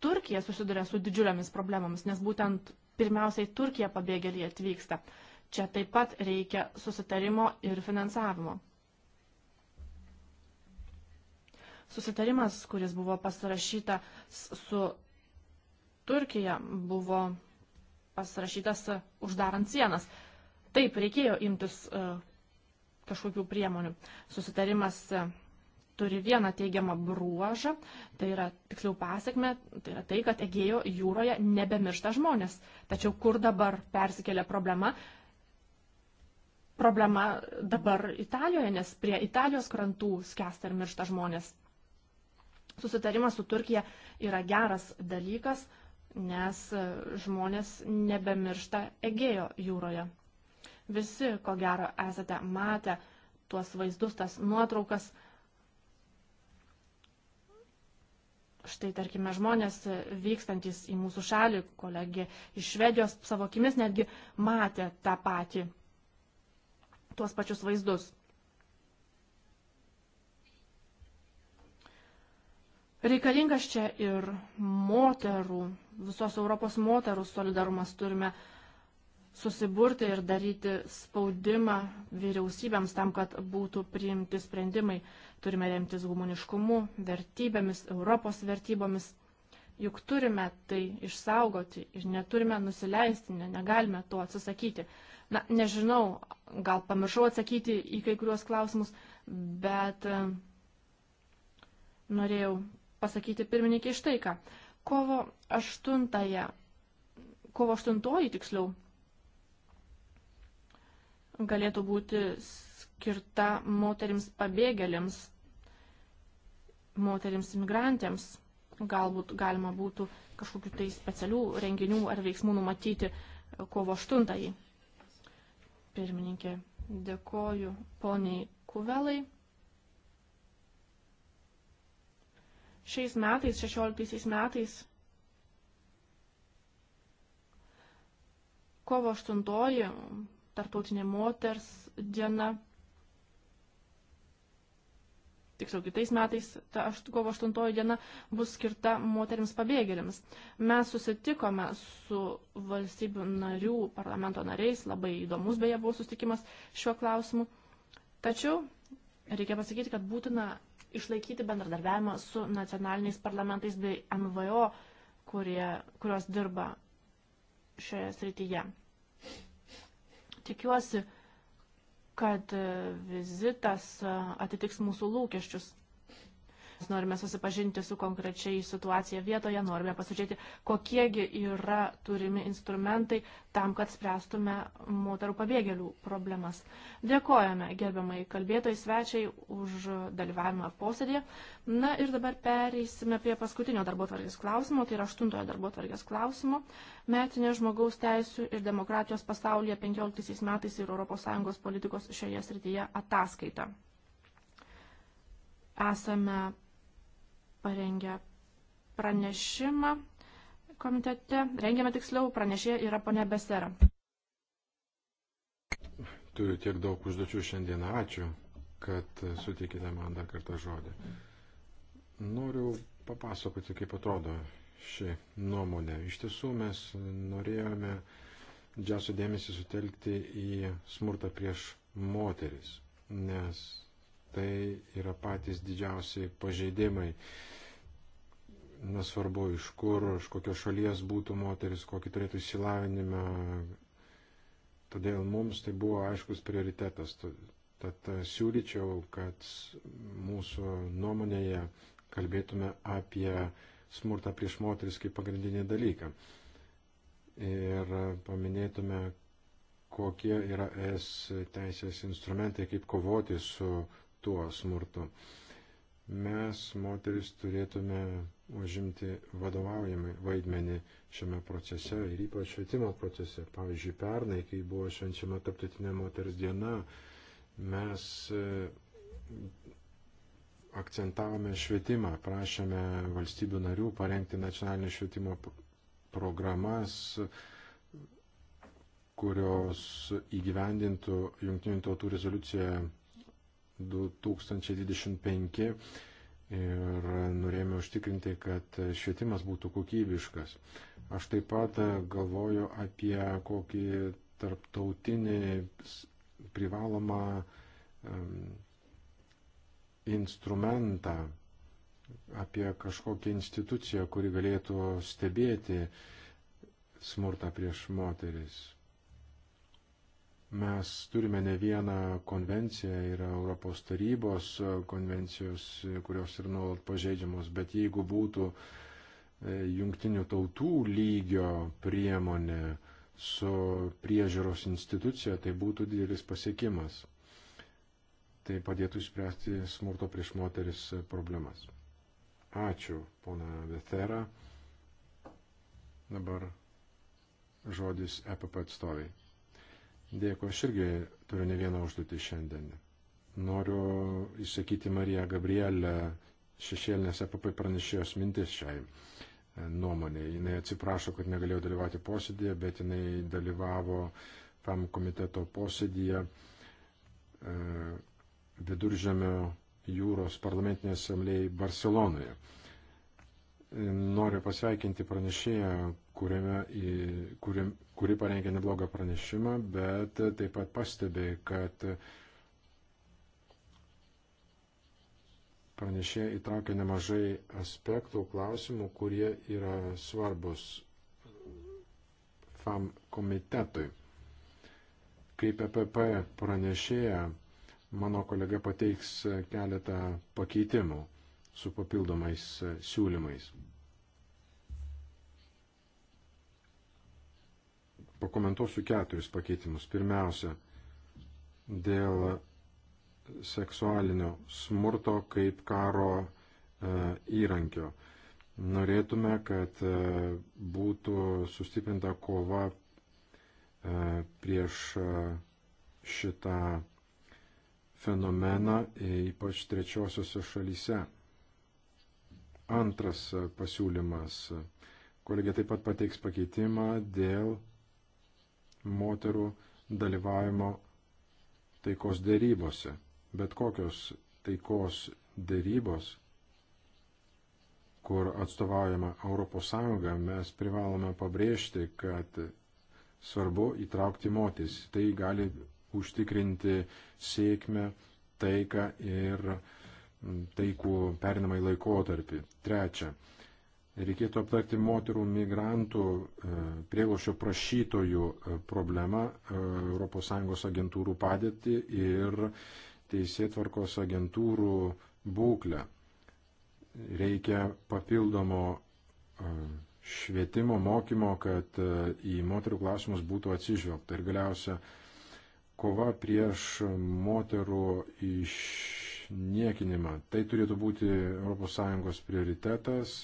Turkija susiduria su didžiuliamis problemomis, nes būtent pirmiausiai Turkija pabėgėliai atvyksta. Čia taip pat reikia susitarimo ir finansavimo. Susitarimas, kuris buvo pasirašytas su Turkija buvo pasirašytas e, uždarant sienas. Taip, reikėjo imtis e, kažkokių priemonių. Susitarimas e, turi vieną teigiamą bruožą, tai yra tiksliau pasiekme, tai yra tai, kad Egėjo jūroje nebemiršta žmonės. Tačiau kur dabar persikelia problema? Problema dabar Italijoje, nes prie Italijos krantų skęsta ir miršta žmonės. Susitarimas su Turkija yra geras dalykas, nes e, žmonės nebemiršta Egėjo jūroje. Visi, ko gero, esate matę tuos vaizdus, tas nuotraukas. Štai, tarkime, žmonės e, vykstantis į mūsų šalį, kolegė iš Švedijos savo akimis netgi matė tą patį, tuos pačius vaizdus. Reikalingas čia ir moterų visos Europos moterų solidarumas turime susiburti ir daryti spaudimą vyriausybėms tam, kad būtų priimti sprendimai. Turime remtis humaniškumu, vertybėmis, Europos vertybomis. Juk turime tai išsaugoti ir neturime nusileisti, ne, negalime to atsisakyti. Na, nežinau, gal pamiršau atsakyti į kai kuriuos klausimus, bet e, norėjau pasakyti pirmininkai štai ką. Kovo 8, kovo 8 tiksliau, galėtų būti skirta moterims pabėgėliams, moterims imigrantėms. Galbūt galima būtų kažkokiu tai specialių renginių ar veiksmų numatyti kovo 8. Pirmininkė, dėkoju poniai Kuvelai. šiais metais, 16 metais, kovo 8 tarptautinė moters diena, tiksliau kitais metais, ta kovo 8 diena bus skirta moteriams pabėgėliams. Mes susitikome su valstybių narių parlamento nariais, labai įdomus beje buvo susitikimas šiuo klausimu. Tačiau reikia pasakyti, kad būtina išlaikyti bendradarbiavimą su nacionaliniais parlamentais bei MVO, kurie, kurios dirba šioje srityje. Tikiuosi, kad vizitas atitiks mūsų lūkesčius norime susipažinti su konkrečiai situacija vietoje, norime pasižiūrėti, kokiegi yra turimi instrumentai tam, kad spręstume moterų pabėgėlių problemas. Dėkojame gerbiamai kalbėtojai svečiai už dalyvavimą posėdėje. Na ir dabar pereisime prie paskutinio darbo tvarkės klausimo, tai yra aštuntojo darbo tvarkės klausimo. Metinė žmogaus teisų ir demokratijos pasaulyje 15 metais ir ES politikos šioje srityje ataskaita esame parengė pranešimą komitete, rengėme tiksliau, pranešė yra ponia Besera. Turiu tiek daug užduočių šiandieną, ačiū, kad suteikite man dar kartą žodį. Noriu papasakoti, kaip atrodo ši nuomonė. Iš tiesų mes norėjome didžiausią dėmesį sutelkti į smurtą prieš moteris, nes Tai yra patys didžiausiai pažeidimai. Nesvarbu, iš kur, iš kokios šalies būtų moteris, kokį turėtų įsilavinimą. Todėl mums tai buvo aiškus prioritetas. Tad e, siūlyčiau, kad mūsų nuomonėje kalbėtume apie smurtą prieš moteris kaip pagrindinį dalyką. Ir e, paminėtume, kokie yra es teisės instrumentai, kaip kovoti su tuo smurtu. Mes, moteris, turėtume užimti vadovaujamą vaidmenį šiame procese ir ypač švietimo procese. Pavyzdžiui, pernai, kai buvo švenčiama tarptautinė moters diena, mes e, akcentavome švietimą, prašėme valstybių narių parengti nacionalinio švietimo programas, kurios įgyvendintų Junktinių tautų rezoliuciją 2025 ir norėjome užtikrinti, kad švietimas būtų kokybiškas. Aš taip pat galvoju apie kokį tarptautinį privalomą instrumentą, apie kažkokią instituciją, kuri galėtų stebėti smurtą prieš moteris. Mes turime ne vieną konvenciją, yra Europos tarybos konvencijos, kurios ir nuolat pažeidžiamos, bet jeigu būtų e, jungtinių tautų lygio priemonė su priežiūros institucija, tai būtų didelis pasiekimas. Tai padėtų išspręsti smurto prieš moteris problemas. Ačiū, pona Vetera. Dabar žodis EPP atstoviai. Dėkui, aš irgi turiu ne vieną užduotį šiandien. Noriu išsakyti Mariją Gabrielę šešėlinės EPP pranešėjos mintis šiai e, nuomonė. Jis atsiprašo, kad negalėjo dalyvauti posėdėje, bet jinai dalyvavo FAM komiteto posėdėje e, viduržėmio jūros parlamentinėje asamblėje Barcelonoje. Noriu pasveikinti pranešėją, kuriame, kuri, kuri parengė neblogą pranešimą, bet taip pat pastebė, kad pranešė įtraukė nemažai aspektų, klausimų, kurie yra svarbus FAM komitetui. Kaip EPP pranešėja, mano kolega pateiks keletą pakeitimų su papildomais siūlymais. pakomentuosiu keturis pakeitimus. Pirmiausia, dėl seksualinio smurto kaip karo e, įrankio. Norėtume, kad e, būtų sustiprinta kova e, prieš šitą fenomeną, ypač trečiosiose šalyse. Antras pasiūlymas. Kolegė taip pat pateiks pakeitimą dėl moterų dalyvavimo taikos dėrybose. Bet kokios taikos dėrybos, kur atstovaujama ES, mes privalome pabrėžti, kad svarbu įtraukti motis. Tai gali užtikrinti sėkmę, taiką ir taikų perinamai laikotarpį. Trečia, reikėtų aptarti moterų migrantų e, prieglošio prašytojų e, problemą, ES agentūrų padėtį ir teisėtvarkos agentūrų būklę. Reikia papildomo e, švietimo, mokymo, kad į moterų klausimus būtų atsižvelgta. Ir galiausia, kova prieš moterų išniekinimą. Tai turėtų būti ES prioritetas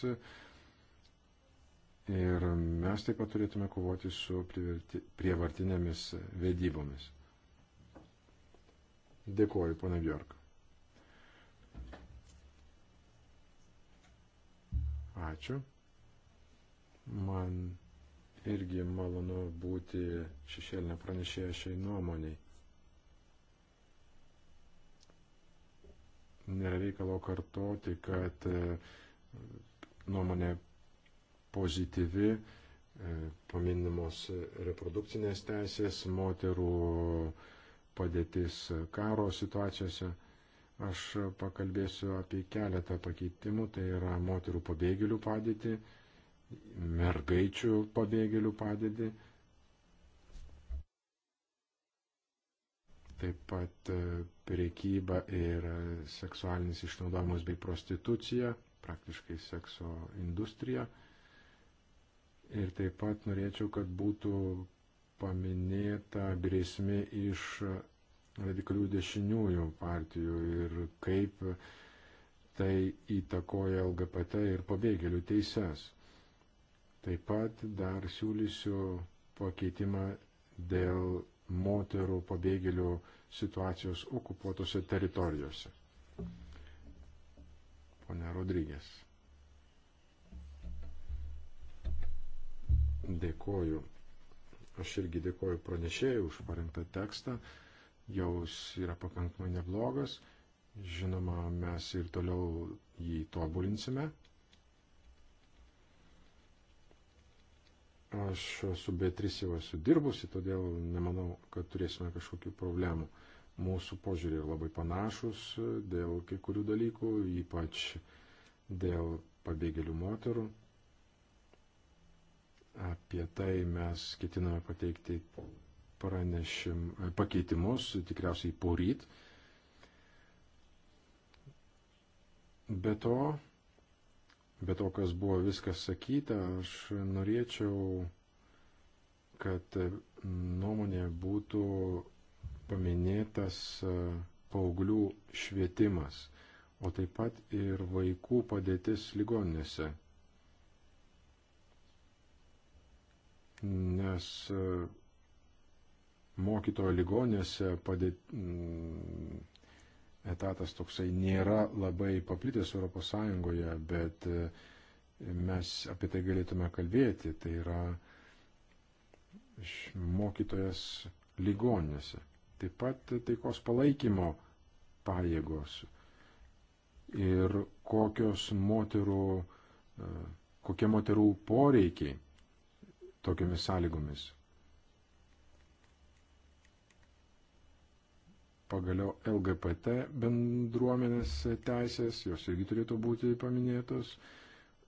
Ir mes taip pat turėtume kovoti su prievartinėmis vedybomis. Dėkuoju, pana Bjork. Ačiū. Man irgi malonu būti šešėlinė pranešėja šiai nuomoniai. Nėra reikalo kartoti, kad e, nuomonė pozityvi, e, paminimos reprodukcinės teisės, moterų padėtis karo situacijose. Aš pakalbėsiu apie keletą pakeitimų, tai yra moterų pabėgėlių padėtį, mergaičių pabėgėlių padėtį, taip pat e, priekyba ir seksualinis išnaudojimas bei prostitucija, praktiškai sekso industrija. Ir taip pat norėčiau, kad būtų paminėta grėsmė iš radikalių dešiniųjų partijų ir kaip tai įtakoja LGBT ir pabėgėlių teises. Taip pat dar siūlysiu pakeitimą dėl moterų pabėgėlių situacijos okupuotose teritorijose. Pone Rodrygės. Dėkoju. Aš irgi dėkoju pranešėjai už parengtą tekstą. Jaus yra pakankamai neblogas. Žinoma, mes ir toliau jį tobulinsime. Aš su Beatrice jau esu dirbusi, todėl nemanau, kad turėsime kažkokių problemų. Mūsų požiūrė labai panašus dėl kai kurių dalykų, ypač dėl pabėgėlių moterų. Apie tai mes ketiname pateikti pranešim, pakeitimus, tikriausiai poryt. Be to, be to, kas buvo viskas sakyta, aš norėčiau, kad nuomonė būtų paminėtas e, paauglių švietimas, o taip pat ir vaikų padėtis ligoninėse. nes e, mokytojo ligonėse padėt, mm, etatas toksai nėra labai paplitęs ES, bet e, mes apie tai galėtume kalbėti. Tai yra mokytojas ligonėse. Taip pat taikos palaikymo pajėgos ir kokios moterų, e, kokie moterų poreikiai tokiamis sąlygomis. Pagaliau LGBT bendruomenės teisės, jos irgi turėtų būti paminėtos,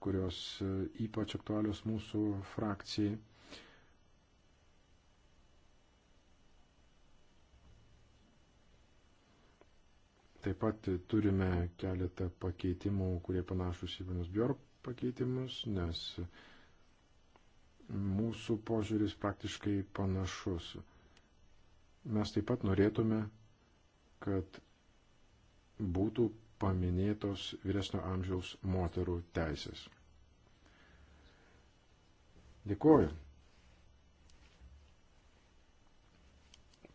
kurios e, ypač aktualios mūsų frakcijai. Taip pat turime keletą pakeitimų, kurie panašus į Vienos Bjork pakeitimus, nes mūsų požiūris praktiškai panašus. Mes taip pat norėtume, kad būtų paminėtos vyresnio amžiaus moterų teisės. Dėkuoju.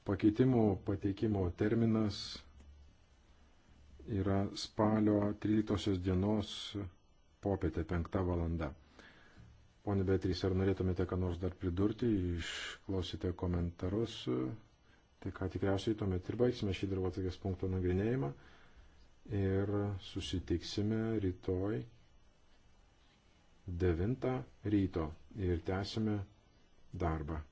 Pakeitimų pateikimo terminas yra spalio 13 dienos popietė 5 valanda. Pone Beatrys, ar norėtumėte ką nors dar pridurti, išklausite komentarus, tai ką tikriausiai tuomet ir baigsime šį darbo atsakės punkto nagrinėjimą ir susitiksime rytoj 9 ryto ir tęsime darbą.